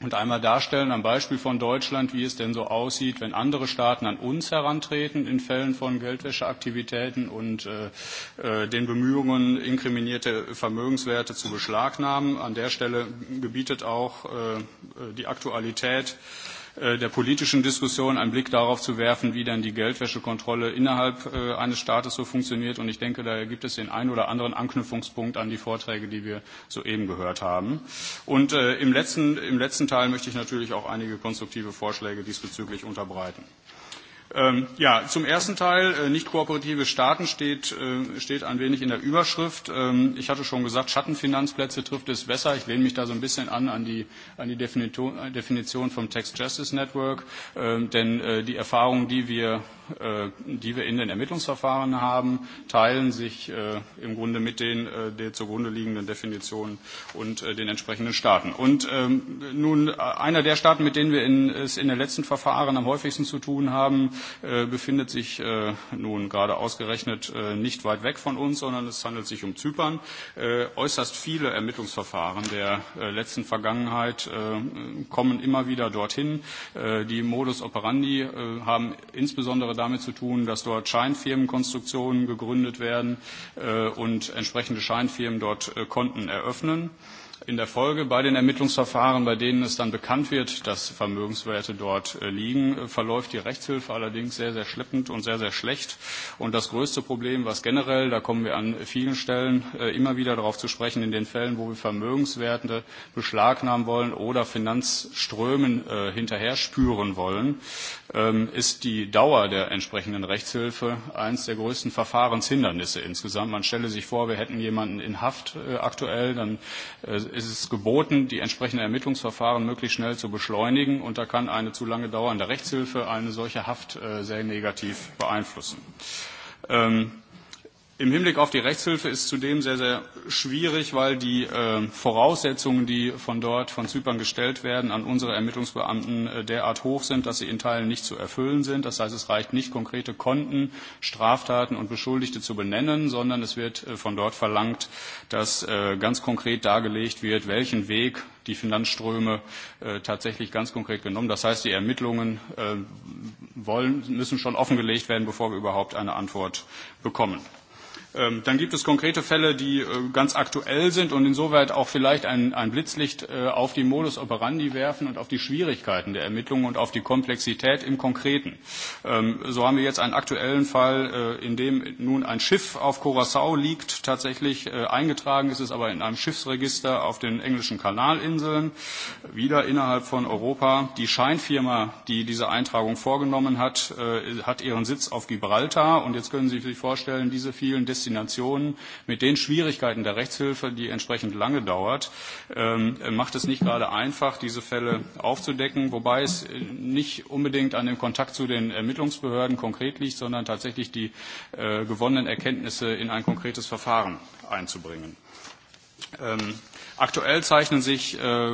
und einmal darstellen am Beispiel von Deutschland, wie es denn so aussieht, wenn andere Staaten an uns herantreten in Fällen von Geldwäscheaktivitäten und äh, äh den Bemühungen, inkriminierte Vermögenswerte zu beschlagnahmen. An der Stelle gebietet auch äh, äh die Aktualität äh, Äh, der politischen Diskussion einen Blick darauf zu werfen, wie dann die Geldwäschekontrolle innerhalb äh, eines Staates so funktioniert. Und ich denke, da gibt es den einen oder anderen Anknüpfungspunkt an die Vorträge, die wir soeben gehört haben. Und äh, im letzten, im letzten Teil möchte ich natürlich auch einige konstruktive Vorschläge diesbezüglich unterbreiten. Ähm, ja, zum ersten Teil, äh, nicht kooperative Staaten steht, äh, steht ein wenig in der Überschrift. Ähm, ich hatte schon gesagt, Schattenfinanzplätze trifft es besser. Ich lehne mich da so ein bisschen an, an die, an die Definition, äh, Definition vom Tax Justice Network, ähm, denn äh, die Erfahrungen, die wir, äh, die wir in den Ermittlungsverfahren haben, teilen sich äh, im Grunde mit den äh, der zugrunde liegenden Definitionen und äh, den entsprechenden Staaten. Und ähm, nun, äh, einer der Staaten, mit denen wir in, es in den letzten Verfahren am häufigsten zu tun haben, äh, befindet sich äh, nun gerade ausgerechnet äh, nicht weit weg von uns, sondern es handelt sich um Zypern. Äh, äußerst viele Ermittlungsverfahren der äh, letzten Vergangenheit äh, kommen immer wieder dorthin. Äh, die Modus operandi äh, haben insbesondere damit zu tun, dass dort Scheinfirmenkonstruktionen gegründet werden äh, und entsprechende Scheinfirmen dort äh, Konten eröffnen. Äh, in der Folge bei den Ermittlungsverfahren, bei denen es dann bekannt wird, dass Vermögenswerte dort äh, liegen, äh, verläuft die Rechtshilfe allerdings sehr, sehr schleppend und sehr, sehr schlecht. Und das größte Problem, was generell, da kommen wir an vielen Stellen äh, immer wieder darauf zu sprechen, in den Fällen, wo wir Vermögenswerte beschlagnahmen wollen oder Finanzströmen hinterher spüren wollen, Ähm, ist die Dauer der entsprechenden Rechtshilfe eines der größten Verfahrenshindernisse insgesamt. Man stelle sich vor, wir hätten jemanden in Haft äh, aktuell, dann äh, ist es geboten, die entsprechenden Ermittlungsverfahren möglichst schnell zu beschleunigen und da kann eine zu lange dauernde Rechtshilfe eine solche Haft äh, sehr negativ beeinflussen. Ähm, Im Hinblick auf die Rechtshilfe ist zudem sehr, sehr schwierig, weil die äh, Voraussetzungen, die von dort, von Zypern gestellt werden, an unsere Ermittlungsbeamten äh, derart hoch sind, dass sie in Teilen nicht zu erfüllen sind. Das heißt, es reicht nicht, konkrete Konten, Straftaten und Beschuldigte zu benennen, sondern es wird äh, von dort verlangt, dass äh, ganz konkret dargelegt wird, welchen Weg die Finanzströme äh, tatsächlich ganz konkret genommen. Das heißt, die Ermittlungen äh, wollen, müssen schon offengelegt werden, bevor wir überhaupt eine Antwort bekommen. Ähm, dann gibt es konkrete Fälle, die äh, ganz aktuell sind und insoweit auch vielleicht ein, ein Blitzlicht äh, auf die Modus operandi werfen und auf die Schwierigkeiten der Ermittlungen und auf die Komplexität im Konkreten. Ähm, so haben wir jetzt einen aktuellen Fall, äh, in dem nun ein Schiff auf Curacao liegt, tatsächlich äh, eingetragen ist es aber in einem Schiffsregister auf den englischen Kanalinseln, wieder innerhalb von Europa. Die Scheinfirma, die diese Eintragung vorgenommen hat, äh, hat ihren Sitz auf Gibraltar und jetzt können Sie sich vorstellen, diese vielen Destinationen Destinationen mit den Schwierigkeiten der Rechtshilfe, die entsprechend lange dauert, ähm, macht es nicht gerade einfach, diese Fälle aufzudecken, wobei es nicht unbedingt an dem Kontakt zu den Ermittlungsbehörden konkret liegt, sondern tatsächlich die äh, gewonnenen Erkenntnisse in ein konkretes Verfahren einzubringen. Ähm, Aktuell zeichnen sich äh,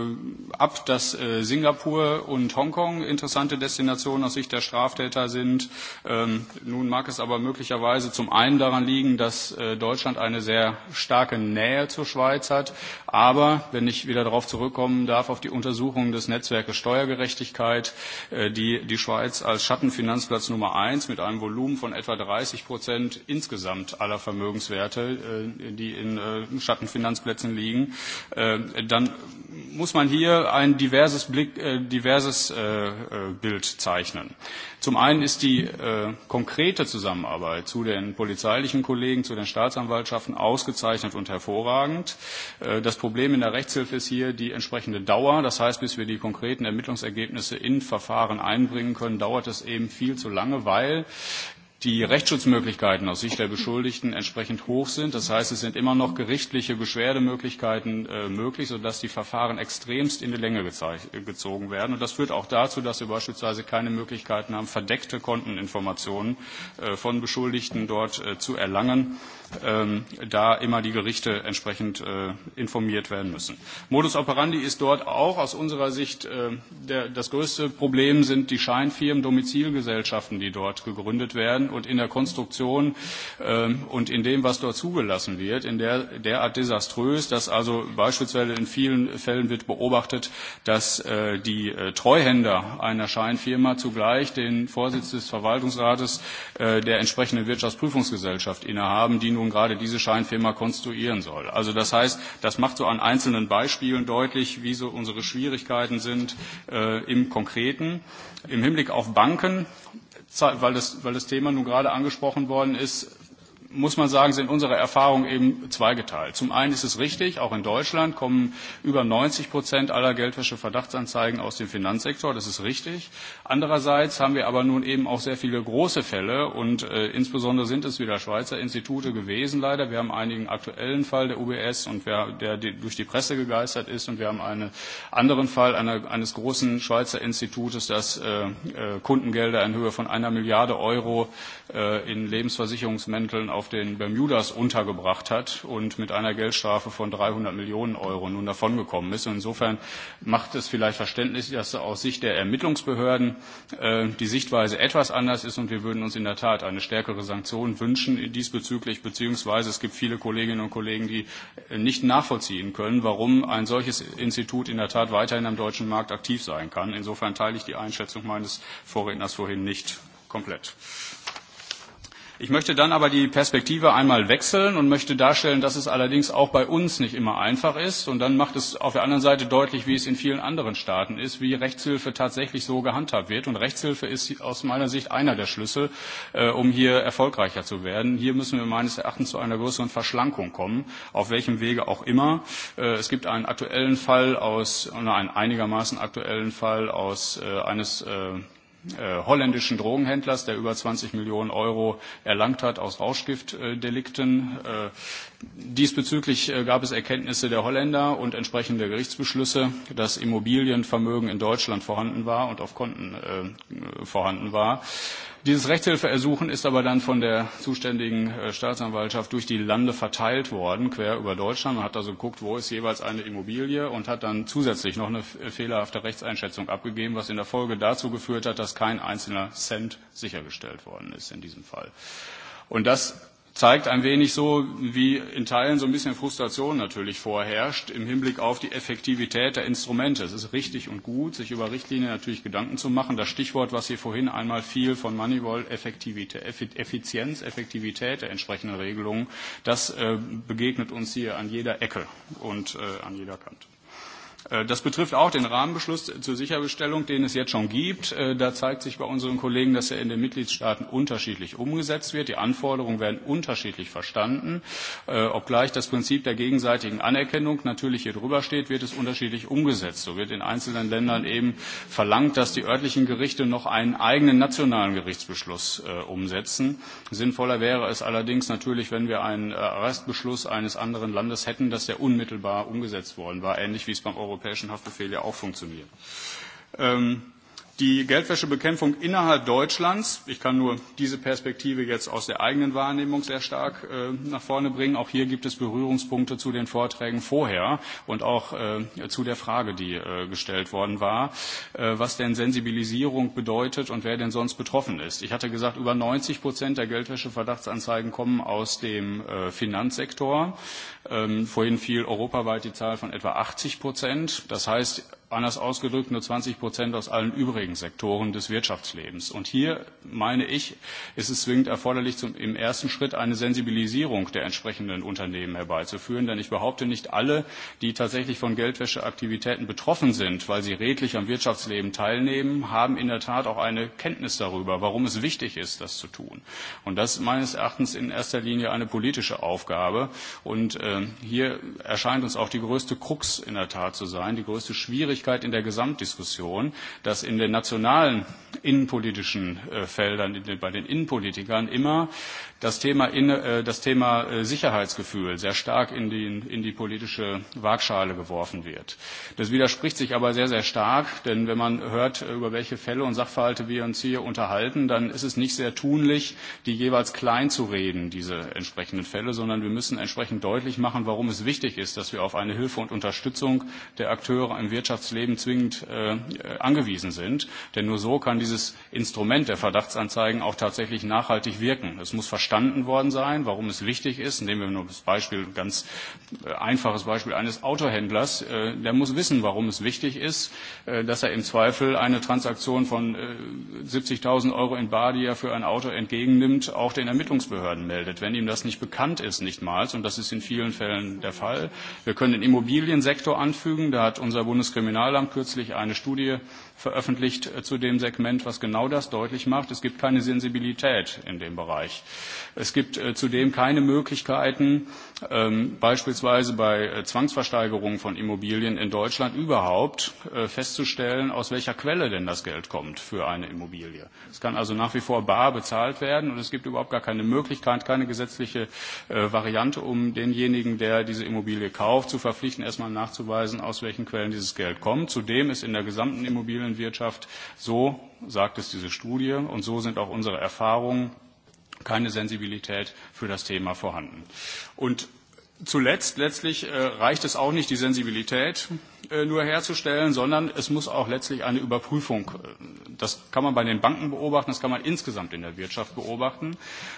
ab, dass äh, Singapur und Hongkong interessante Destinationen aus Sicht der Straftäter sind. Ähm, nun mag es aber möglicherweise zum einen daran liegen, dass äh, Deutschland eine sehr starke Nähe zur Schweiz hat. Aber wenn ich wieder darauf zurückkommen darf, auf die Untersuchung des Netzwerkes Steuergerechtigkeit, äh, die die Schweiz als Schattenfinanzplatz Nummer eins mit einem Volumen von etwa 30 Prozent insgesamt aller Vermögenswerte, äh, die in äh, Schattenfinanzplätzen liegen, Äh, dann muss man hier ein diverses, Blick, äh, diverses äh, äh, Bild zeichnen. Zum einen ist die äh, konkrete Zusammenarbeit zu den polizeilichen Kollegen, zu den Staatsanwaltschaften ausgezeichnet und hervorragend. Äh, das Problem in der Rechtshilfe ist hier die entsprechende Dauer. Das heißt, bis wir die konkreten Ermittlungsergebnisse in Verfahren einbringen können, dauert es eben viel zu lange, weil die Rechtsschutzmöglichkeiten aus Sicht der Beschuldigten entsprechend hoch sind. Das heißt, es sind immer noch gerichtliche Beschwerdemöglichkeiten äh, möglich, sodass die Verfahren extremst in die Länge gezogen werden. Und das führt auch dazu, dass wir beispielsweise keine Möglichkeiten haben, verdeckte Konteninformationen äh, von Beschuldigten dort äh, zu erlangen ähm, da immer die Gerichte entsprechend äh, informiert werden müssen. Modus operandi ist dort auch aus unserer Sicht äh, der, das größte Problem sind die Scheinfirmen, Domizilgesellschaften, die dort gegründet werden und in der Konstruktion äh, und in dem, was dort zugelassen wird, in der, derart desaströs, dass also beispielsweise in vielen Fällen wird beobachtet, dass äh, die äh, Treuhänder einer Scheinfirma zugleich den Vorsitz des Verwaltungsrates äh, der entsprechenden Wirtschaftsprüfungsgesellschaft innehaben, die nur Bundesregierung gerade diese Scheinfirma konstruieren soll. Also das heißt, das macht so an einzelnen Beispielen deutlich, wie so unsere Schwierigkeiten sind äh, im Konkreten. Im Hinblick auf Banken, weil das, weil das Thema nun gerade angesprochen worden ist, muss man sagen, sind unsere Erfahrungen eben zweigeteilt. Zum einen ist es richtig, auch in Deutschland kommen über 90 Prozent aller Geldwäsche-Verdachtsanzeigen aus dem Finanzsektor. Das ist richtig. Andererseits haben wir aber nun eben auch sehr viele große Fälle und äh, insbesondere sind es wieder Schweizer Institute gewesen leider. Wir haben einen aktuellen Fall der UBS und wer, der die, durch die Presse gegeistert ist und wir haben einen anderen Fall einer, eines großen Schweizer Institutes, das äh, äh, Kundengelder in Höhe von einer Milliarde Euro äh, in Lebensversicherungsmänteln auf auf den Bermudas untergebracht hat und mit einer Geldstrafe von 300 Millionen Euro nun davongekommen ist. Und insofern macht es vielleicht verständlich, dass aus Sicht der Ermittlungsbehörden äh, die Sichtweise etwas anders ist und wir würden uns in der Tat eine stärkere Sanktion wünschen diesbezüglich, beziehungsweise es gibt viele Kolleginnen und Kollegen, die nicht nachvollziehen können, warum ein solches Institut in der Tat weiterhin am deutschen Markt aktiv sein kann. Insofern teile ich die Einschätzung meines Vorredners vorhin nicht komplett. Äh, Ich möchte dann aber die Perspektive einmal wechseln und möchte darstellen, dass es allerdings auch bei uns nicht immer einfach ist. Und dann macht es auf der anderen Seite deutlich, wie es in vielen anderen Staaten ist, wie Rechtshilfe tatsächlich so gehandhabt wird. Und Rechtshilfe ist aus meiner Sicht einer der Schlüssel, äh, um hier erfolgreicher zu werden. Hier müssen wir meines Erachtens zu einer größeren Verschlankung kommen, auf welchem Wege auch immer. Äh, es gibt einen aktuellen Fall aus, oder einen einigermaßen aktuellen Fall aus äh, eines äh, äh, holländischen Drogenhändlers, der über 20 Millionen Euro erlangt hat aus Rauschgiftdelikten. Äh, diesbezüglich äh, gab es Erkenntnisse der Holländer und entsprechende Gerichtsbeschlüsse, dass Immobilienvermögen in Deutschland vorhanden war und auf Konten äh, vorhanden war. Dieses Rechtshilfeersuchen ist aber dann von der zuständigen äh, Staatsanwaltschaft durch die Lande verteilt worden, quer über Deutschland. Man hat also geguckt, wo ist jeweils eine Immobilie und hat dann zusätzlich noch eine äh, fehlerhafte Rechtseinschätzung abgegeben, was in der Folge dazu geführt hat, dass kein einzelner Cent sichergestellt worden ist in diesem Fall. Und das zeigt ein wenig so, wie in Teilen so ein bisschen Frustration natürlich vorherrscht im Hinblick auf die Effektivität der Instrumente. Es ist richtig und gut, sich über Richtlinien natürlich Gedanken zu machen. Das Stichwort, was hier vorhin einmal fiel von Moneyball, Effektivität, Effizienz, Effektivität der entsprechenden Regelungen, das äh, begegnet uns hier an jeder Ecke und äh, an jeder Kante. Äh, das betrifft auch den Rahmenbeschluss zur Sicherbestellung, den es jetzt schon gibt. Äh, da zeigt sich bei unseren Kollegen, dass er in den Mitgliedstaaten unterschiedlich umgesetzt wird. Die Anforderungen werden unterschiedlich verstanden. Äh, obgleich das Prinzip der gegenseitigen Anerkennung natürlich hier drüber steht, wird es unterschiedlich umgesetzt. So wird in einzelnen Ländern eben verlangt, dass die örtlichen Gerichte noch einen eigenen nationalen Gerichtsbeschluss umsetzen. Sinnvoller wäre es allerdings natürlich, wenn wir einen Arrestbeschluss eines anderen Landes hätten, dass der unmittelbar umgesetzt worden war, ähnlich wie es beim Euro europäischen Haftbefehl ja auch funktioniert. Ähm, die Geldwäschebekämpfung innerhalb Deutschlands, ich kann nur diese Perspektive jetzt aus der eigenen Wahrnehmung sehr stark äh, nach vorne bringen, auch hier gibt es Berührungspunkte zu den Vorträgen vorher und auch äh, zu der Frage, die äh, gestellt worden war, äh, was denn Sensibilisierung bedeutet und wer denn sonst betroffen ist. Ich hatte gesagt, über 90 Prozent der Geldwäscheverdachtsanzeigen kommen aus dem äh, Finanzsektor. Ähm, vorhin fiel europaweit die Zahl von etwa 80 Prozent. Das heißt, anders ausgedrückt nur 20 Prozent aus allen übrigen Sektoren des Wirtschaftslebens. Und hier, meine ich, ist es zwingend erforderlich, zum, im ersten Schritt eine Sensibilisierung der entsprechenden Unternehmen herbeizuführen. Denn ich behaupte, nicht alle, die tatsächlich von Geldwäscheaktivitäten betroffen sind, weil sie redlich am Wirtschaftsleben teilnehmen, haben in der Tat auch eine Kenntnis darüber, warum es wichtig ist, das zu tun. Und das ist meines Erachtens in erster Linie eine politische Aufgabe. Und äh, hier erscheint uns auch die größte Krux in der Tat zu sein, die größte Schwierigkeit, Schwierigkeit in der Gesamtdiskussion, dass in den nationalen innenpolitischen äh, Feldern, in den, bei den Innenpolitikern immer das Thema, in, äh, das Thema äh, Sicherheitsgefühl sehr stark in die, in die politische Waagschale geworfen wird. Das widerspricht sich aber sehr, sehr stark, denn wenn man hört, äh, über welche Fälle und Sachverhalte wir uns hier unterhalten, dann ist es nicht sehr tunlich, die jeweils klein zu reden, diese entsprechenden Fälle, sondern wir müssen entsprechend deutlich machen, warum es wichtig ist, dass wir auf eine Hilfe und Unterstützung der Akteure im Wirtschaftsleben zwingend äh, angewiesen sind. Denn nur so kann dieses Instrument der Verdachtsanzeigen auch tatsächlich nachhaltig wirken. Es muss verstanden verstanden worden sein, warum es wichtig ist. Nehmen wir nur das Beispiel, ein ganz äh, einfaches Beispiel eines Autohändlers. Äh, der muss wissen, warum es wichtig ist, äh, dass er im Zweifel eine Transaktion von 70.000 Euro in Bar, die er für ein Auto entgegennimmt, auch den Ermittlungsbehörden meldet. Wenn ihm das nicht bekannt ist, nichtmals, und das ist in vielen Fällen der Fall. Wir können den Immobiliensektor anfügen. Da hat unser Bundeskriminalamt kürzlich eine Studie veröffentlicht äh, zu dem Segment, was genau das deutlich macht. Es gibt keine Sensibilität in dem Bereich. Es gibt äh, zudem keine Möglichkeiten, ähm, beispielsweise bei äh, Zwangsversteigerungen von Immobilien in Deutschland überhaupt äh, festzustellen, aus welcher Quelle denn das Geld kommt für eine Immobilie. Es kann also nach wie vor bar bezahlt werden und es gibt überhaupt gar keine Möglichkeit, keine gesetzliche äh, Variante, um denjenigen, der diese Immobilie kauft, zu verpflichten, erstmal nachzuweisen, aus welchen Quellen dieses Geld kommt. Zudem ist in der gesamten Immobilienwirtschaft so, sagt es diese Studie, und so sind auch unsere Erfahrungen, keine Sensibilität für das Thema vorhanden. Und zuletzt letztlich äh, reicht es auch nicht, die Sensibilität äh, nur herzustellen, sondern es muss auch letztlich eine Überprüfung. Äh, das kann man bei den Banken beobachten, das kann man insgesamt in der Wirtschaft beobachten.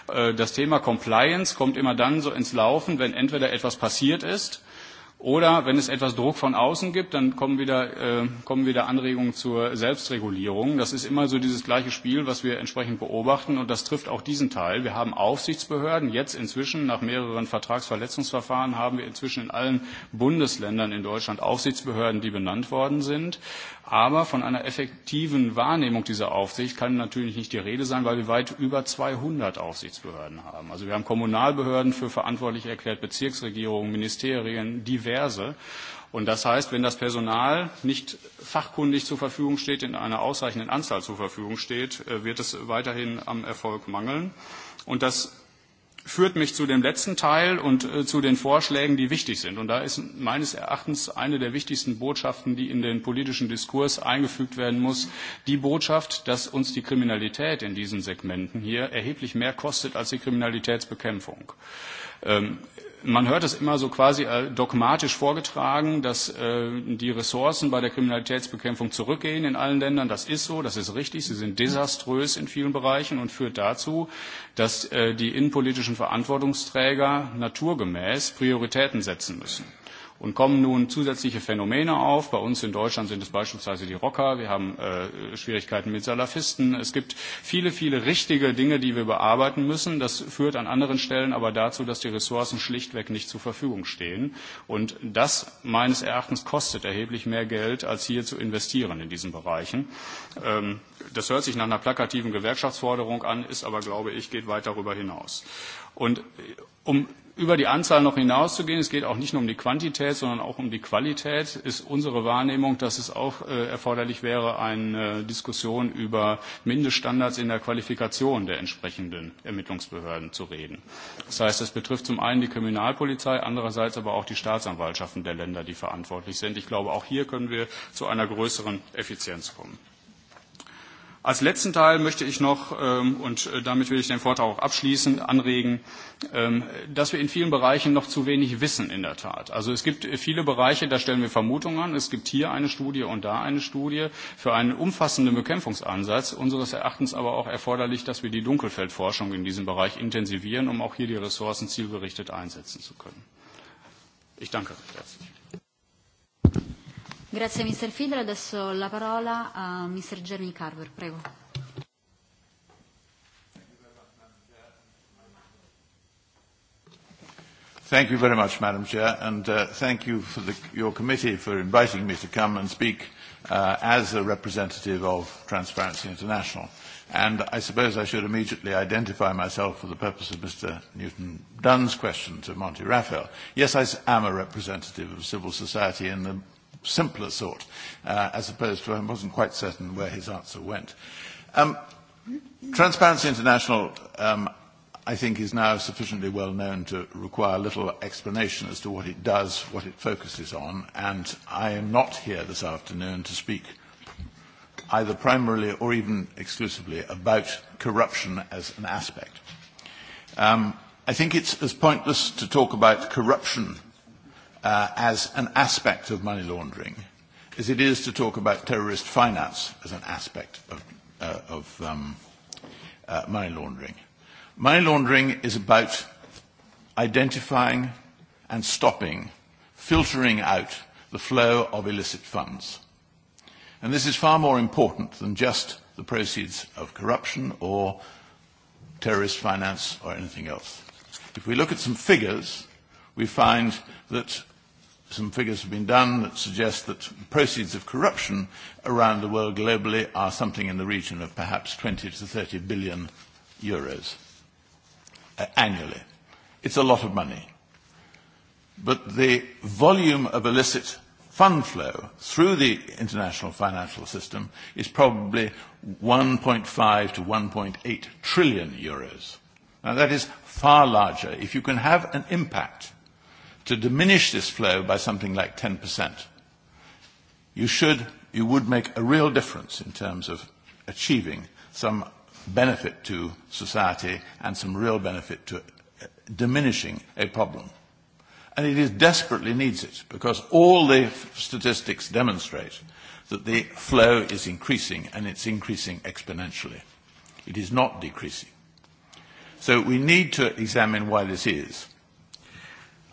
Äh, das Thema Compliance kommt immer dann so ins Laufen, wenn entweder etwas passiert ist, Oder wenn es etwas Druck von außen gibt, dann kommen wieder, äh, kommen wieder Anregungen zur Selbstregulierung. Das ist immer so dieses gleiche Spiel, was wir entsprechend beobachten. Und das trifft auch diesen Teil. Wir haben Aufsichtsbehörden. Jetzt inzwischen, nach mehreren Vertragsverletzungsverfahren, haben wir inzwischen in allen Bundesländern in Deutschland Aufsichtsbehörden, die benannt worden sind. Aber von einer effektiven Wahrnehmung dieser Aufsicht kann natürlich nicht die Rede sein, weil wir weit über 200 Aufsichtsbehörden haben. Also wir haben Kommunalbehörden für verantwortlich erklärt, Bezirksregierungen, Ministerien, diverse. Und das heißt, wenn das Personal nicht fachkundig zur Verfügung steht, in einer ausreichenden Anzahl zur Verfügung steht, äh, wird es weiterhin am Erfolg mangeln. Und das führt mich zu dem letzten Teil und äh, zu den Vorschlägen, die wichtig sind. Und da ist meines Erachtens eine der wichtigsten Botschaften, die in den politischen Diskurs eingefügt werden muss, die Botschaft, dass uns die Kriminalität in diesen Segmenten hier erheblich mehr kostet als die Kriminalitätsbekämpfung. Ähm, Man hört es immer so quasi äh, dogmatisch vorgetragen, dass äh, die Ressourcen bei der Kriminalitätsbekämpfung zurückgehen in allen Ländern. Das ist so, das ist richtig. Sie sind desaströs in vielen Bereichen und führt dazu, dass äh, die innenpolitischen Verantwortungsträger naturgemäß Prioritäten setzen müssen und kommen nun zusätzliche Phänomene auf. Bei uns in Deutschland sind es beispielsweise die Rocker, wir haben äh, Schwierigkeiten mit Salafisten. Es gibt viele, viele richtige Dinge, die wir bearbeiten müssen. Das führt an anderen Stellen aber dazu, dass die Ressourcen schlichtweg nicht zur Verfügung stehen. Und das meines Erachtens kostet erheblich mehr Geld, als hier zu investieren in diesen Bereichen. Ähm, das hört sich nach einer plakativen Gewerkschaftsforderung an, ist aber, glaube ich, geht weit darüber hinaus. Und äh, um über die Anzahl noch hinauszugehen, es geht auch nicht nur um die Quantität, sondern auch um die Qualität, ist unsere Wahrnehmung, dass es auch äh, erforderlich wäre, eine äh, Diskussion über Mindeststandards in der Qualifikation der entsprechenden Ermittlungsbehörden zu reden. Das heißt, es betrifft zum einen die Kriminalpolizei, andererseits aber auch die Staatsanwaltschaften der Länder, die verantwortlich sind. Ich glaube, auch hier können wir zu einer größeren Effizienz kommen. Als letzten Teil möchte ich noch, ähm, und äh, damit will ich den Vortrag auch abschließen, anregen, ähm, dass wir in vielen Bereichen noch zu wenig wissen, in der Tat. Also es gibt äh, viele Bereiche, da stellen wir Vermutungen an. Es gibt hier eine Studie und da eine Studie. Für einen umfassenden Bekämpfungsansatz unseres Erachtens aber auch erforderlich, dass wir die Dunkelfeldforschung in diesem Bereich intensivieren, um auch hier die Ressourcen zielgerichtet einsetzen zu können. Ich danke recht herzlich. Grazie Mr. Fiedler, adesso la parola a Mr. Jeremy Carver, prego. Thank you very much, Madam Chair, and uh, thank you for the, your committee for inviting me to come and speak uh, as a representative of Transparency International. And I suppose I should immediately identify myself for the purpose of Mr. Newton Dunn's question to Monty Raphael. Yes, I am a representative of civil society in the simpler sort, uh, as opposed to I wasn't quite certain where his answer went. Um, Transparency International, um, I think, is now sufficiently well known to require little explanation as to what it does, what it focuses on, and I am not here this afternoon to speak either primarily or even exclusively about corruption as an aspect. Um, I think it's as pointless to talk about corruption uh, as an aspect of money laundering as it is to talk about terrorist finance as an aspect of, uh, of um, uh, money laundering. Money laundering is about identifying and stopping, filtering out the flow of illicit funds. And this is far more important than just the proceeds of corruption or terrorist finance or anything else. If we look at some figures, we find that some figures have been done that suggest that proceeds of corruption around the world globally are something in the region of perhaps 20 to 30 billion euros uh, annually. It's a lot of money. But the volume of illicit fund flow through the international financial system is probably 1.5 to 1.8 trillion euros. Now that is far larger. If you can have an impact to diminish this flow by something like 10%, you should, you would make a real difference in terms of achieving some benefit to society and some real benefit to uh, diminishing a problem. And it is desperately needs it because all the statistics demonstrate that the flow is increasing and it's increasing exponentially. It is not decreasing. So we need to examine why this is.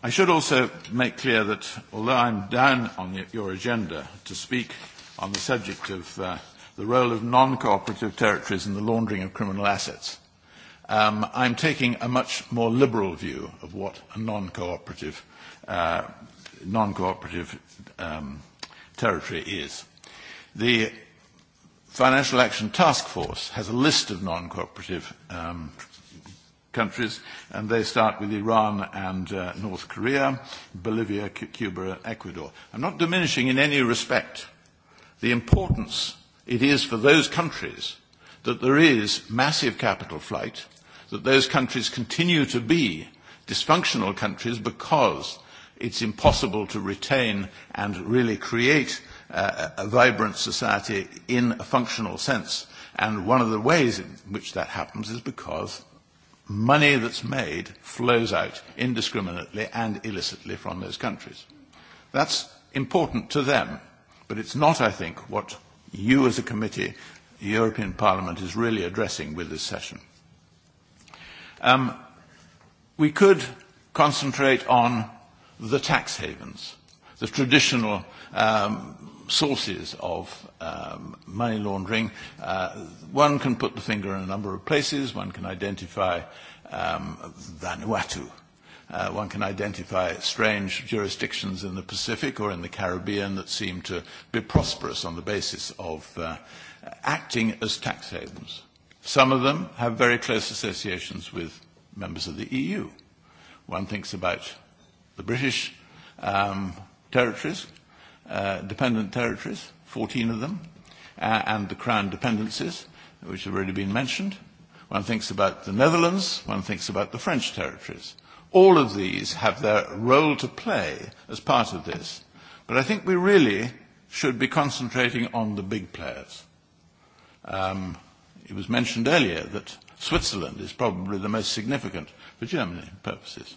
I should also make clear that although I'm down on the, your agenda to speak on the subject of uh, the role of non-cooperative territories in the laundering of criminal assets, um, I'm taking a much more liberal view of what a non-cooperative uh, non-cooperative um, territory is. The Financial Action Task Force has a list of non-cooperative um, countries, and they start with Iran and uh, North Korea, Bolivia, C- Cuba, and Ecuador. I'm not diminishing in any respect the importance it is for those countries that there is massive capital flight, that those countries continue to be dysfunctional countries because it's impossible to retain and really create uh, a vibrant society in a functional sense. And one of the ways in which that happens is because money that's made flows out indiscriminately and illicitly from those countries. That's important to them, but it's not, I think, what you as a committee, the European Parliament, is really addressing with this session. Um, we could concentrate on the tax havens, the traditional um, sources of um, money laundering. Uh, one can put the finger in a number of places. One can identify um, Vanuatu. Uh, one can identify strange jurisdictions in the Pacific or in the Caribbean that seem to be prosperous on the basis of uh, acting as tax havens. Some of them have very close associations with members of the EU. One thinks about the British um, territories, uh, dependent territories, 14 of them, uh, and the Crown dependencies, which have already been mentioned. One thinks about the Netherlands, one thinks about the French territories. All of these have their role to play as part of this. But I think we really should be concentrating on the big players. Um, it was mentioned earlier that Switzerland is probably the most significant for Germany purposes.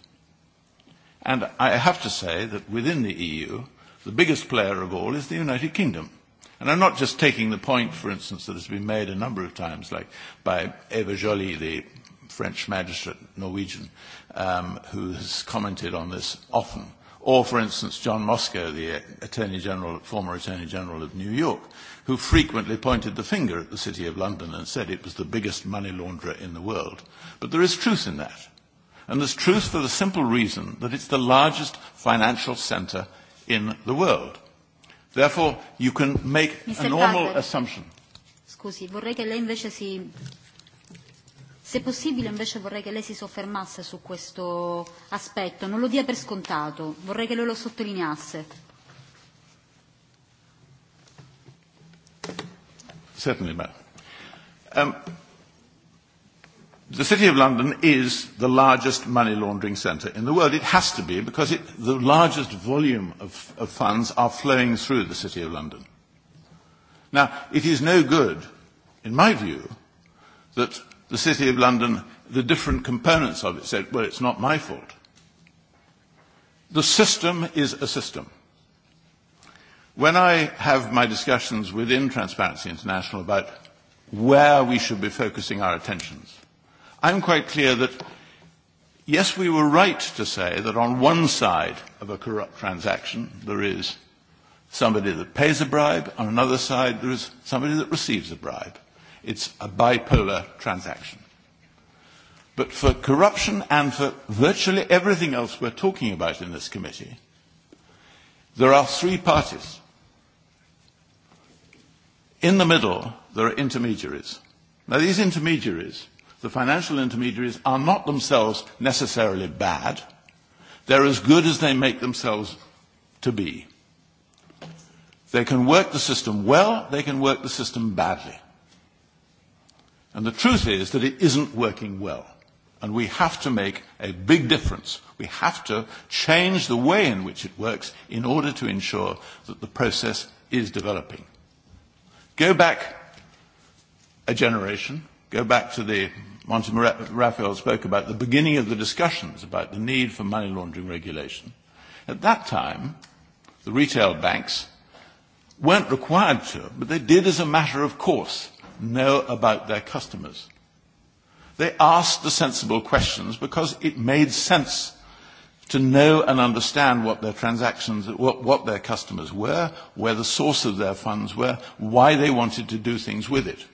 And I have to say that within the EU, The biggest player of all is the United Kingdom. And I'm not just taking the point, for instance, that has been made a number of times, like by Eva Joly, the French magistrate, Norwegian, um, who has commented on this often. Or, for instance, John Moscow, the uh, Attorney General, former Attorney General of New York, who frequently pointed the finger at the City of London and said it was the biggest money launderer in the world. But there is truth in that. And there's truth for the simple reason that it's the largest financial centre in the world. Therefore, you can make Mr. a normal Carter, assumption. Scusi, vorrei che lei invece si... Se possibile invece vorrei che lei si soffermasse su questo aspetto, non lo dia per scontato, vorrei che lei lo sottolineasse. Certainly, madam. Um, The City of London is the largest money laundering centre in the world. It has to be because it, the largest volume of, of funds are flowing through the City of London. Now, it is no good, in my view, that the City of London, the different components of it said, well, it's not my fault. The system is a system. When I have my discussions within Transparency International about where we should be focusing our attentions, I'm quite clear that, yes, we were right to say that on one side of a corrupt transaction there is somebody that pays a bribe, on another side there is somebody that receives a bribe. It's a bipolar transaction. But for corruption and for virtually everything else we're talking about in this committee, there are three parties. In the middle, there are intermediaries. Now, these intermediaries the financial intermediaries are not themselves necessarily bad. They're as good as they make themselves to be. They can work the system well, they can work the system badly. And the truth is that it isn't working well. And we have to make a big difference. We have to change the way in which it works in order to ensure that the process is developing. Go back a generation, go back to the Monty Raphael spoke about the beginning of the discussions about the need for money laundering regulation. At that time, the retail banks weren't required to, but they did as a matter of course know about their customers. They asked the sensible questions because it made sense to know and understand what their transactions, what, what their customers were, where the source of their funds were, why they wanted to do things with it.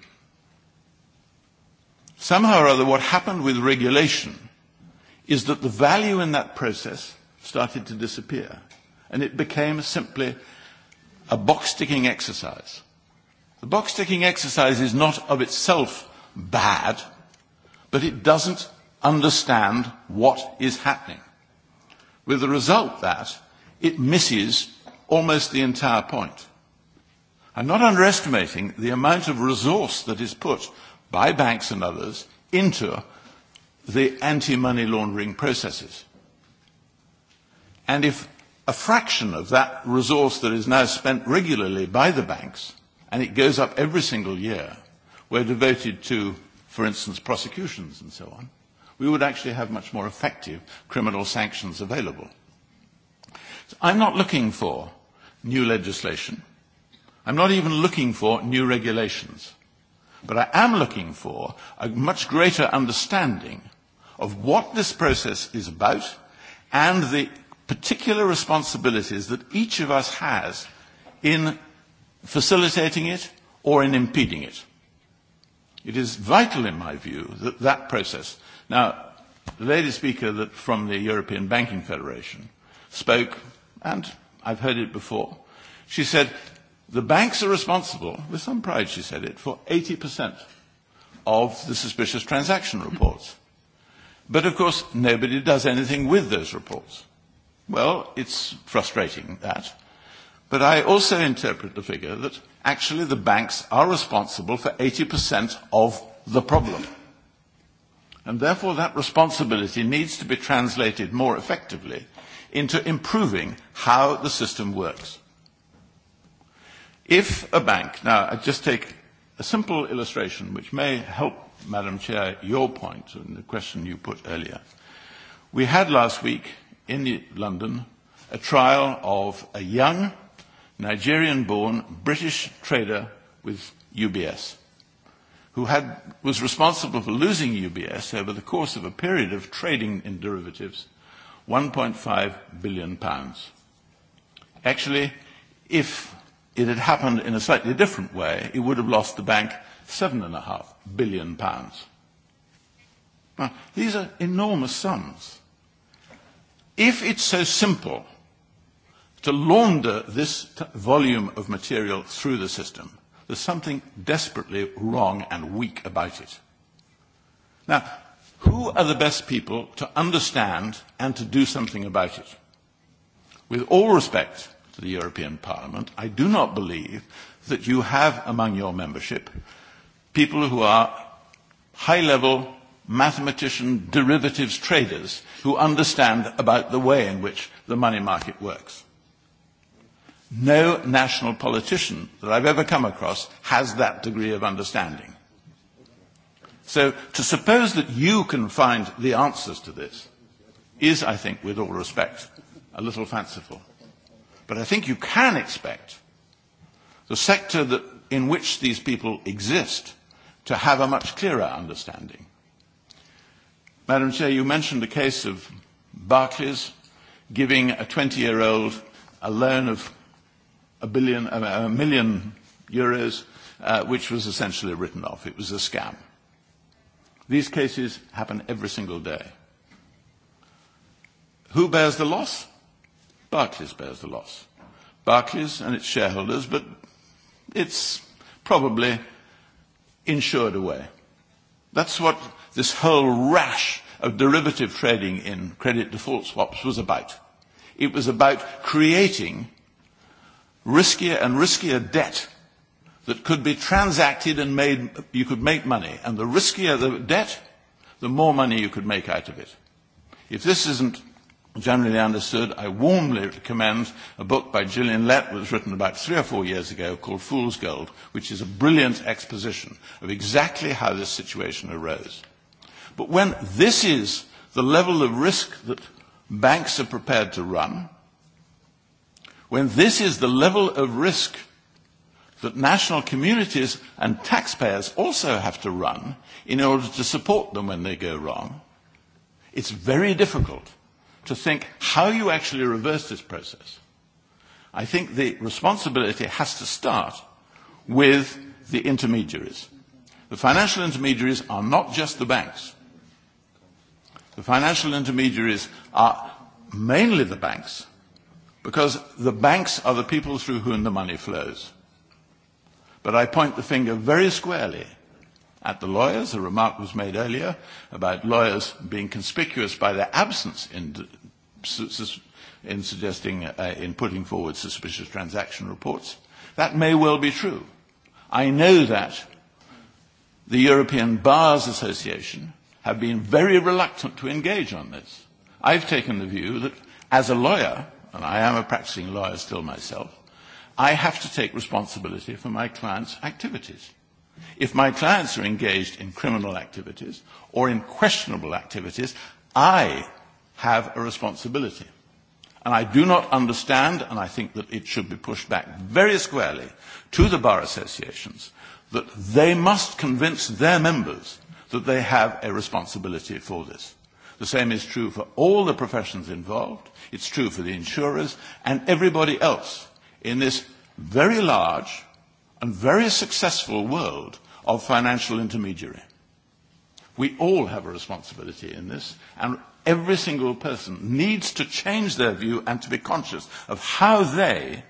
Somehow or other, what happened with regulation is that the value in that process started to disappear, and it became simply a box-ticking exercise. The box-ticking exercise is not of itself bad, but it doesn't understand what is happening. With the result that it misses almost the entire point. I'm not underestimating the amount of resource that is put by banks and others into the anti-money laundering processes. And if a fraction of that resource that is now spent regularly by the banks, and it goes up every single year, were devoted to, for instance, prosecutions and so on, we would actually have much more effective criminal sanctions available. So I'm not looking for new legislation. I'm not even looking for new regulations. But I am looking for a much greater understanding of what this process is about and the particular responsibilities that each of us has in facilitating it or in impeding it. It is vital, in my view, that that process. Now, the lady speaker that from the European Banking Federation spoke, and I've heard it before. She said, The banks are responsible, with some pride she said it, for 80% of the suspicious transaction reports. But of course, nobody does anything with those reports. Well, it's frustrating that. But I also interpret the figure that actually the banks are responsible for 80% of the problem. And therefore that responsibility needs to be translated more effectively into improving how the system works. If a bank, now I just take a simple illustration which may help, Madam Chair, your point and the question you put earlier. We had last week in London a trial of a young Nigerian-born British trader with UBS who had, was responsible for losing UBS over the course of a period of trading in derivatives 1.5 billion pounds. Actually, if it had happened in a slightly different way, it would have lost the bank seven and a half billion pounds. Now, these are enormous sums. If it's so simple to launder this t- volume of material through the system, there's something desperately wrong and weak about it. Now, who are the best people to understand and to do something about it? With all respect, to the European Parliament, I do not believe that you have among your membership people who are high-level mathematician derivatives traders who understand about the way in which the money market works. No national politician that I've ever come across has that degree of understanding. So to suppose that you can find the answers to this is, I think, with all respect, a little fanciful. But I think you can expect the sector that, in which these people exist to have a much clearer understanding. Madam Chair, you mentioned the case of Barclays giving a 20-year-old a loan of a, billion, uh, a million euros, uh, which was essentially written off. It was a scam. These cases happen every single day. Who bears the loss? Barclays bears the loss. Barclays and its shareholders, but it's probably insured away. That's what this whole rash of derivative trading in credit default swaps was about. It was about creating riskier and riskier debt that could be transacted and made, you could make money. And the riskier the debt, the more money you could make out of it. If this isn't generally understood. I warmly commend a book by Gillian Lett, which was written about three or four years ago, called Fool's Gold, which is a brilliant exposition of exactly how this situation arose. But when this is the level of risk that banks are prepared to run, when this is the level of risk that national communities and taxpayers also have to run in order to support them when they go wrong, it's very difficult to think how you actually reverse this process. I think the responsibility has to start with the intermediaries. The financial intermediaries are not just the banks. The financial intermediaries are mainly the banks because the banks are the people through whom the money flows. But I point the finger very squarely at the lawyers. A remark was made earlier about lawyers being conspicuous by their absence in, in suggesting, uh, in putting forward suspicious transaction reports. That may well be true. I know that the European Bars Association have been very reluctant to engage on this. I've taken the view that as a lawyer, and I am a practicing lawyer still myself, I have to take responsibility for my client's activities. If my clients are engaged in criminal activities or in questionable activities, I have a responsibility. And I do not understand, and I think that it should be pushed back very squarely to the bar associations, that they must convince their members that they have a responsibility for this. The same is true for all the professions involved. It's true for the insurers and everybody else in this very large and very successful world of financial intermediary. We all have a responsibility in this, and every single person needs to change their view and to be conscious of how they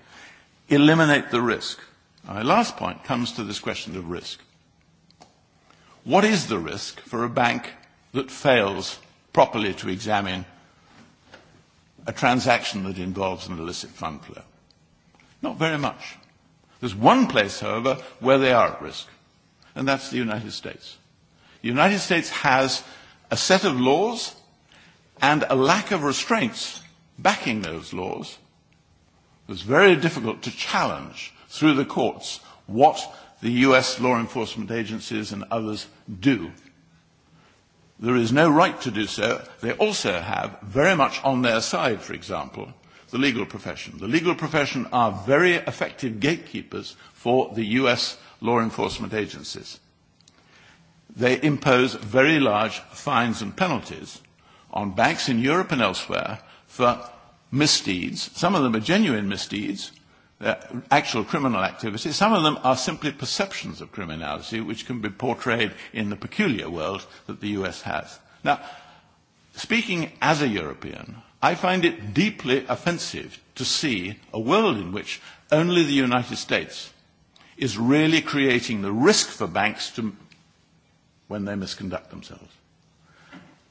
eliminate the risk. My last point comes to this question of risk. What is the risk for a bank that fails properly to examine a transaction that involves an illicit fund flow? Not very much. There's one place, however, where they are at risk, and that's the United States. The United States has a set of laws and a lack of restraints backing those laws. It was very difficult to challenge through the courts what the US law enforcement agencies and others do. There is no right to do so. They also have, very much on their side, for example, the legal profession. The legal profession are very effective gatekeepers for the US law enforcement agencies. They impose very large fines and penalties on banks in Europe and elsewhere for misdeeds. Some of them are genuine misdeeds, uh, actual criminal activity. Some of them are simply perceptions of criminality, which can be portrayed in the peculiar world that the US has. Now, speaking as a European, I find it deeply offensive to see a world in which only the United States is really creating the risk for banks to, when they misconduct themselves.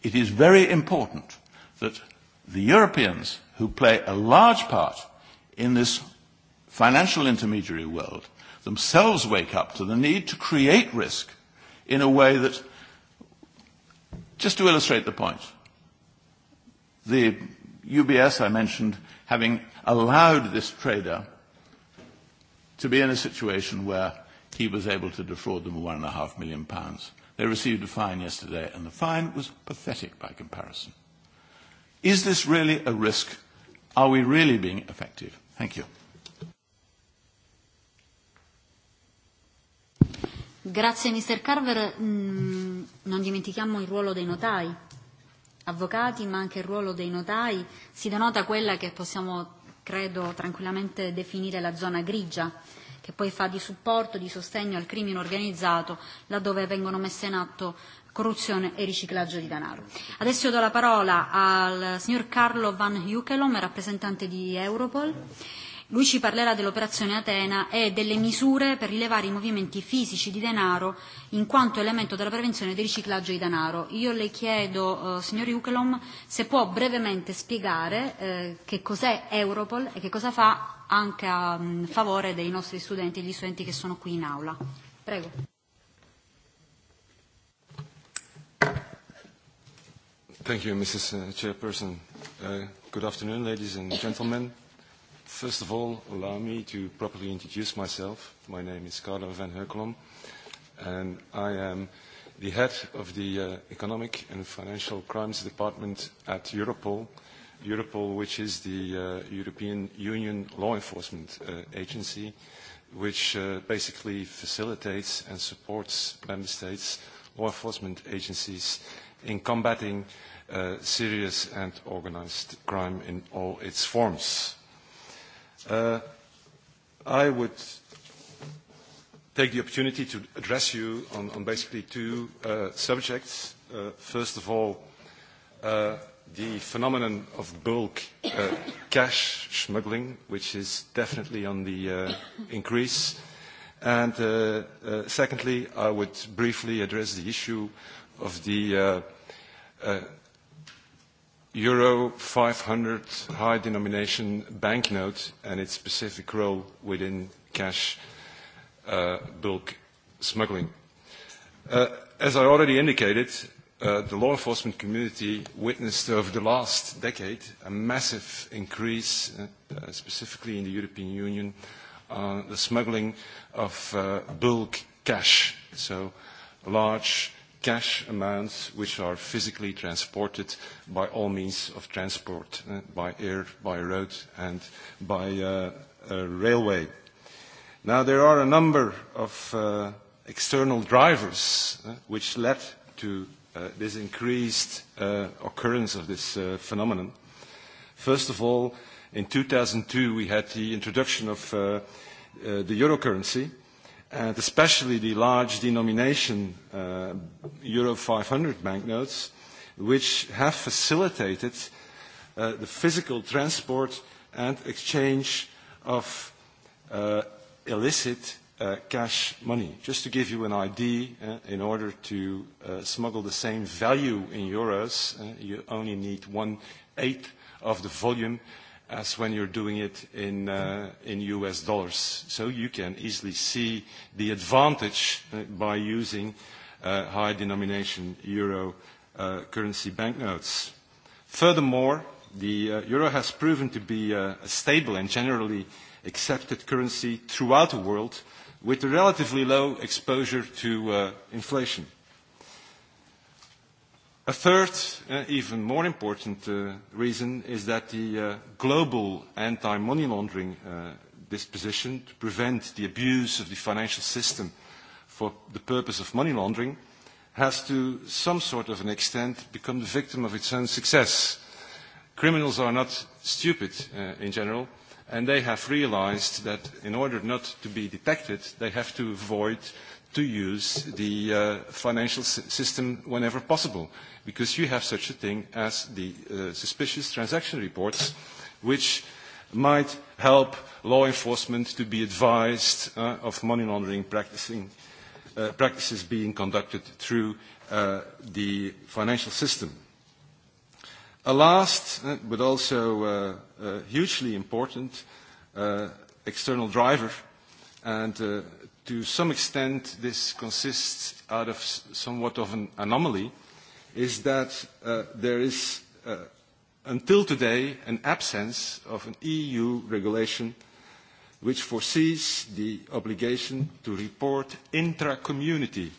It is very important that the Europeans, who play a large part in this financial intermediary world, themselves wake up to the need to create risk in a way that, just to illustrate the point, the UBS, I mentioned, having allowed this trader to be in a situation where he was able to defraud them of one and a half million pounds. They received a fine yesterday, and the fine was pathetic by comparison. Is this really a risk? Are we really being effective? Thank you. Grazie Mr. Carver, mm, non dimentichiamo il ruolo dei notai avvocati, ma anche il ruolo dei notai, si denota quella che possiamo, credo, tranquillamente definire la zona grigia, che poi fa di supporto, di sostegno al crimine organizzato, laddove vengono messe in atto corruzione e riciclaggio di denaro. Adesso do la parola al signor Carlo Van Hukelom, rappresentante di Europol Lui ci parlerà dell'operazione Atena e delle misure per rilevare i movimenti fisici di denaro in quanto elemento della prevenzione del riciclaggio di denaro. Io le chiedo, eh, signor Jukelom, se può brevemente spiegare eh, che cos'è Europol e che cosa fa anche a mh, mm, favore dei nostri studenti e degli studenti che sono qui in aula. Prego. Thank you, Mrs. Uh, Chairperson. Uh, good afternoon, ladies and gentlemen. First of all, allow me to properly introduce myself. My name is Carlo van Heukelom, and I am the head of the uh, Economic and Financial Crimes Department at Europol, Europol, which is the uh, European Union law enforcement uh, agency, which uh, basically facilitates and supports member states' law enforcement agencies in combating uh, serious and organized crime in all its forms. Uh, I would take the opportunity to address you on, on basically two uh, subjects. Uh, first of all, uh, the phenomenon of bulk uh, cash smuggling, which is definitely on the uh, increase. And uh, uh, secondly, I would briefly address the issue of the uh, uh, euro 500 high denomination banknote and its specific role within cash uh, bulk smuggling. Uh, as I already indicated, uh, the law enforcement community witnessed over the last decade a massive increase, uh, uh, specifically in the European Union, on uh, the smuggling of uh, bulk cash, so large cash amounts which are physically transported by all means of transport, uh, by air, by road, and by uh, uh, railway. Now, there are a number of uh, external drivers uh, which led to uh, this increased uh, occurrence of this uh, phenomenon. First of all, in 2002, we had the introduction of uh, uh, the euro currency, and especially the large denomination uh, Euro 500 banknotes, which have facilitated uh, the physical transport and exchange of uh, illicit uh, cash money. Just to give you an idea, uh, in order to uh, smuggle the same value in euros, uh, you only need one eighth of the volume as when you're doing it in, uh, in US dollars. So you can easily see the advantage uh, by using uh, high denomination euro uh, currency banknotes. Furthermore, the uh, euro has proven to be uh, a stable and generally accepted currency throughout the world with a relatively low exposure to uh, inflation. Uh, A third, uh, even more important uh, reason is that the uh, global anti-money laundering uh, disposition to prevent the abuse of the financial system for the purpose of money laundering has to some sort of an extent become the victim of its own success. Criminals are not stupid uh, in general, and they have realized that in order not to be detected, they have to avoid uh, to use the uh, financial system whenever possible, because you have such a thing as the uh, suspicious transaction reports, which might help law enforcement to be advised uh, of money laundering practicing, uh, practices being conducted through uh, the financial system. A last, uh, but also uh, uh, hugely important, uh, external driver and uh, to some extent this consists out of somewhat of an anomaly, is that uh, there is, uh, until today, an absence of an EU regulation which foresees the obligation to report intra-community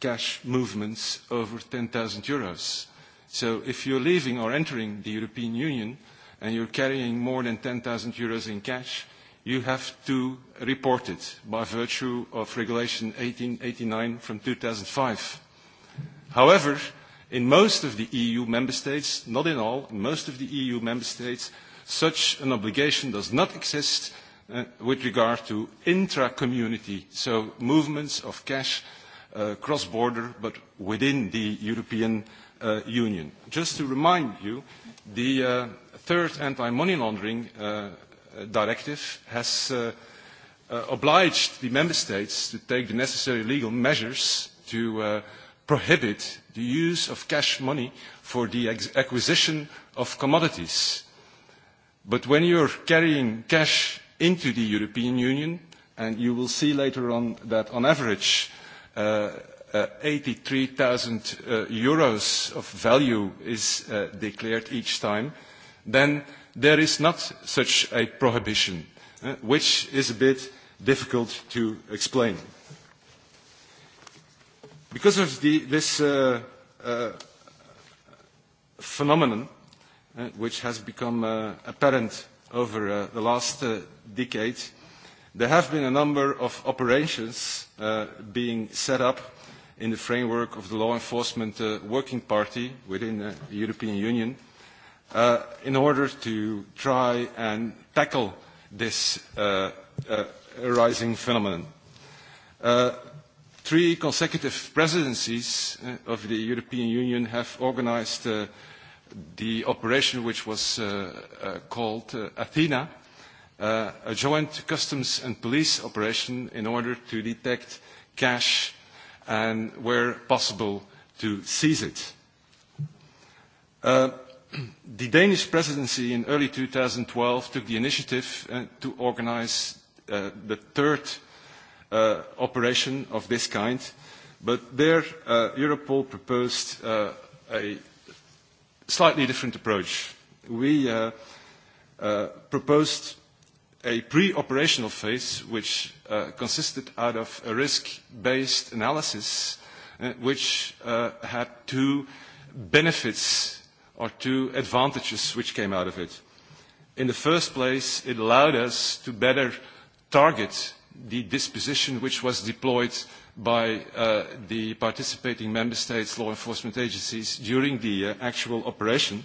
cash movements over 10,000 euros. So if you're leaving or entering the European Union and you're carrying more than 10,000 euros in cash, uh, you have to report it by virtue of Regulation 1889 from 2005. However, in most of the EU member states, not in all, in most of the EU member states, such an obligation does not exist uh, with regard to intra-community, so movements of cash uh, cross-border but within the European uh, Union. Just to remind you, the uh, third anti-money laundering uh, directive has uh, uh, obliged the member states to take the necessary legal measures to uh, prohibit the use of cash money for the acquisition of commodities. But when you're carrying cash into the European Union, and you will see later on that on average uh, uh, 83,000 uh, euros of value is uh, declared each time, then uh, there is not such a prohibition, uh, which is a bit difficult to explain. Because of the, this uh, uh, phenomenon, uh, which has become uh, apparent over uh, the last uh, decade, there have been a number of operations uh, being set up in the framework of the law enforcement uh, working party within the European Union, uh, uh, in order to try and tackle this uh, uh, rising phenomenon. Uh, three consecutive presidencies uh, of the European Union have organized uh, the operation which was uh, uh, called uh, Athena, uh, a joint customs and police operation in order to detect cash and, where possible, to seize it. Uh, the Danish presidency in early 2012 took the initiative uh, to organize uh, the third uh, operation of this kind, but there uh, Europol proposed uh, a slightly different approach. We uh, uh, proposed a pre-operational phase which uh, consisted out of a risk-based analysis uh, which uh, had two benefits are two advantages which came out of it. In the first place, it allowed us to better target the disposition which was deployed by uh, the participating member states' law enforcement agencies during the uh, actual operation.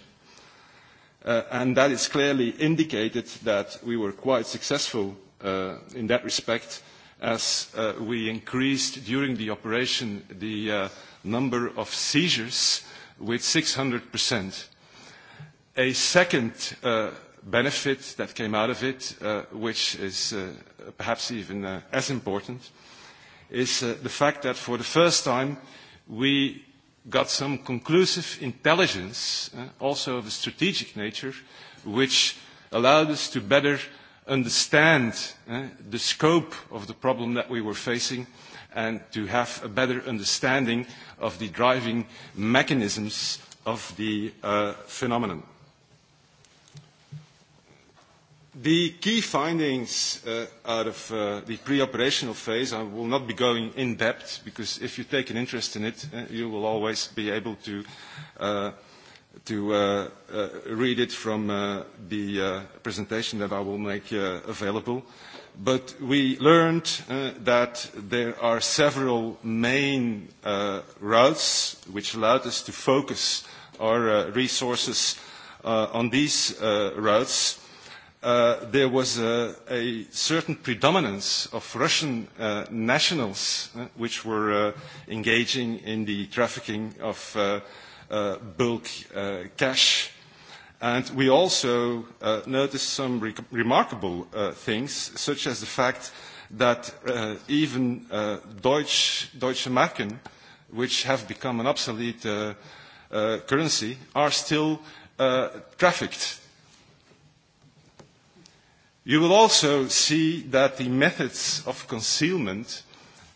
Uh, and that is clearly indicated that we were quite successful uh, in that respect as uh, we increased during the operation the uh, number of seizures uh, with 600%. A second uh, benefit that came out of it, uh, which is uh, perhaps even uh, as important, is uh, the fact that for the first time we got some conclusive intelligence, uh, also of a strategic nature, which allowed us to better understand uh, the scope of the problem that we were facing and to have a better understanding of the driving mechanisms of the uh, phenomenon. The key findings uh, out of uh, the pre-operational phase, I will not be going in depth because if you take an interest in it, uh, you will always be able to, uh, to uh, uh, read it from uh, the uh, presentation that I will make uh, available. Uh, but we learned uh, that there are several main uh, routes which allowed us to focus our uh, resources uh, on these uh, routes. Uh, there was a, a certain predominance of Russian uh, nationals uh, which were uh, engaging in the trafficking of uh, uh, bulk uh, cash And we also uh, noticed some re remarkable uh, things, such as the fact that uh, even uh, Deutsch, Deutsche Marken, which have become an obsolete uh, uh, currency, are still uh, trafficked. You will also see that the methods of concealment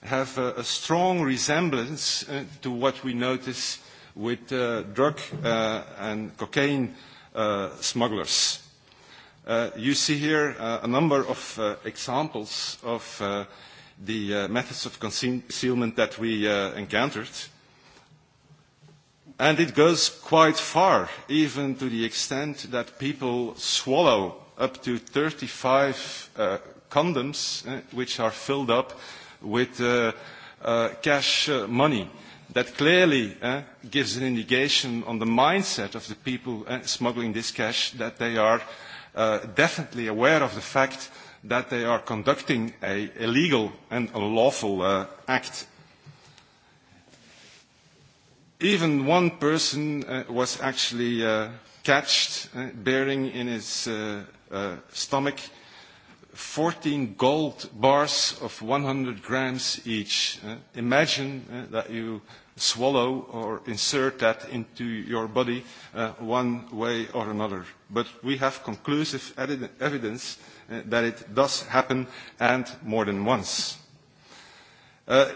have a, a strong resemblance uh, to what we notice with uh, drug uh, and cocaine uh, uh, smugglers. Uh, you see here uh, a number of uh, examples of uh, the uh, methods of concealment that we uh, encountered. And it goes quite far, even to the extent that people swallow up to 35 uh, condoms, uh, which are filled up with uh, uh, cash uh, money. Uh, that clearly uh, gives an indication on the mindset of the people uh, smuggling this cash that they are uh, definitely aware of the fact that they are conducting a illegal and unlawful uh, act. Even one person uh, was actually uh, catched, uh, bearing in his uh, uh, stomach uh, 14 gold bars of 100 grams each. Uh, imagine uh, that you swallow or insert that into your body uh, one way or another. But we have conclusive evidence uh, that it does happen and more than once. Uh,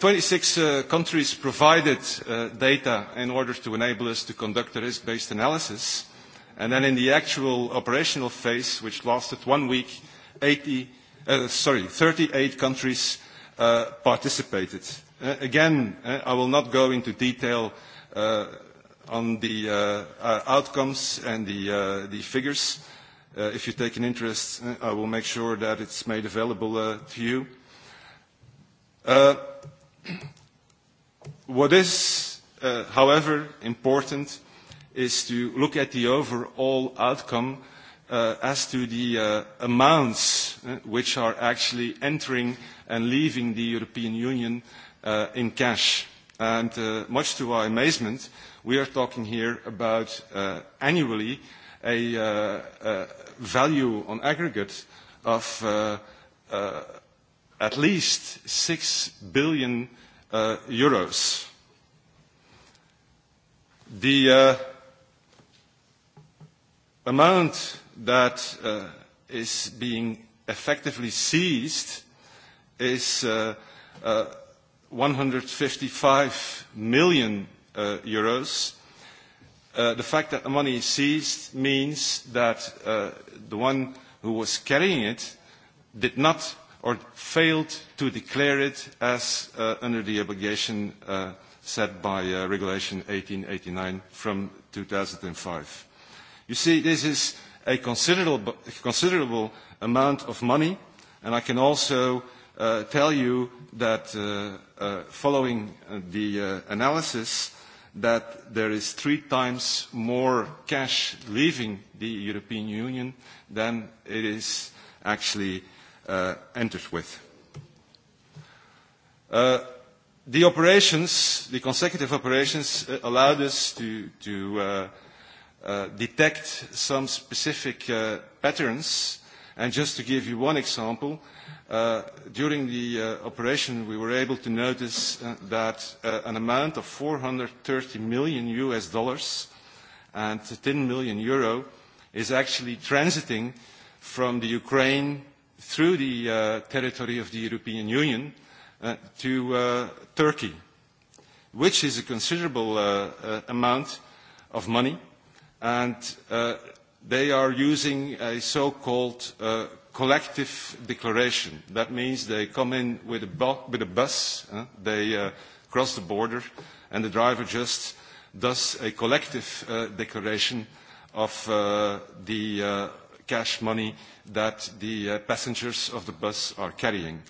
26 uh, countries provided uh, data in order to enable us to conduct a risk-based analysis. And then in the actual operational phase, which lasted one week, uh, 80, uh, sorry, 38 countries uh, participated. Uh, again, uh, I will not go into detail uh, on the uh, uh, outcomes and the, uh, the figures. Uh, if you take an interest, uh, I will make sure that it's made available uh, to you. Uh, what is, uh, however, important is to look at the overall outcome uh, uh, as to the uh, amounts uh, which are actually entering and leaving the European Union uh, in cash. And uh, much to our amazement, we are talking here about uh, annually a, uh, uh, value on aggregate of uh, uh, at least 6 billion uh, euros. The uh, amount that uh, is being effectively seized is uh, uh, 155 million uh, euros. Uh, the fact that the money is seized means that uh, the one who was carrying it did not or failed to declare it as uh, under the obligation uh, set by uh, Regulation 1889 from 2005. You see, this is a considerable, considerable amount of money. And I can also uh, tell you that uh, uh, following uh, the uh, analysis, that there is three times more cash leaving the European Union than it is actually uh, entered with. Uh, the operations, the consecutive operations, uh, allowed us to, to uh, uh, detect some specific uh, patterns. And just to give you one example, uh, during the uh, operation we were able to notice uh, that uh, an amount of 430 million US dollars and 10 million euro is actually transiting from the Ukraine through the uh, territory of the European Union uh, to uh, Turkey, which is a considerable uh, uh, amount of money uh, and uh, they are using a so-called uh, collective declaration. That means they come in with a, bu with a bus, uh, they uh, cross the border, and the driver just does a collective uh, declaration of uh, the uh, cash money that the uh, passengers of the bus are carrying.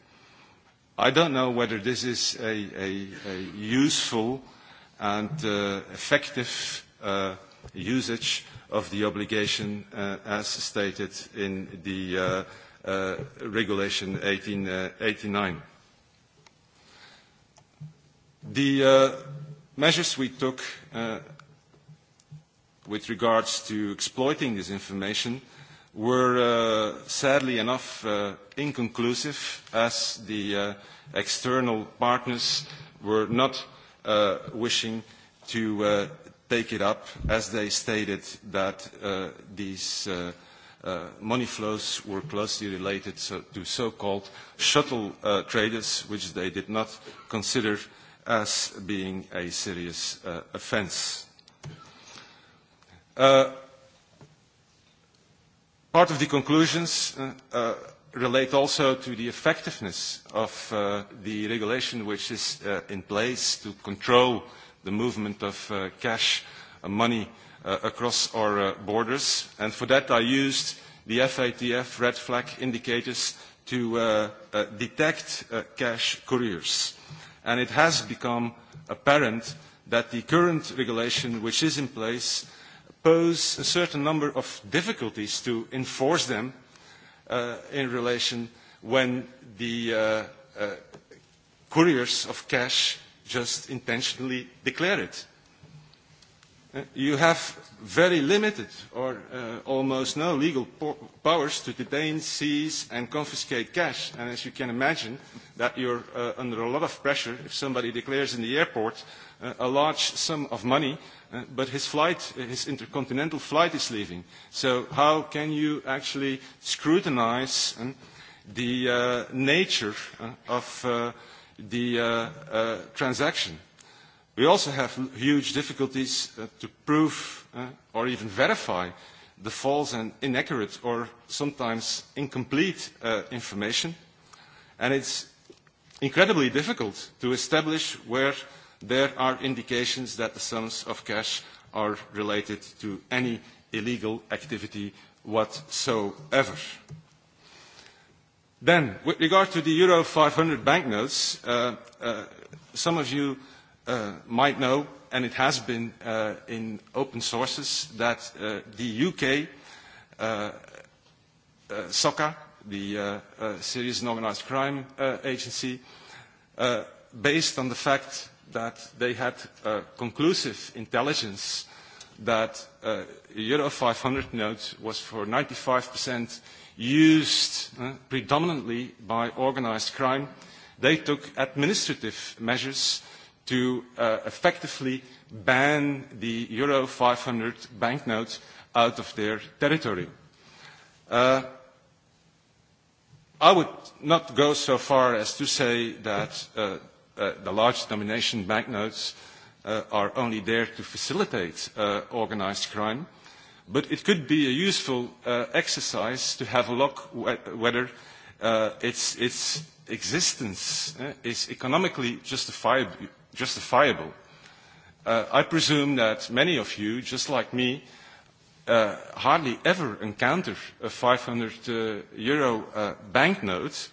I don't know whether this is a, a, a useful and uh, effective uh, usage of the obligation uh, as stated in the uh, uh, Regulation 1889. Uh, the uh, measures we took uh, with regards to exploiting this information were uh, sadly enough uh, inconclusive as the uh, external partners were not uh, wishing to uh, take it up as they stated that uh, these uh, uh, money flows were closely related so, to so-called shuttle uh, traders, which they did not consider as being a serious uh, offense. Uh, part of the conclusions uh, uh, relate also to the effectiveness of uh, the regulation which is uh, in place to control uh, the movement of uh, cash, uh, money uh, across our uh, borders. And for that I used the FATF red flag indicators to uh, uh, detect uh, cash couriers. And it has become apparent that the current regulation which is in place pose a certain number of difficulties to enforce them uh, in relation when the uh, uh, couriers of cash just intentionally declare it. Uh, you have very limited or uh, almost no legal po powers to detain, seize and confiscate cash. And as you can imagine, that you're uh, under a lot of pressure if somebody declares in the airport uh, a large sum of money, uh, but his flight, his intercontinental flight is leaving. So how can you actually scrutinize uh, the uh, nature uh, of uh, the uh, uh, transaction. We also have huge difficulties uh, to prove uh, or even verify the false and inaccurate or sometimes incomplete uh, information. And it's incredibly difficult to establish where there are indications that the sums of cash are related to any illegal activity whatsoever. Uh, Then, with regard to the euro 500 banknotes, uh, uh, some of you uh, might know, and it has been uh, in open sources, that uh, the UK uh, uh, SOCA, the uh, uh, Serious and Organized Crime uh, Agency, uh, based on the fact that they had uh, conclusive intelligence that uh, Euro 500 note was for 95 percent used uh, predominantly by organized crime, they took administrative measures to uh, effectively ban the Euro 500 banknote out of their territory. Uh, I would not go so far as to say that uh, uh, the large denomination banknotes uh, are only there to facilitate uh, organized crime. But it could be a useful uh, exercise to have a look whether uh, its, its existence uh, is economically justifiab justifiable. Uh, I presume that many of you, just like me, uh, hardly ever encounter a 500 uh, euro uh, banknote.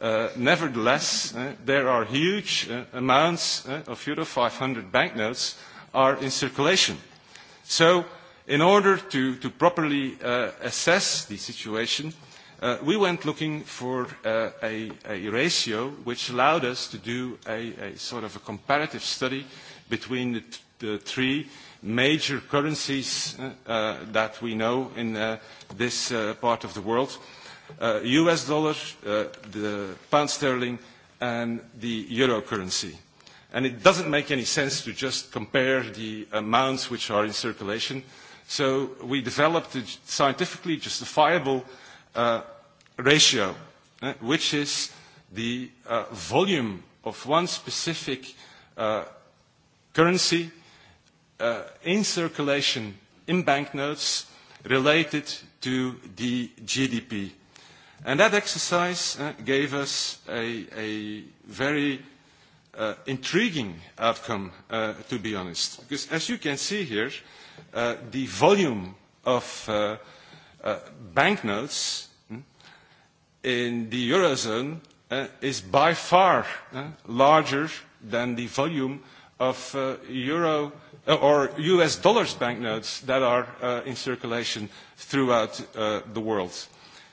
Uh, nevertheless, uh, there are huge uh, amounts uh, of euro 500 banknotes are in circulation. So In order to, to properly uh, assess the situation, uh, we went looking for uh, a, a ratio which allowed us to do a, a sort of a comparative study between the, the three major currencies uh, uh, that we know in uh, this uh, part of the world, uh, US dollar, uh, the pound sterling, and the euro currency. And it doesn't make any sense to just compare the amounts which are in circulation uh, So we developed a scientifically justifiable uh, ratio, uh, which is the uh, volume of one specific uh, currency uh, in circulation in banknotes related to the GDP. And that exercise uh, gave us a, a very uh, intriguing outcome, uh, to be honest. Because as you can see here, uh, uh, the volume of uh, uh, banknotes hmm, in the Eurozone uh, is by far uh, larger than the volume of uh, euro uh, or US dollars banknotes that are uh, in circulation throughout uh, the world.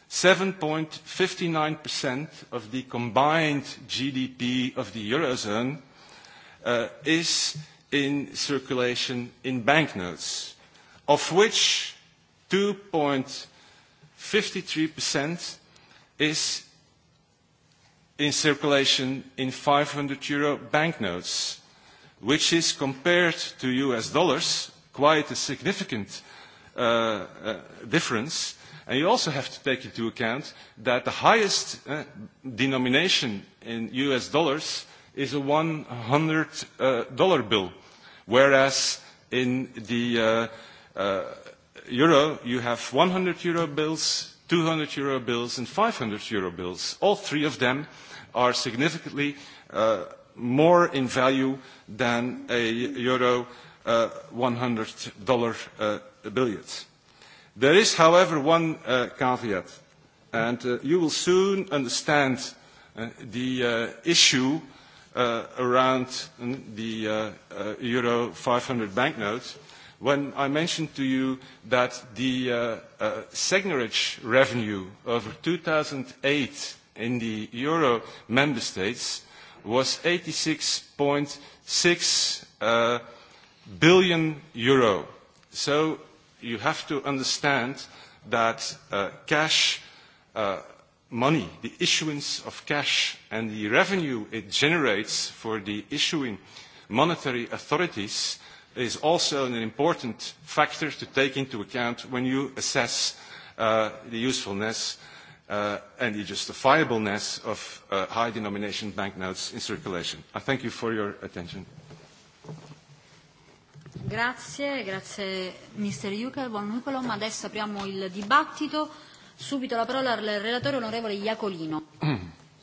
7.59% of the combined GDP of the Eurozone uh, is in circulation in banknotes, of which 2.53% is in circulation in 500 euro banknotes, which is compared to US dollars, quite a significant uh, uh, difference. And you also have to take into account that the highest uh, denomination in US dollars is a $100 uh, dollar bill, whereas in the uh, uh, euro you have 100 euro bills, 200 euro bills, and 500 euro bills. All three of them are significantly uh, more in value than a euro uh, 100 dollar uh, billiard. There is, however, one uh, caveat, and uh, you will soon understand uh, the uh, issue uh, uh, around the uh, uh, euro 500 banknotes when I mentioned to you that the uh, uh, signature revenue over 2008 in the euro member states was 86.6 uh, billion euro. So you have to understand that uh, cash uh, money, the issuance of cash, and the revenue it generates for the issuing monetary authorities is also an important factor to take into account when you assess uh, the usefulness uh, and the justifiableness of uh, high denomination banknotes in circulation. I thank you for your attention. Grazie, grazie Mr. Juker, buon Nicolò, ma adesso apriamo il dibattito. Subito la parola al relatore onorevole Iacolino.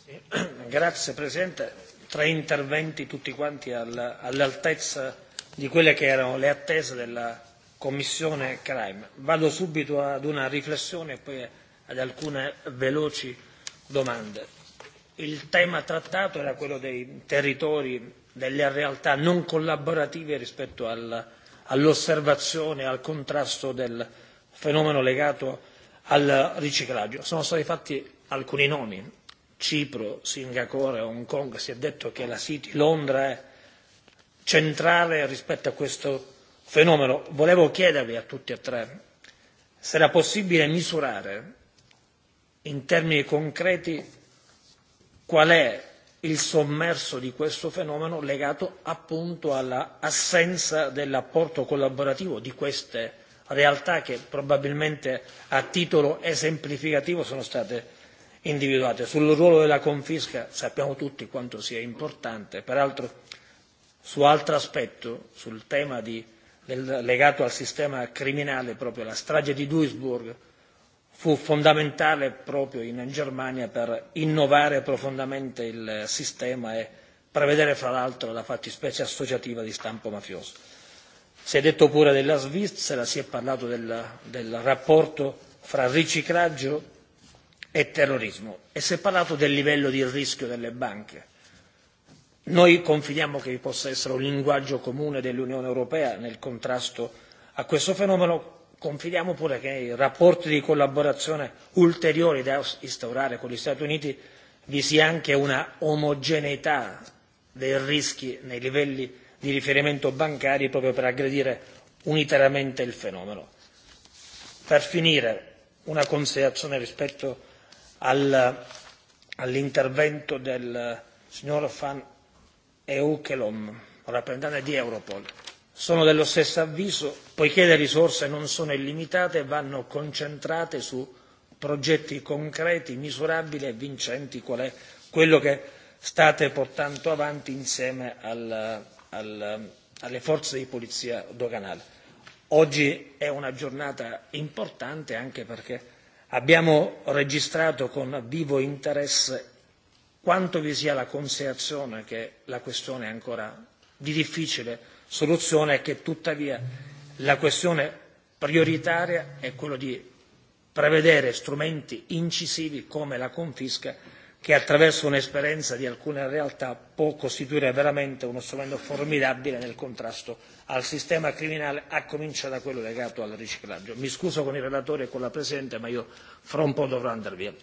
Sì. Grazie Presidente. Tre interventi tutti quanti alla, all'altezza di quelle che erano le attese della Commissione Crime. Vado subito ad una riflessione e poi ad alcune veloci domande. Il tema trattato era quello dei territori, delle realtà non collaborative rispetto al, all'osservazione e al contrasto del fenomeno legato al riciclaggio. Sono stati fatti alcuni nomi, Cipro, Singapore, Hong Kong, si è detto che la City Londra è centrale rispetto a questo fenomeno. Volevo chiedervi a tutti e tre se era possibile misurare in termini concreti qual è il sommerso di questo fenomeno legato appunto all'assenza dell'apporto collaborativo di queste realtà che probabilmente a titolo esemplificativo sono state individuate. Sul ruolo della confisca sappiamo tutti quanto sia importante, peraltro su altro aspetto, sul tema di, del, legato al sistema criminale, proprio la strage di Duisburg fu fondamentale proprio in Germania per innovare profondamente il sistema e prevedere fra l'altro la fattispecie associativa di stampo mafioso. Si è detto pure della Svizzera, si è parlato del, del rapporto fra riciclaggio e terrorismo e si è parlato del livello di rischio delle banche. Noi confidiamo che possa essere un linguaggio comune dell'Unione Europea nel contrasto a questo fenomeno, confidiamo pure che i rapporti di collaborazione ulteriori da instaurare con gli Stati Uniti vi sia anche una omogeneità dei rischi nei livelli di riferimento bancari proprio per aggredire unitariamente il fenomeno. Per finire, una considerazione rispetto al, all'intervento del signor Van Eukelom, rappresentante di Europol. Sono dello stesso avviso, poiché le risorse non sono illimitate, vanno concentrate su progetti concreti, misurabili e vincenti, qual è quello che state portando avanti insieme al, al, um, alle forze di polizia doganale. Oggi è una giornata importante anche perché abbiamo registrato con vivo interesse quanto vi sia la considerazione che la questione è ancora di difficile soluzione e che tuttavia la questione prioritaria è quella di prevedere strumenti incisivi come la confisca che attraverso un'esperienza di alcune realtà può costituire veramente uno strumento formidabile nel contrasto al sistema criminale, a cominciare da quello legato al riciclaggio. Mi scuso con i relatori e con la Presidente, ma io fra un po' dovrò andare via.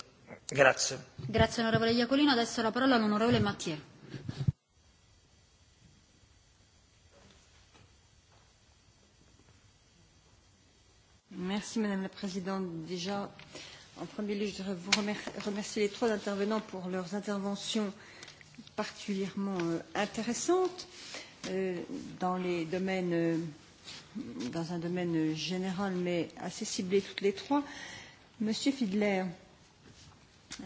Grazie. Grazie onorevole Iacolino. Adesso la parola all'onorevole Mathieu. Merci Madame la Présidente. Déjà, euh, En premier lieu, je voudrais vous remercier, remercier les trois intervenants pour leurs interventions particulièrement euh, intéressantes euh, dans les domaines, euh, dans un domaine général, mais assez ciblé toutes les trois. Monsieur Fiedler,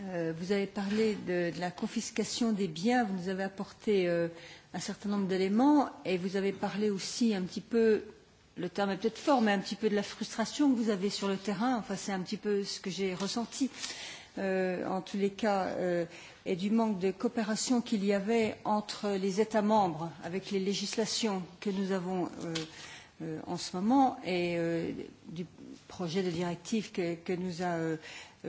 euh, vous avez parlé de, de la confiscation des biens. Vous nous avez apporté euh, un certain nombre d'éléments et vous avez parlé aussi un petit peu le terme est peut-être fort, mais un petit peu de la frustration que vous avez sur le terrain. Enfin, c'est un petit peu ce que j'ai ressenti, euh, en tous les cas, euh, et du manque de coopération qu'il y avait entre les États membres avec les législations que nous avons euh, euh, en ce moment et euh, du projet de directive que, que nous a euh,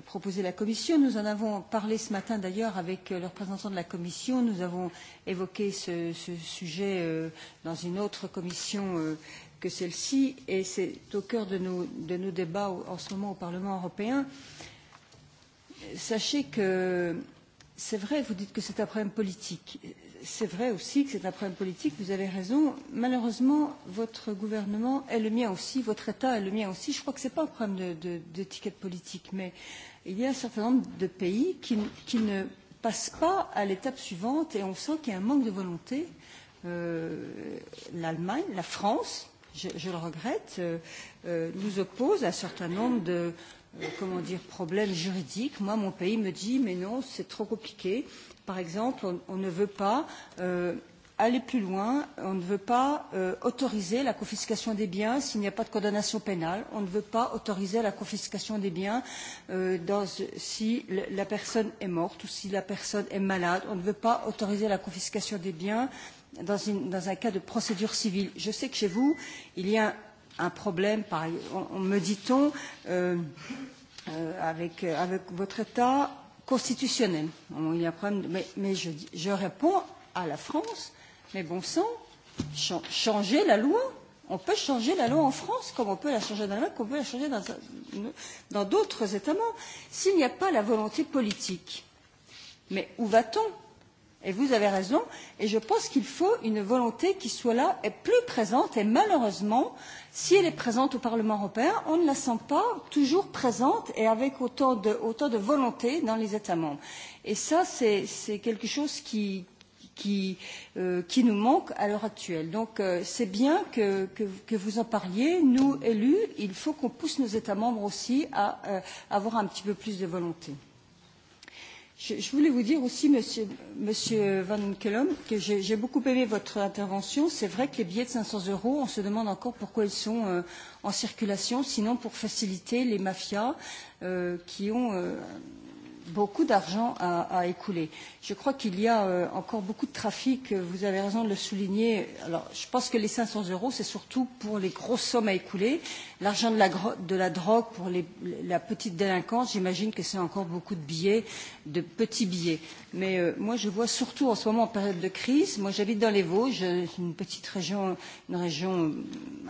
proposé la Commission. Nous en avons parlé ce matin d'ailleurs avec euh, le représentant de la Commission. Nous avons évoqué ce, ce sujet euh, dans une autre commission. Euh, que celle-ci, et c'est au cœur de nos, de nos débats en ce moment au Parlement européen. Sachez que c'est vrai, vous dites que c'est un problème politique. C'est vrai aussi que c'est un problème politique, vous avez raison. Malheureusement, votre gouvernement est le mien aussi, votre État est le mien aussi. Je crois que ce n'est pas un problème d'étiquette politique, mais il y a un certain nombre de pays qui, qui ne passent pas à l'étape suivante et on sent qu'il y a un manque de volonté. Euh, L'Allemagne, la France, je, je le regrette, euh, euh, nous oppose à un certain nombre de euh, comment dire, problèmes juridiques. Moi, mon pays me dit, mais non, c'est trop compliqué. Par exemple, on, on ne veut pas euh, aller plus loin, on ne veut pas euh, autoriser la confiscation des biens s'il n'y a pas de condamnation pénale, on ne veut pas autoriser la confiscation des biens euh, dans, si la personne est morte ou si la personne est malade, on ne veut pas autoriser la confiscation des biens euh, dans, une, dans un cas de procédure civile. Je sais que chez vous, il y a un problème, par, on, on me dit-on, euh, euh, avec, euh, avec votre État constitutionnel. On, il y a un problème, de, mais, mais je, je réponds à la France, mais bon sang, ch changer la loi. On peut changer la loi en France comme on peut la changer dans la loi, comme on peut la changer dans d'autres États membres. S'il n'y a pas la volonté politique, mais où va-t-on Et vous avez raison. Et je pense qu'il faut une volonté qui soit là et plus présente. Et malheureusement, si elle est présente au Parlement européen, on ne la sent pas toujours présente et avec autant de, autant de volonté dans les États membres. Et ça, c'est quelque chose qui, qui, euh, qui nous manque à l'heure actuelle. Donc euh, c'est bien que, que, que vous en parliez. Nous, élus, il faut qu'on pousse nos États membres aussi à euh, avoir un petit peu plus de volonté. Je, je voulais vous dire aussi, Monsieur, monsieur Van Kellum, que j'ai ai beaucoup aimé votre intervention. C'est vrai que les billets de 500 euros, on se demande encore pourquoi ils sont euh, en circulation, sinon pour faciliter les mafias euh, qui ont euh, beaucoup d'argent à, à écouler. Je crois qu'il y a euh, encore beaucoup de trafic. Euh, vous avez raison de le souligner. Alors, je pense que les 500 euros, c'est surtout pour les grosses sommes à écouler, L'argent de la, de la drogue pour les, la petite délinquance, j'imagine que c'est encore beaucoup de billets, de petits billets. Mais euh, moi, je vois surtout en ce moment en période de crise. Moi, j'habite dans les Vosges, une petite région, une région euh,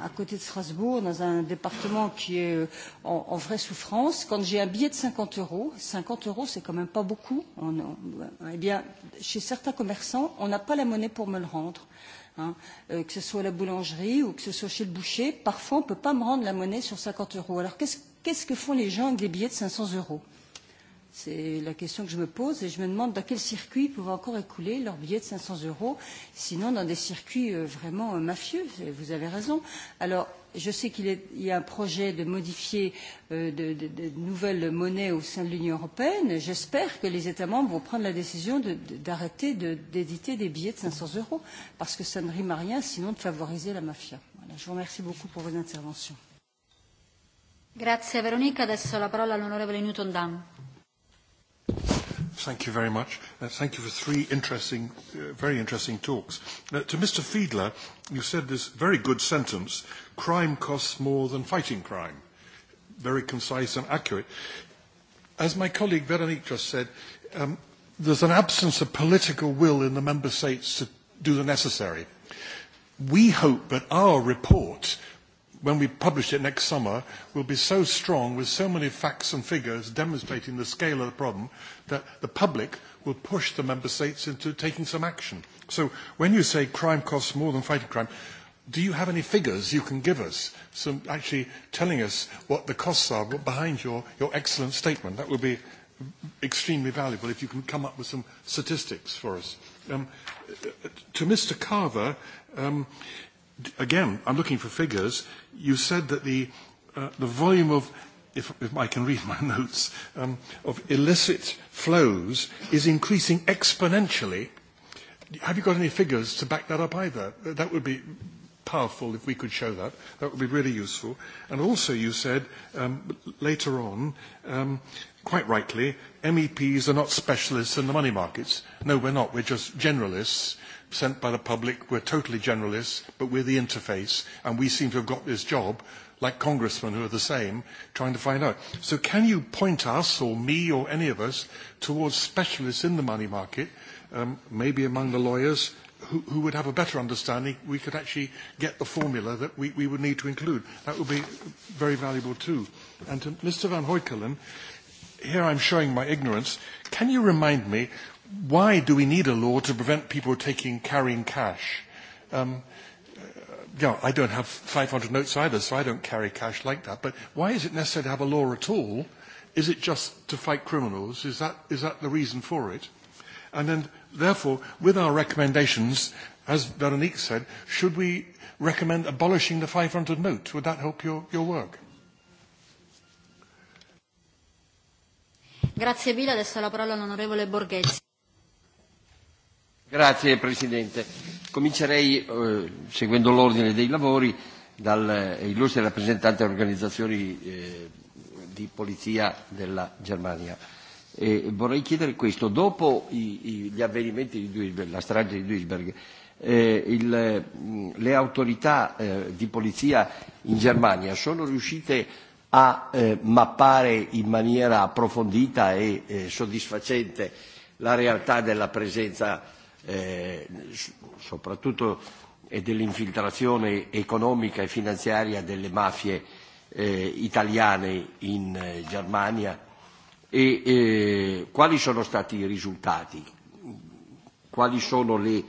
à côté de Strasbourg, dans un département qui est euh, en, en vraie souffrance. Quand j'ai un billet de 50 euros, 50 euros, c'est quand même pas beaucoup. On, on, eh bien, chez certains commerçants, on n'a pas la monnaie pour me le rendre. Euh, Hein. Euh, que ce soit à la boulangerie ou que ce soit chez le boucher, parfois on ne peut pas me rendre la monnaie sur 50 euros. Alors qu'est-ce qu, -ce, qu -ce que font les gens avec des billets de 500 euros C'est la question que je me pose et je me demande dans quel circuit peuvent encore écouler leurs billets de 500 euros, sinon dans des circuits euh, vraiment euh, mafieux. Vous avez raison. Alors, je sais qu'il est, il y a un projet de modifier euh, de, de, de nouvelles monnaies au sein de l'Union européenne. J'espère que les États membres vont prendre la décision d'arrêter de, d'éditer de, des billets de 500 euros, parce que ça ne rime à rien, sinon de favoriser la mafia. Voilà, je vous remercie beaucoup pour vos interventions. Grazie Veronica, adesso la parola all'onorevole Newton Dunn. Thank you very much. Uh, thank you for three interesting, uh, very interesting talks. Uh, to Mr. Fiedler, you said this very good sentence, crime costs more than fighting crime. Very concise and accurate. As my colleague Veronique just said, um, there's an absence of political will in the member states to do the necessary. We hope that our report when we publish it next summer, will be so strong with so many facts and figures demonstrating the scale of the problem that the public will push the member states into taking some action. So when you say crime costs more than fighting crime, do you have any figures you can give us, some actually telling us what the costs are behind your, your excellent statement? That would be extremely valuable if you can come up with some statistics for us. Um, uh, to Mr. Carver, um, again, I'm looking for figures. You said that the, uh, the volume of, if, if I can read my notes, um, of illicit flows is increasing exponentially. Have you got any figures to back that up either? That would be powerful if we could show that. That would be really useful. And also you said um, later on um, quite rightly, MEPs are not specialists in the money markets. No, we're not. We're just generalists sent by the public. We're totally generalists, but we're the interface, and we seem to have got this job, like congressmen who are the same, trying to find out. So can you point us, or me, or any of us, towards specialists in the money market, um, maybe among the lawyers, who, who would have a better understanding, we could actually get the formula that we, we would need to include. That would be very valuable too. And to Mr. Van Hoykelen, here I'm showing my ignorance. Can you remind me why do we need a law to prevent people taking carrying cash? Um, uh, yeah, I don't have 500 notes either, so I don't carry cash like that. But why is it necessary to have a law at all? Is it just to fight criminals? Is that, is that the reason for it? And then, therefore, with our recommendations, as Veronique said, should we recommend abolishing the 500 note? Would that help your, your work? Grazie mille, adesso la parola all'onorevole Borghezzi. Grazie Presidente. Comincerei, eh, seguendo l'ordine dei lavori, dal eh, illustre rappresentante delle organizzazioni eh, di polizia della Germania. E vorrei chiedere questo, dopo i, i, gli avvenimenti di Duisberg, la strage di Duisberg, eh, il, mh, mm, le autorità eh, di polizia in Germania sono riuscite a eh, mappare in maniera approfondita e eh, soddisfacente la realtà della presenza eh, soprattutto e dell'infiltrazione economica e finanziaria delle mafie eh, italiane in eh, Germania e eh, quali sono stati i risultati, quali sono le eh,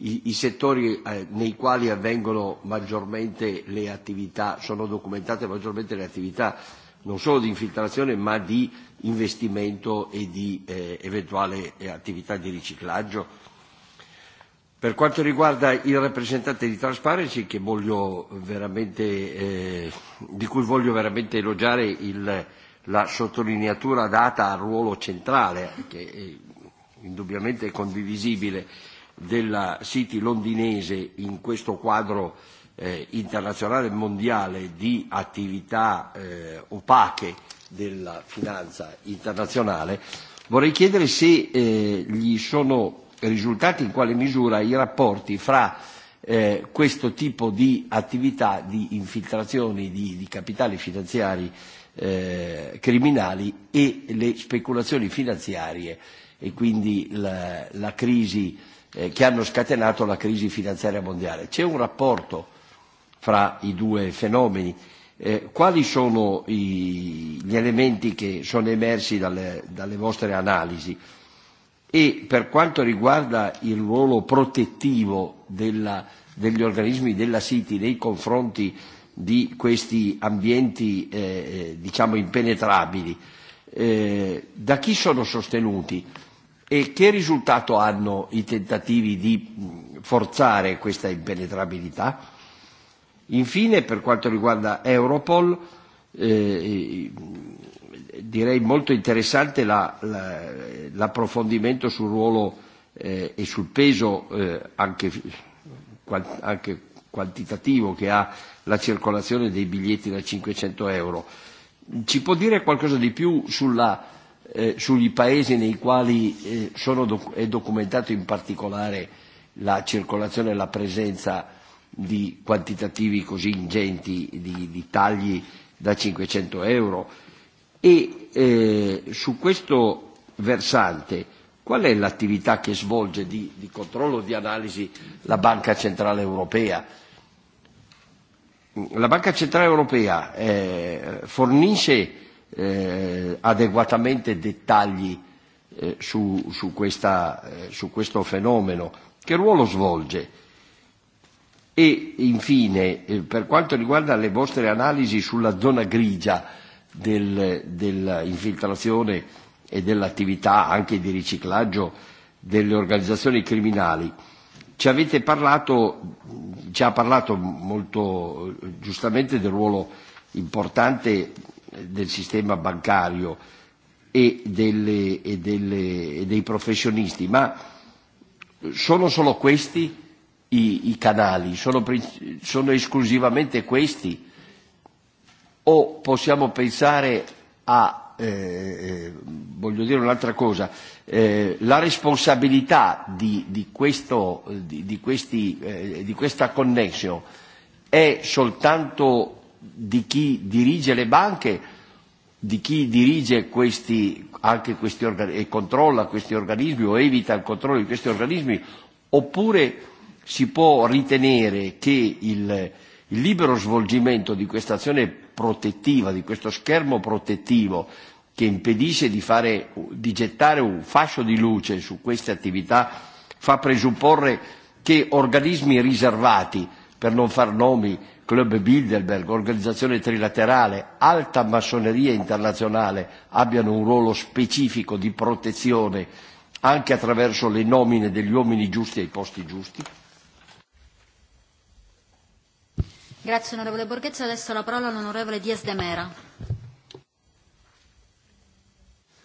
i, i settori eh, nei quali avvengono maggiormente le attività, sono documentate maggiormente le attività non solo di infiltrazione ma di investimento e di eh, eventuale eh, attività di riciclaggio. Per quanto riguarda il rappresentante di Transparency, che voglio veramente, eh, di cui voglio veramente elogiare il, la sottolineatura data al ruolo centrale, che è, eh, indubbiamente è condivisibile, eh, della City londinese in questo quadro eh, internazionale e mondiale di attività eh, opache della finanza internazionale, vorrei chiedere se eh, gli sono risultati in quale misura i rapporti fra eh, questo tipo di attività di infiltrazioni di, di capitali finanziari eh, criminali e le speculazioni finanziarie e quindi la, la crisi eh, eh, che hanno scatenato la crisi finanziaria mondiale. C'è un rapporto fra i due fenomeni. Eh, quali sono i, gli elementi che sono emersi dalle, dalle vostre analisi? E per quanto riguarda il ruolo protettivo della, degli organismi della City nei confronti di questi ambienti eh, eh diciamo impenetrabili, eh, da chi sono sostenuti? Eh, E che risultato hanno i tentativi di forzare questa impenetrabilità? Infine, per quanto riguarda Europol, eh, direi molto interessante la, la, l'approfondimento sul ruolo eh, e sul peso eh, anche, quant, anche quantitativo che ha la circolazione dei biglietti da 500 euro. Ci può dire qualcosa di più sulla eh, sugli paesi nei quali eh, sono doc- è documentato in particolare la circolazione e la presenza di quantitativi così ingenti di, di tagli da 500 euro. E eh, su questo versante qual è l'attività che svolge di, di controllo, di analisi la Banca Centrale Europea? La Banca Centrale Europea eh, fornisce eh, eh, adeguatamente dettagli eh, su, su, questa, eh, su questo fenomeno. Che ruolo svolge? E infine, eh, per quanto riguarda le vostre analisi sulla zona grigia del, dell'infiltrazione e dell'attività anche di riciclaggio delle organizzazioni criminali, ci avete parlato, ci ha parlato molto eh, giustamente del ruolo importante del sistema bancario e, delle, e, delle, e dei professionisti, ma sono solo questi i, i canali, sono, sono esclusivamente questi o possiamo pensare a, eh, eh, voglio dire un'altra cosa, eh, la responsabilità di, di, questo, di, di, questi, eh, di questa connexion è soltanto di chi dirige le banche, di chi dirige questi, anche questi organismi e controlla questi organismi o evita il controllo di questi organismi, oppure si può ritenere che il, il libero svolgimento di questa azione protettiva, di questo schermo protettivo che impedisce di, fare, di gettare un fascio di luce su queste attività, fa presupporre che organismi riservati, per non far nomi, Club Bilderberg, organizzazione trilaterale, alta massoneria internazionale abbiano un ruolo specifico di protezione anche attraverso le nomine degli uomini giusti ai posti giusti? Grazie onorevole Borghezio. Adesso la parola all'onorevole Diaz de Mera.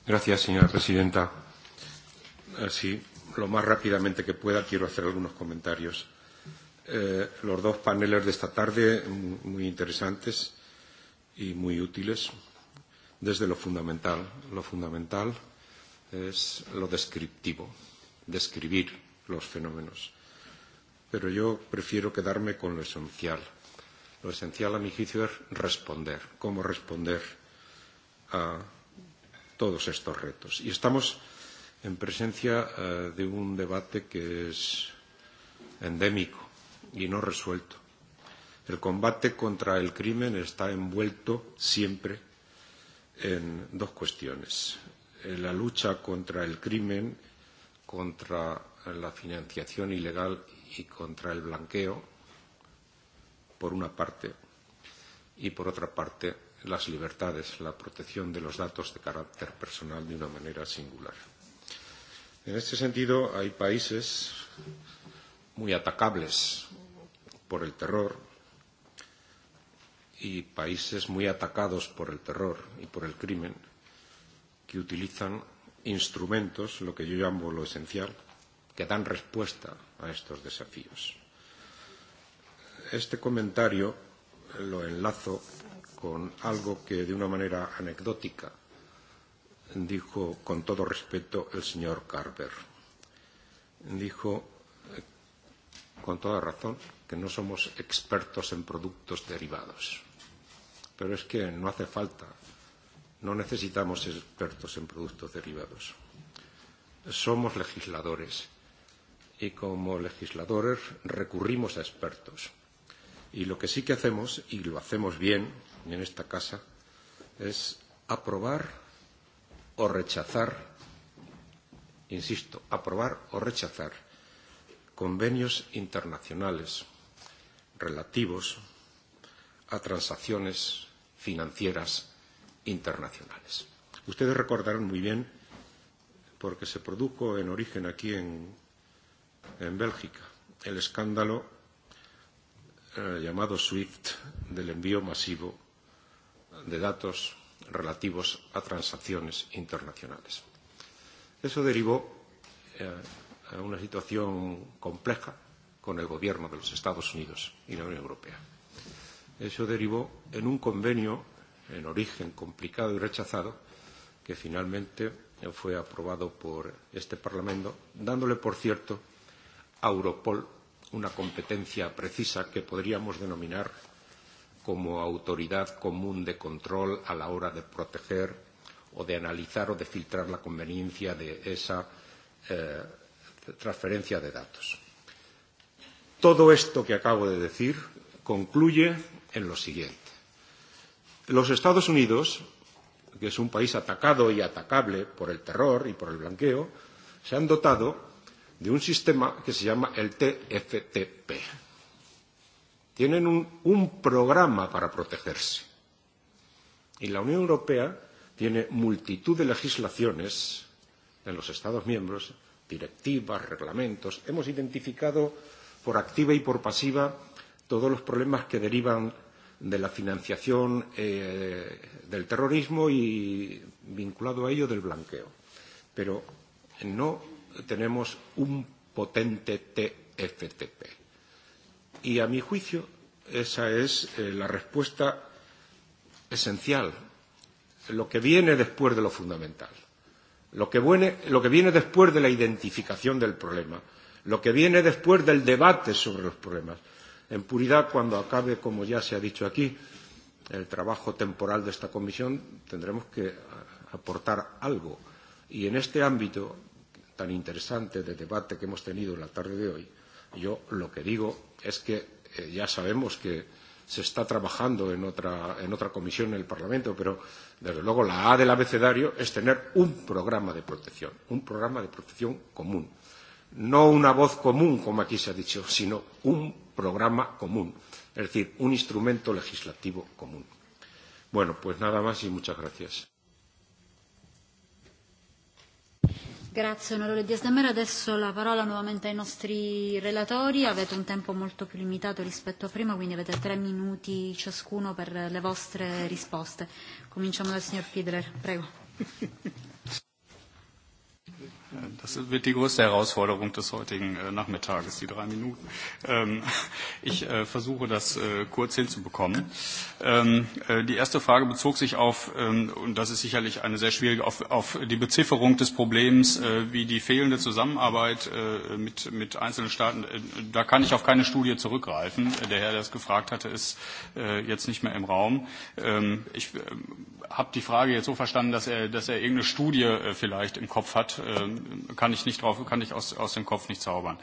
Gracias, señora presidenta. Así, eh, lo más rápidamente que pueda, quiero hacer algunos comentarios eh, los dos paneles de esta tarde, muy interesantes y muy útiles, desde lo fundamental. Lo fundamental es lo descriptivo, describir los fenómenos. Pero yo prefiero quedarme con lo esencial. Lo esencial, a mi juicio, es responder. ¿Cómo responder a todos estos retos? Y estamos en presencia eh, de un debate que es endémico y no resuelto. El combate contra el crimen está envuelto siempre en dos cuestiones. Eh, la lucha contra el crimen, contra la financiación ilegal y contra el blanqueo, por una parte, y por otra parte, las libertades, la protección de los datos de carácter personal de una manera singular. En este sentido, hay países muy atacables por el terror y países muy atacados por el terror y por el crimen que utilizan instrumentos, lo que yo llamo lo esencial, que dan respuesta a estos desafíos. Este comentario lo enlazo con algo que de una manera anecdótica dijo con todo respeto el señor Carver. Dijo, con toda razón, que no somos expertos en productos derivados. Pero es que no hace falta, no necesitamos expertos en productos derivados. Somos legisladores y como legisladores recurrimos a expertos. Y lo que sí que hacemos, y lo hacemos bien en esta casa, es aprobar o rechazar, insisto, aprobar o rechazar convenios internacionales relativos a transacciones financieras internacionales. Ustedes recordarán muy bien, porque se produjo en origen aquí en, en Bélgica, el escándalo eh, llamado SWIFT del envío masivo de datos relativos a transacciones internacionales. Eso derivó eh, a una situación compleja con el gobierno de los Estados Unidos y la Unión Europea. Eso derivó en un convenio en origen complicado y rechazado que finalmente fue aprobado por este Parlamento, dándole, por cierto, a Europol una competencia precisa que podríamos denominar como autoridad común de control a la hora de proteger o de analizar o de filtrar la conveniencia de esa eh, transferencia de datos. Todo esto que acabo de decir concluye en lo siguiente. Los Estados Unidos, que es un país atacado y atacable por el terror y por el blanqueo, se han dotado de un sistema que se llama el TFTP. Tienen un, un programa para protegerse. Y la Unión Europea tiene multitud de legislaciones en los Estados miembros, directivas, reglamentos. Hemos identificado por activa y por pasiva todos los problemas que derivan de la financiación eh, del terrorismo y vinculado a ello del blanqueo. Pero no tenemos un potente TFTP. Y a mi juicio esa es eh, la respuesta esencial, lo que viene después de lo fundamental, lo que, viene, lo que viene después de la identificación del problema, lo que viene después del debate sobre los problemas. En puridad, cuando acabe, como ya se ha dicho aquí, el trabajo temporal de esta comisión, tendremos que aportar algo. Y en este ámbito tan interesante de debate que hemos tenido la tarde de hoy, yo lo que digo es que eh, ya sabemos que se está trabajando en otra, en otra comisión en el Parlamento, pero desde luego la A del abecedario es tener un programa de protección, un programa de protección común no una voz común, como aquí se ha dicho, sino un programa común, es decir, un instrumento legislativo común. Bueno, pues nada más y muchas gracias. Grazie onorevole Diasdemera, adesso la parola nuovamente ai nostri relatori, avete un tempo molto più limitato rispetto a prima, quindi avete tre minuti ciascuno per le vostre risposte. Cominciamo dal signor Fiedler, prego. Das wird die größte Herausforderung des heutigen äh, Nachmittages, die drei Minuten. Ähm, ich äh, versuche das äh, kurz hinzubekommen. Ähm, die erste Frage bezog sich auf, ähm, und das ist sicherlich eine sehr schwierige, auf, auf die Bezifferung des Problems, wie die fehlende Zusammenarbeit mit, mit einzelnen Staaten, da kann ich auf keine Studie zurückgreifen. Der Herr, der es gefragt hatte, ist jetzt nicht mehr im Raum. Ich habe die Frage jetzt so verstanden, dass er, dass er irgendeine Studie vielleicht im Kopf hat, kann ich nicht drauf, kann ich aus, aus dem Kopf nicht zaubern.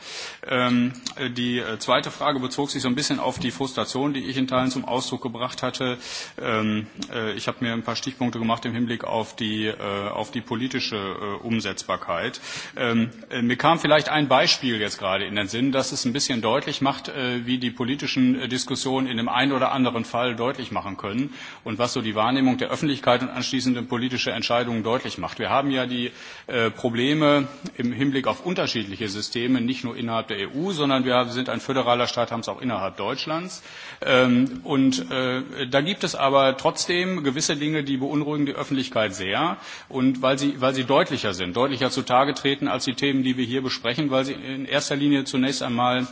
Ähm, die äh, zweite Frage bezog sich so ein bisschen auf die Frustration, die ich in Teilen zum Ausdruck gebracht hatte. Ähm, äh, ich habe mir ein paar Stichpunkte gemacht im Hinblick auf die, äh, auf die politische äh, Umsetzbarkeit. Ähm, äh, mir kam vielleicht ein Beispiel jetzt gerade in den Sinn, dass es ein bisschen deutlich macht, äh, wie die politischen äh, Diskussionen in dem einen oder anderen Fall deutlich machen können und was so die Wahrnehmung der Öffentlichkeit und anschließende politische Entscheidungen deutlich macht. Wir haben ja die äh, Probleme, Probleme äh, im Hinblick auf unterschiedliche Systeme, nicht nur innerhalb der EU, sondern wir sind ein föderaler Staat, haben es auch innerhalb Deutschlands. Ähm, und äh, da gibt es aber trotzdem gewisse Dinge, die beunruhigen die Öffentlichkeit sehr und weil sie, weil sie deutlicher sind, deutlicher zutage treten als die Themen, die wir hier besprechen, weil sie in erster Linie zunächst einmal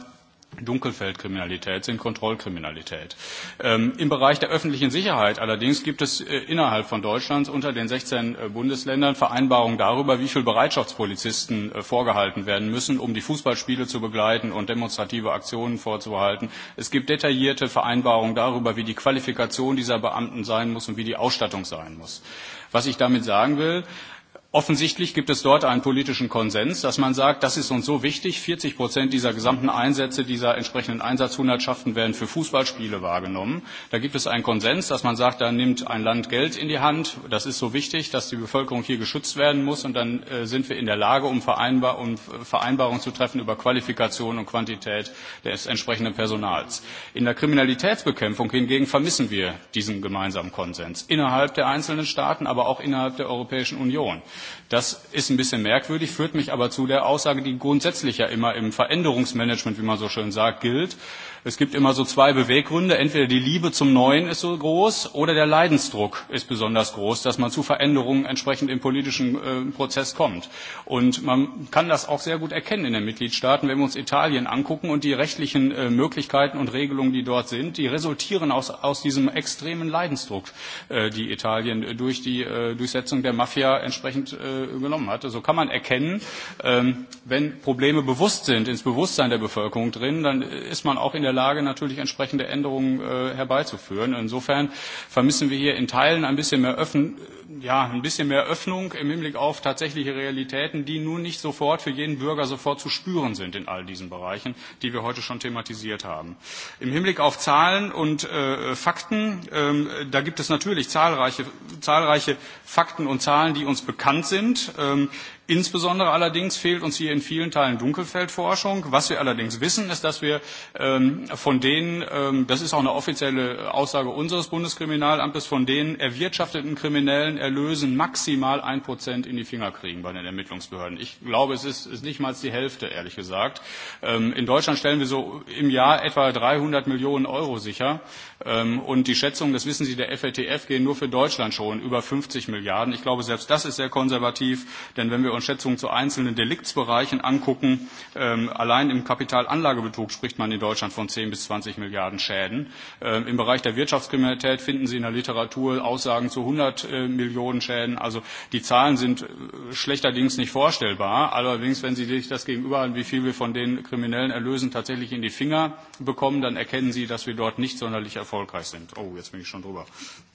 Dunkelfeldkriminalität sind Kontrollkriminalität. Ähm, Im Bereich der öffentlichen Sicherheit allerdings gibt es äh, innerhalb von Deutschlands unter den 16 äh, Bundesländern Vereinbarungen darüber, wie viel Bereitschaftspolizisten äh, vorgehalten werden müssen, um die Fußballspiele zu begleiten und demonstrative Aktionen vorzuhalten. Es gibt detaillierte Vereinbarungen darüber, wie die Qualifikation dieser Beamten sein muss und wie die Ausstattung sein muss. Was ich damit sagen will, äh, Offensichtlich gibt es dort einen politischen Konsens, dass man sagt, das ist uns so wichtig, 40 Prozent dieser gesamten Einsätze, dieser entsprechenden Einsatzhundertschaften werden für Fußballspiele wahrgenommen. Da gibt es einen Konsens, dass man sagt, da nimmt ein Land Geld in die Hand, das ist so wichtig, dass die Bevölkerung hier geschützt werden muss und dann äh, sind wir in der Lage, um, Vereinbar um Vereinbarungen zu treffen über Qualifikation und Quantität des entsprechenden Personals. In der Kriminalitätsbekämpfung hingegen vermissen wir diesen gemeinsamen Konsens innerhalb der einzelnen Staaten, aber auch innerhalb der Europäischen Union. Das ist ein bisschen merkwürdig, führt mich aber zu der Aussage, die grundsätzlich ja immer im Veränderungsmanagement, wie man so schön sagt, gilt, Es gibt immer so zwei Beweggründe. Entweder die Liebe zum Neuen ist so groß oder der Leidensdruck ist besonders groß, dass man zu Veränderungen entsprechend im politischen äh, Prozess kommt. Und man kann das auch sehr gut erkennen in den Mitgliedstaaten, wenn wir uns Italien angucken und die rechtlichen äh, Möglichkeiten und Regelungen, die dort sind, die resultieren aus, aus diesem extremen Leidensdruck, äh, die Italien äh, durch die äh, Durchsetzung der Mafia entsprechend äh, genommen hat. So kann man erkennen, ähm, wenn Probleme bewusst sind, ins Bewusstsein der Bevölkerung drin, dann äh, ist man auch in der der Lage, natürlich entsprechende Änderungen äh, herbeizuführen. Insofern vermissen wir hier in Teilen ein bisschen mehr Öffn ja, ein bisschen mehr Öffnung im Hinblick auf tatsächliche Realitäten, die nun nicht sofort für jeden Bürger sofort zu spüren sind in all diesen Bereichen, die wir heute schon thematisiert haben. Im Hinblick auf Zahlen und äh, Fakten, ähm, da gibt es natürlich zahlreiche, zahlreiche Fakten und Zahlen, die uns bekannt sind. Ähm, Insbesondere allerdings fehlt uns hier in vielen Teilen Dunkelfeldforschung. Was wir allerdings wissen, ist, dass wir ähm, von denen, ähm, das ist auch eine offizielle Aussage unseres Bundeskriminalamtes, von den erwirtschafteten kriminellen Erlösen maximal ein Prozent in die Finger kriegen bei den Ermittlungsbehörden. Ich glaube, es ist, ist nicht mal die Hälfte, ehrlich gesagt. Ähm, in Deutschland stellen wir so im Jahr etwa 300 Millionen Euro sicher. Ähm, und die Schätzungen, das wissen Sie, der FATF gehen nur für Deutschland schon über 50 Milliarden. Ich glaube, selbst das ist sehr konservativ, denn wenn wir und Schätzungen zu einzelnen Deliktsbereichen angucken, ähm, allein im Kapitalanlagebetrug spricht man in Deutschland von 10 bis 20 Milliarden Schäden. Ähm, Im Bereich der Wirtschaftskriminalität finden Sie in der Literatur Aussagen zu 100 äh, Millionen Schäden. Also die Zahlen sind äh, schlechterdings nicht vorstellbar. Allerdings, wenn Sie sich das gegenüber haben, wie viel wir von den kriminellen Erlösen tatsächlich in die Finger bekommen, dann erkennen Sie, dass wir dort nicht sonderlich erfolgreich sind. Oh, jetzt bin ich schon drüber.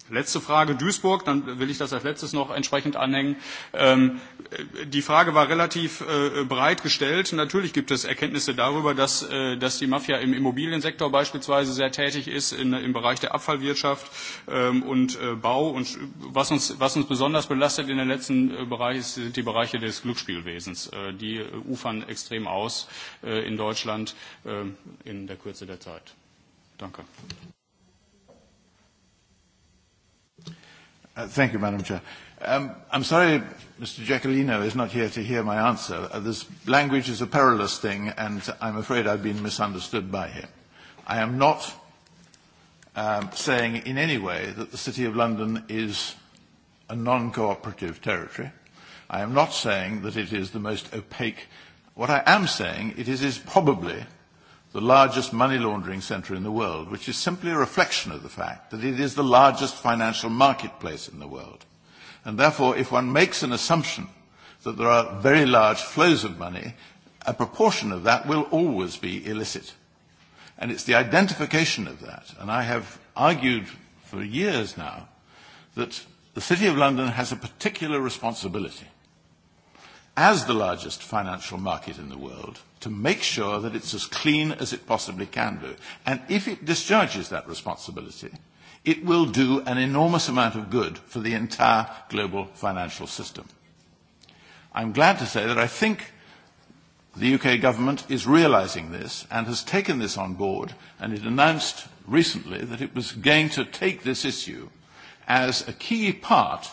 Letzte Frage Duisburg, dann will ich das als letztes noch entsprechend anhängen. Ähm, die Frage war relativ äh, breit gestellt. Natürlich gibt es Erkenntnisse darüber, dass, äh, dass die Mafia im Immobiliensektor beispielsweise sehr tätig ist, in, im Bereich der Abfallwirtschaft ähm, und äh, Bau. Und was uns, was uns besonders belastet in den letzten äh, Bereichen sind die Bereiche des Glücksspielwesens. Äh, die äh, ufern extrem aus äh, in Deutschland äh, in der Kürze der Zeit. Danke. Uh, thank you, Madam Chair. Um, I'm sorry Mr. Giacolino is not here to hear my answer. Uh, this language is a perilous thing, and I'm afraid I've been misunderstood by him. I am not um, saying in any way that the City of London is a non-cooperative territory. I am not saying that it is the most opaque. What I am saying it is, is probably the largest money laundering center in the world, which is simply a reflection of the fact that it is the largest financial marketplace in the world. And therefore, if one makes an assumption that there are very large flows of money, a proportion of that will always be illicit. And it's the identification of that. And I have argued for years now that the City of London has a particular responsibility as the largest financial market in the world – to make sure that it's as clean as it possibly can be. And if it discharges that responsibility, it will do an enormous amount of good for the entire global financial system. I'm glad to say that I think the UK government is realizing this and has taken this on board, and it announced recently that it was going to take this issue as a key part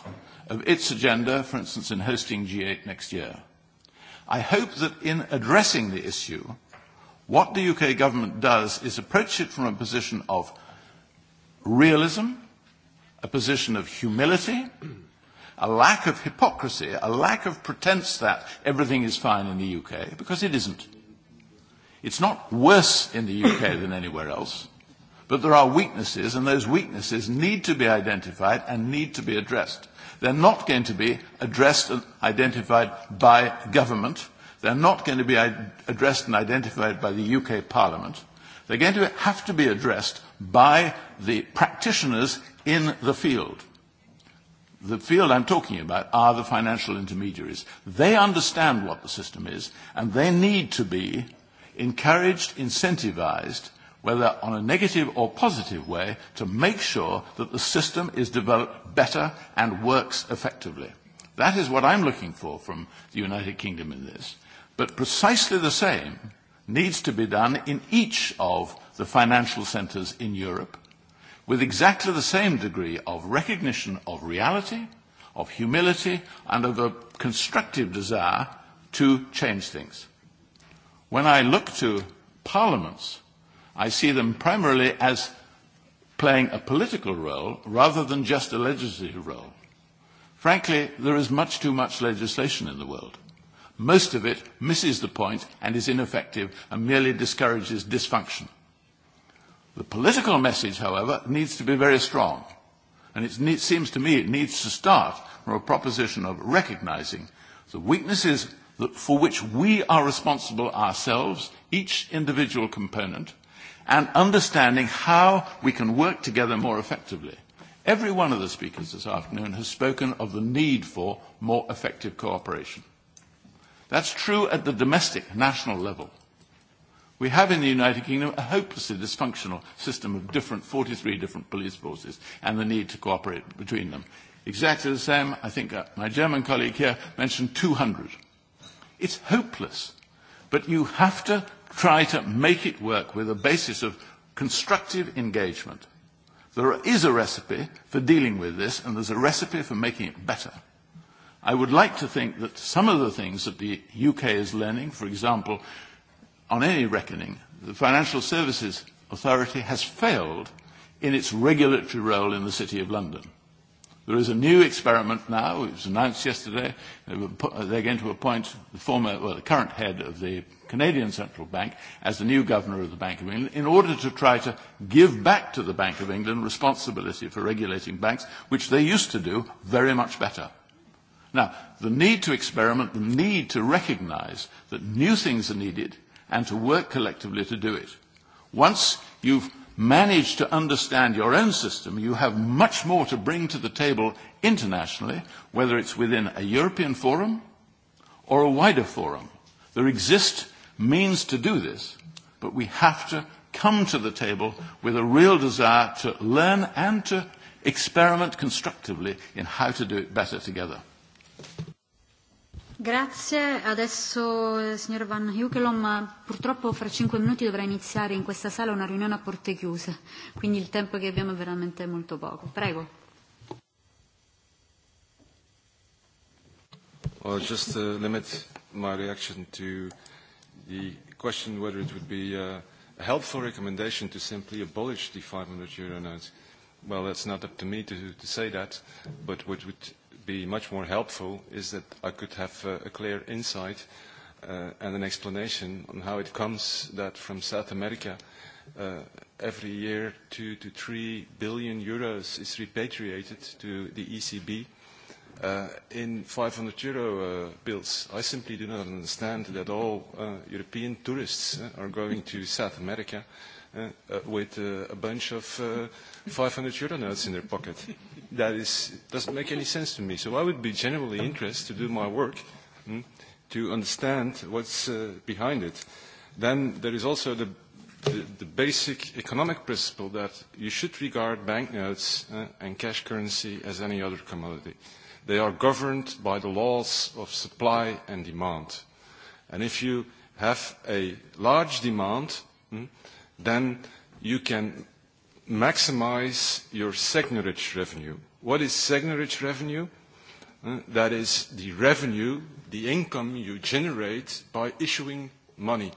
of its agenda, for instance, in hosting G8 next year. I hope that in addressing the issue, what the UK government does is approach it from a position of realism, a position of humility, a lack of hypocrisy, a lack of pretense that everything is fine in the UK, because it isn't. It's not worse in the UK than anywhere else, but there are weaknesses, and those weaknesses need to be identified and need to be addressed. They're not going to be addressed and identified by government. They're not going to be addressed and identified by the UK Parliament. They're going to have to be addressed by the practitioners in the field. The field I'm talking about are the financial intermediaries. They understand what the system is, and they need to be encouraged, incentivized, whether on a negative or positive way, to make sure that the system is developed better and works effectively. That is what I'm looking for from the United Kingdom in this. But precisely the same needs to be done in each of the financial centres in Europe with exactly the same degree of recognition of reality, of humility, and of a constructive desire to change things. When I look to parliaments I see them primarily as playing a political role rather than just a legislative role. Frankly, there is much too much legislation in the world. Most of it misses the point and is ineffective and merely discourages dysfunction. The political message, however, needs to be very strong. And it need, seems to me it needs to start from a proposition of recognizing the weaknesses that, for which we are responsible ourselves, each individual component, and understanding how we can work together more effectively. Every one of the speakers this afternoon has spoken of the need for more effective cooperation. That's true at the domestic national level. We have in the United Kingdom a hopelessly dysfunctional system of different, 43 different police forces and the need to cooperate between them. Exactly the same, I think uh, my German colleague here mentioned 200. It's hopeless But you have to try to make it work with a basis of constructive engagement. There is a recipe for dealing with this, and there's a recipe for making it better. I would like to think that some of the things that the UK is learning, for example, on any reckoning, the Financial Services Authority has failed in its regulatory role in the City of London. There is a new experiment now. It was announced yesterday. They were put, uh, they're going to appoint the former, well, the current head of the Canadian Central Bank as the new governor of the Bank of England in order to try to give back to the Bank of England responsibility for regulating banks, which they used to do very much better. Now, the need to experiment, the need to recognize that new things are needed and to work collectively to do it. Once you've manage to understand your own system, you have much more to bring to the table internationally, whether it's within a European forum or a wider forum. There exist means to do this, but we have to come to the table with a real desire to learn and to experiment constructively in how to do it better together. Grazie, adesso eh, signor Van Hukelom, purtroppo fra cinque minuti dovrà iniziare in questa sala una riunione a porte chiuse, quindi il tempo che abbiamo è veramente molto poco. Prego. Well, just to limit my reaction to the question whether it would be uh, a helpful recommendation to simply abolish the 500 euro note. Well, that's not up to me to, to say that, but what would be much more helpful is that I could have uh, a clear insight uh, and an explanation on how it comes that from South America uh, every year two to three billion euros is repatriated to the ECB uh, in 500 euro uh, bills. I simply do not understand that all uh, European tourists uh, are going to South America uh, uh, uh, with uh, a bunch of uh, 500 euro notes in their pocket. That is, doesn't make any sense to me. So I would be generally interested to do my work mm, to understand what's uh, behind it. Then there is also the, the, the basic economic principle that you should regard banknotes uh, and cash currency as any other commodity. They are governed by the laws of supply and demand. And if you have a large demand, mm, then you can maximize your seigniorage revenue. What is seigniorage revenue? Uh, that is the revenue, the income you generate by issuing money.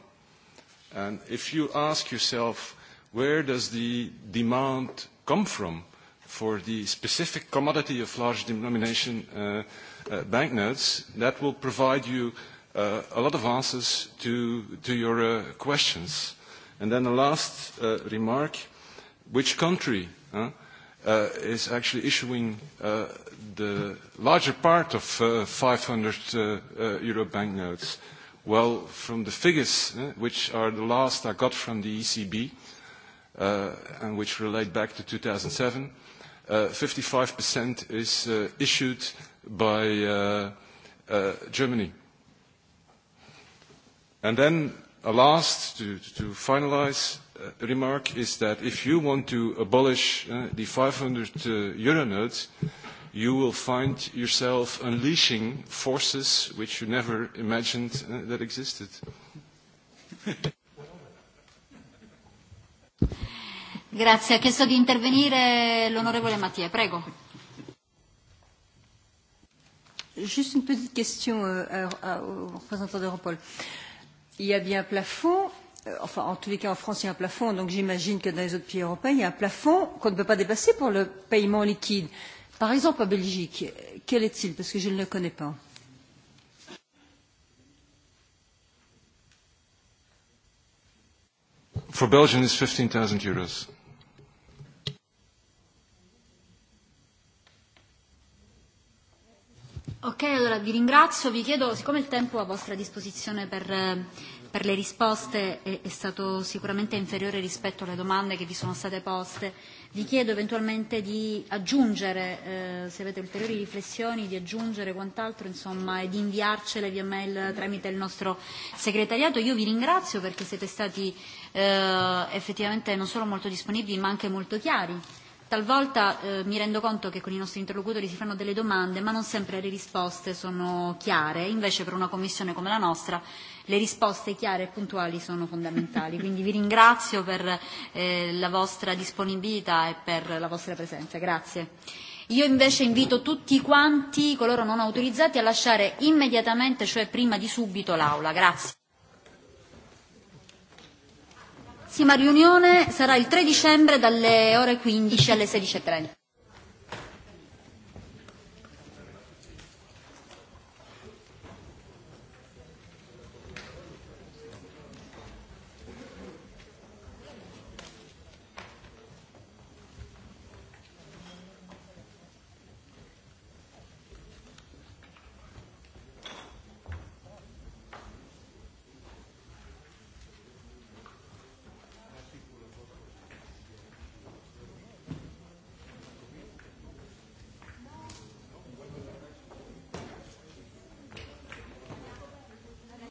And if you ask yourself, where does the demand come from for the specific commodity of large denomination uh, uh, banknotes, that will provide you uh, a lot of answers to, to your uh, questions. And then the last uh, remark, which country uh, uh, is actually issuing uh, the larger part of uh, 500 uh, uh, euro banknotes? Well, from the figures, uh, which are the last I got from the ECB, uh, and which relate back to 2007, uh, 55% is uh, issued by uh, uh, Germany. And then a last, to, to finalize, uh, remark is that if you want to abolish uh, the 500 uh, euro note, you will find yourself unleashing forces which you never imagined uh, that existed. Grazie. Ha chiesto di intervenire l'onorevole Mattia. Prego. Juste une petite question euh, à, à, au représentant d'Europol. Euh, il y a bien un plafond, euh, enfin en tous les cas en France il y a un plafond, donc j'imagine que dans les autres pays européens il y a un plafond qu'on ne peut pas dépasser pour le paiement liquide. Par exemple en Belgique, quel est-il Parce que je ne le connais pas. For Belgium it's 15,000 euros. Ok, allora vi ringrazio, vi chiedo, siccome il tempo a vostra disposizione per, eh, per le risposte è, è stato sicuramente inferiore rispetto alle domande che vi sono state poste, vi chiedo eventualmente di aggiungere, eh, se avete ulteriori riflessioni, di aggiungere quant'altro, insomma, e di inviarcele via mail tramite il nostro segretariato. Io vi ringrazio perché siete stati eh, effettivamente non solo molto disponibili ma anche molto chiari Talvolta eh, mi rendo conto che con i nostri interlocutori si fanno delle domande, ma non sempre le risposte sono chiare, invece per una commissione come la nostra le risposte chiare e puntuali sono fondamentali. Quindi vi ringrazio per eh, la vostra disponibilità e per la vostra presenza. Grazie. Io invece invito tutti quanti, coloro non autorizzati, a lasciare immediatamente, cioè prima di subito, l'Aula. Grazie. prossima riunione sarà il 3 dicembre dalle ore 15 alle 16.30.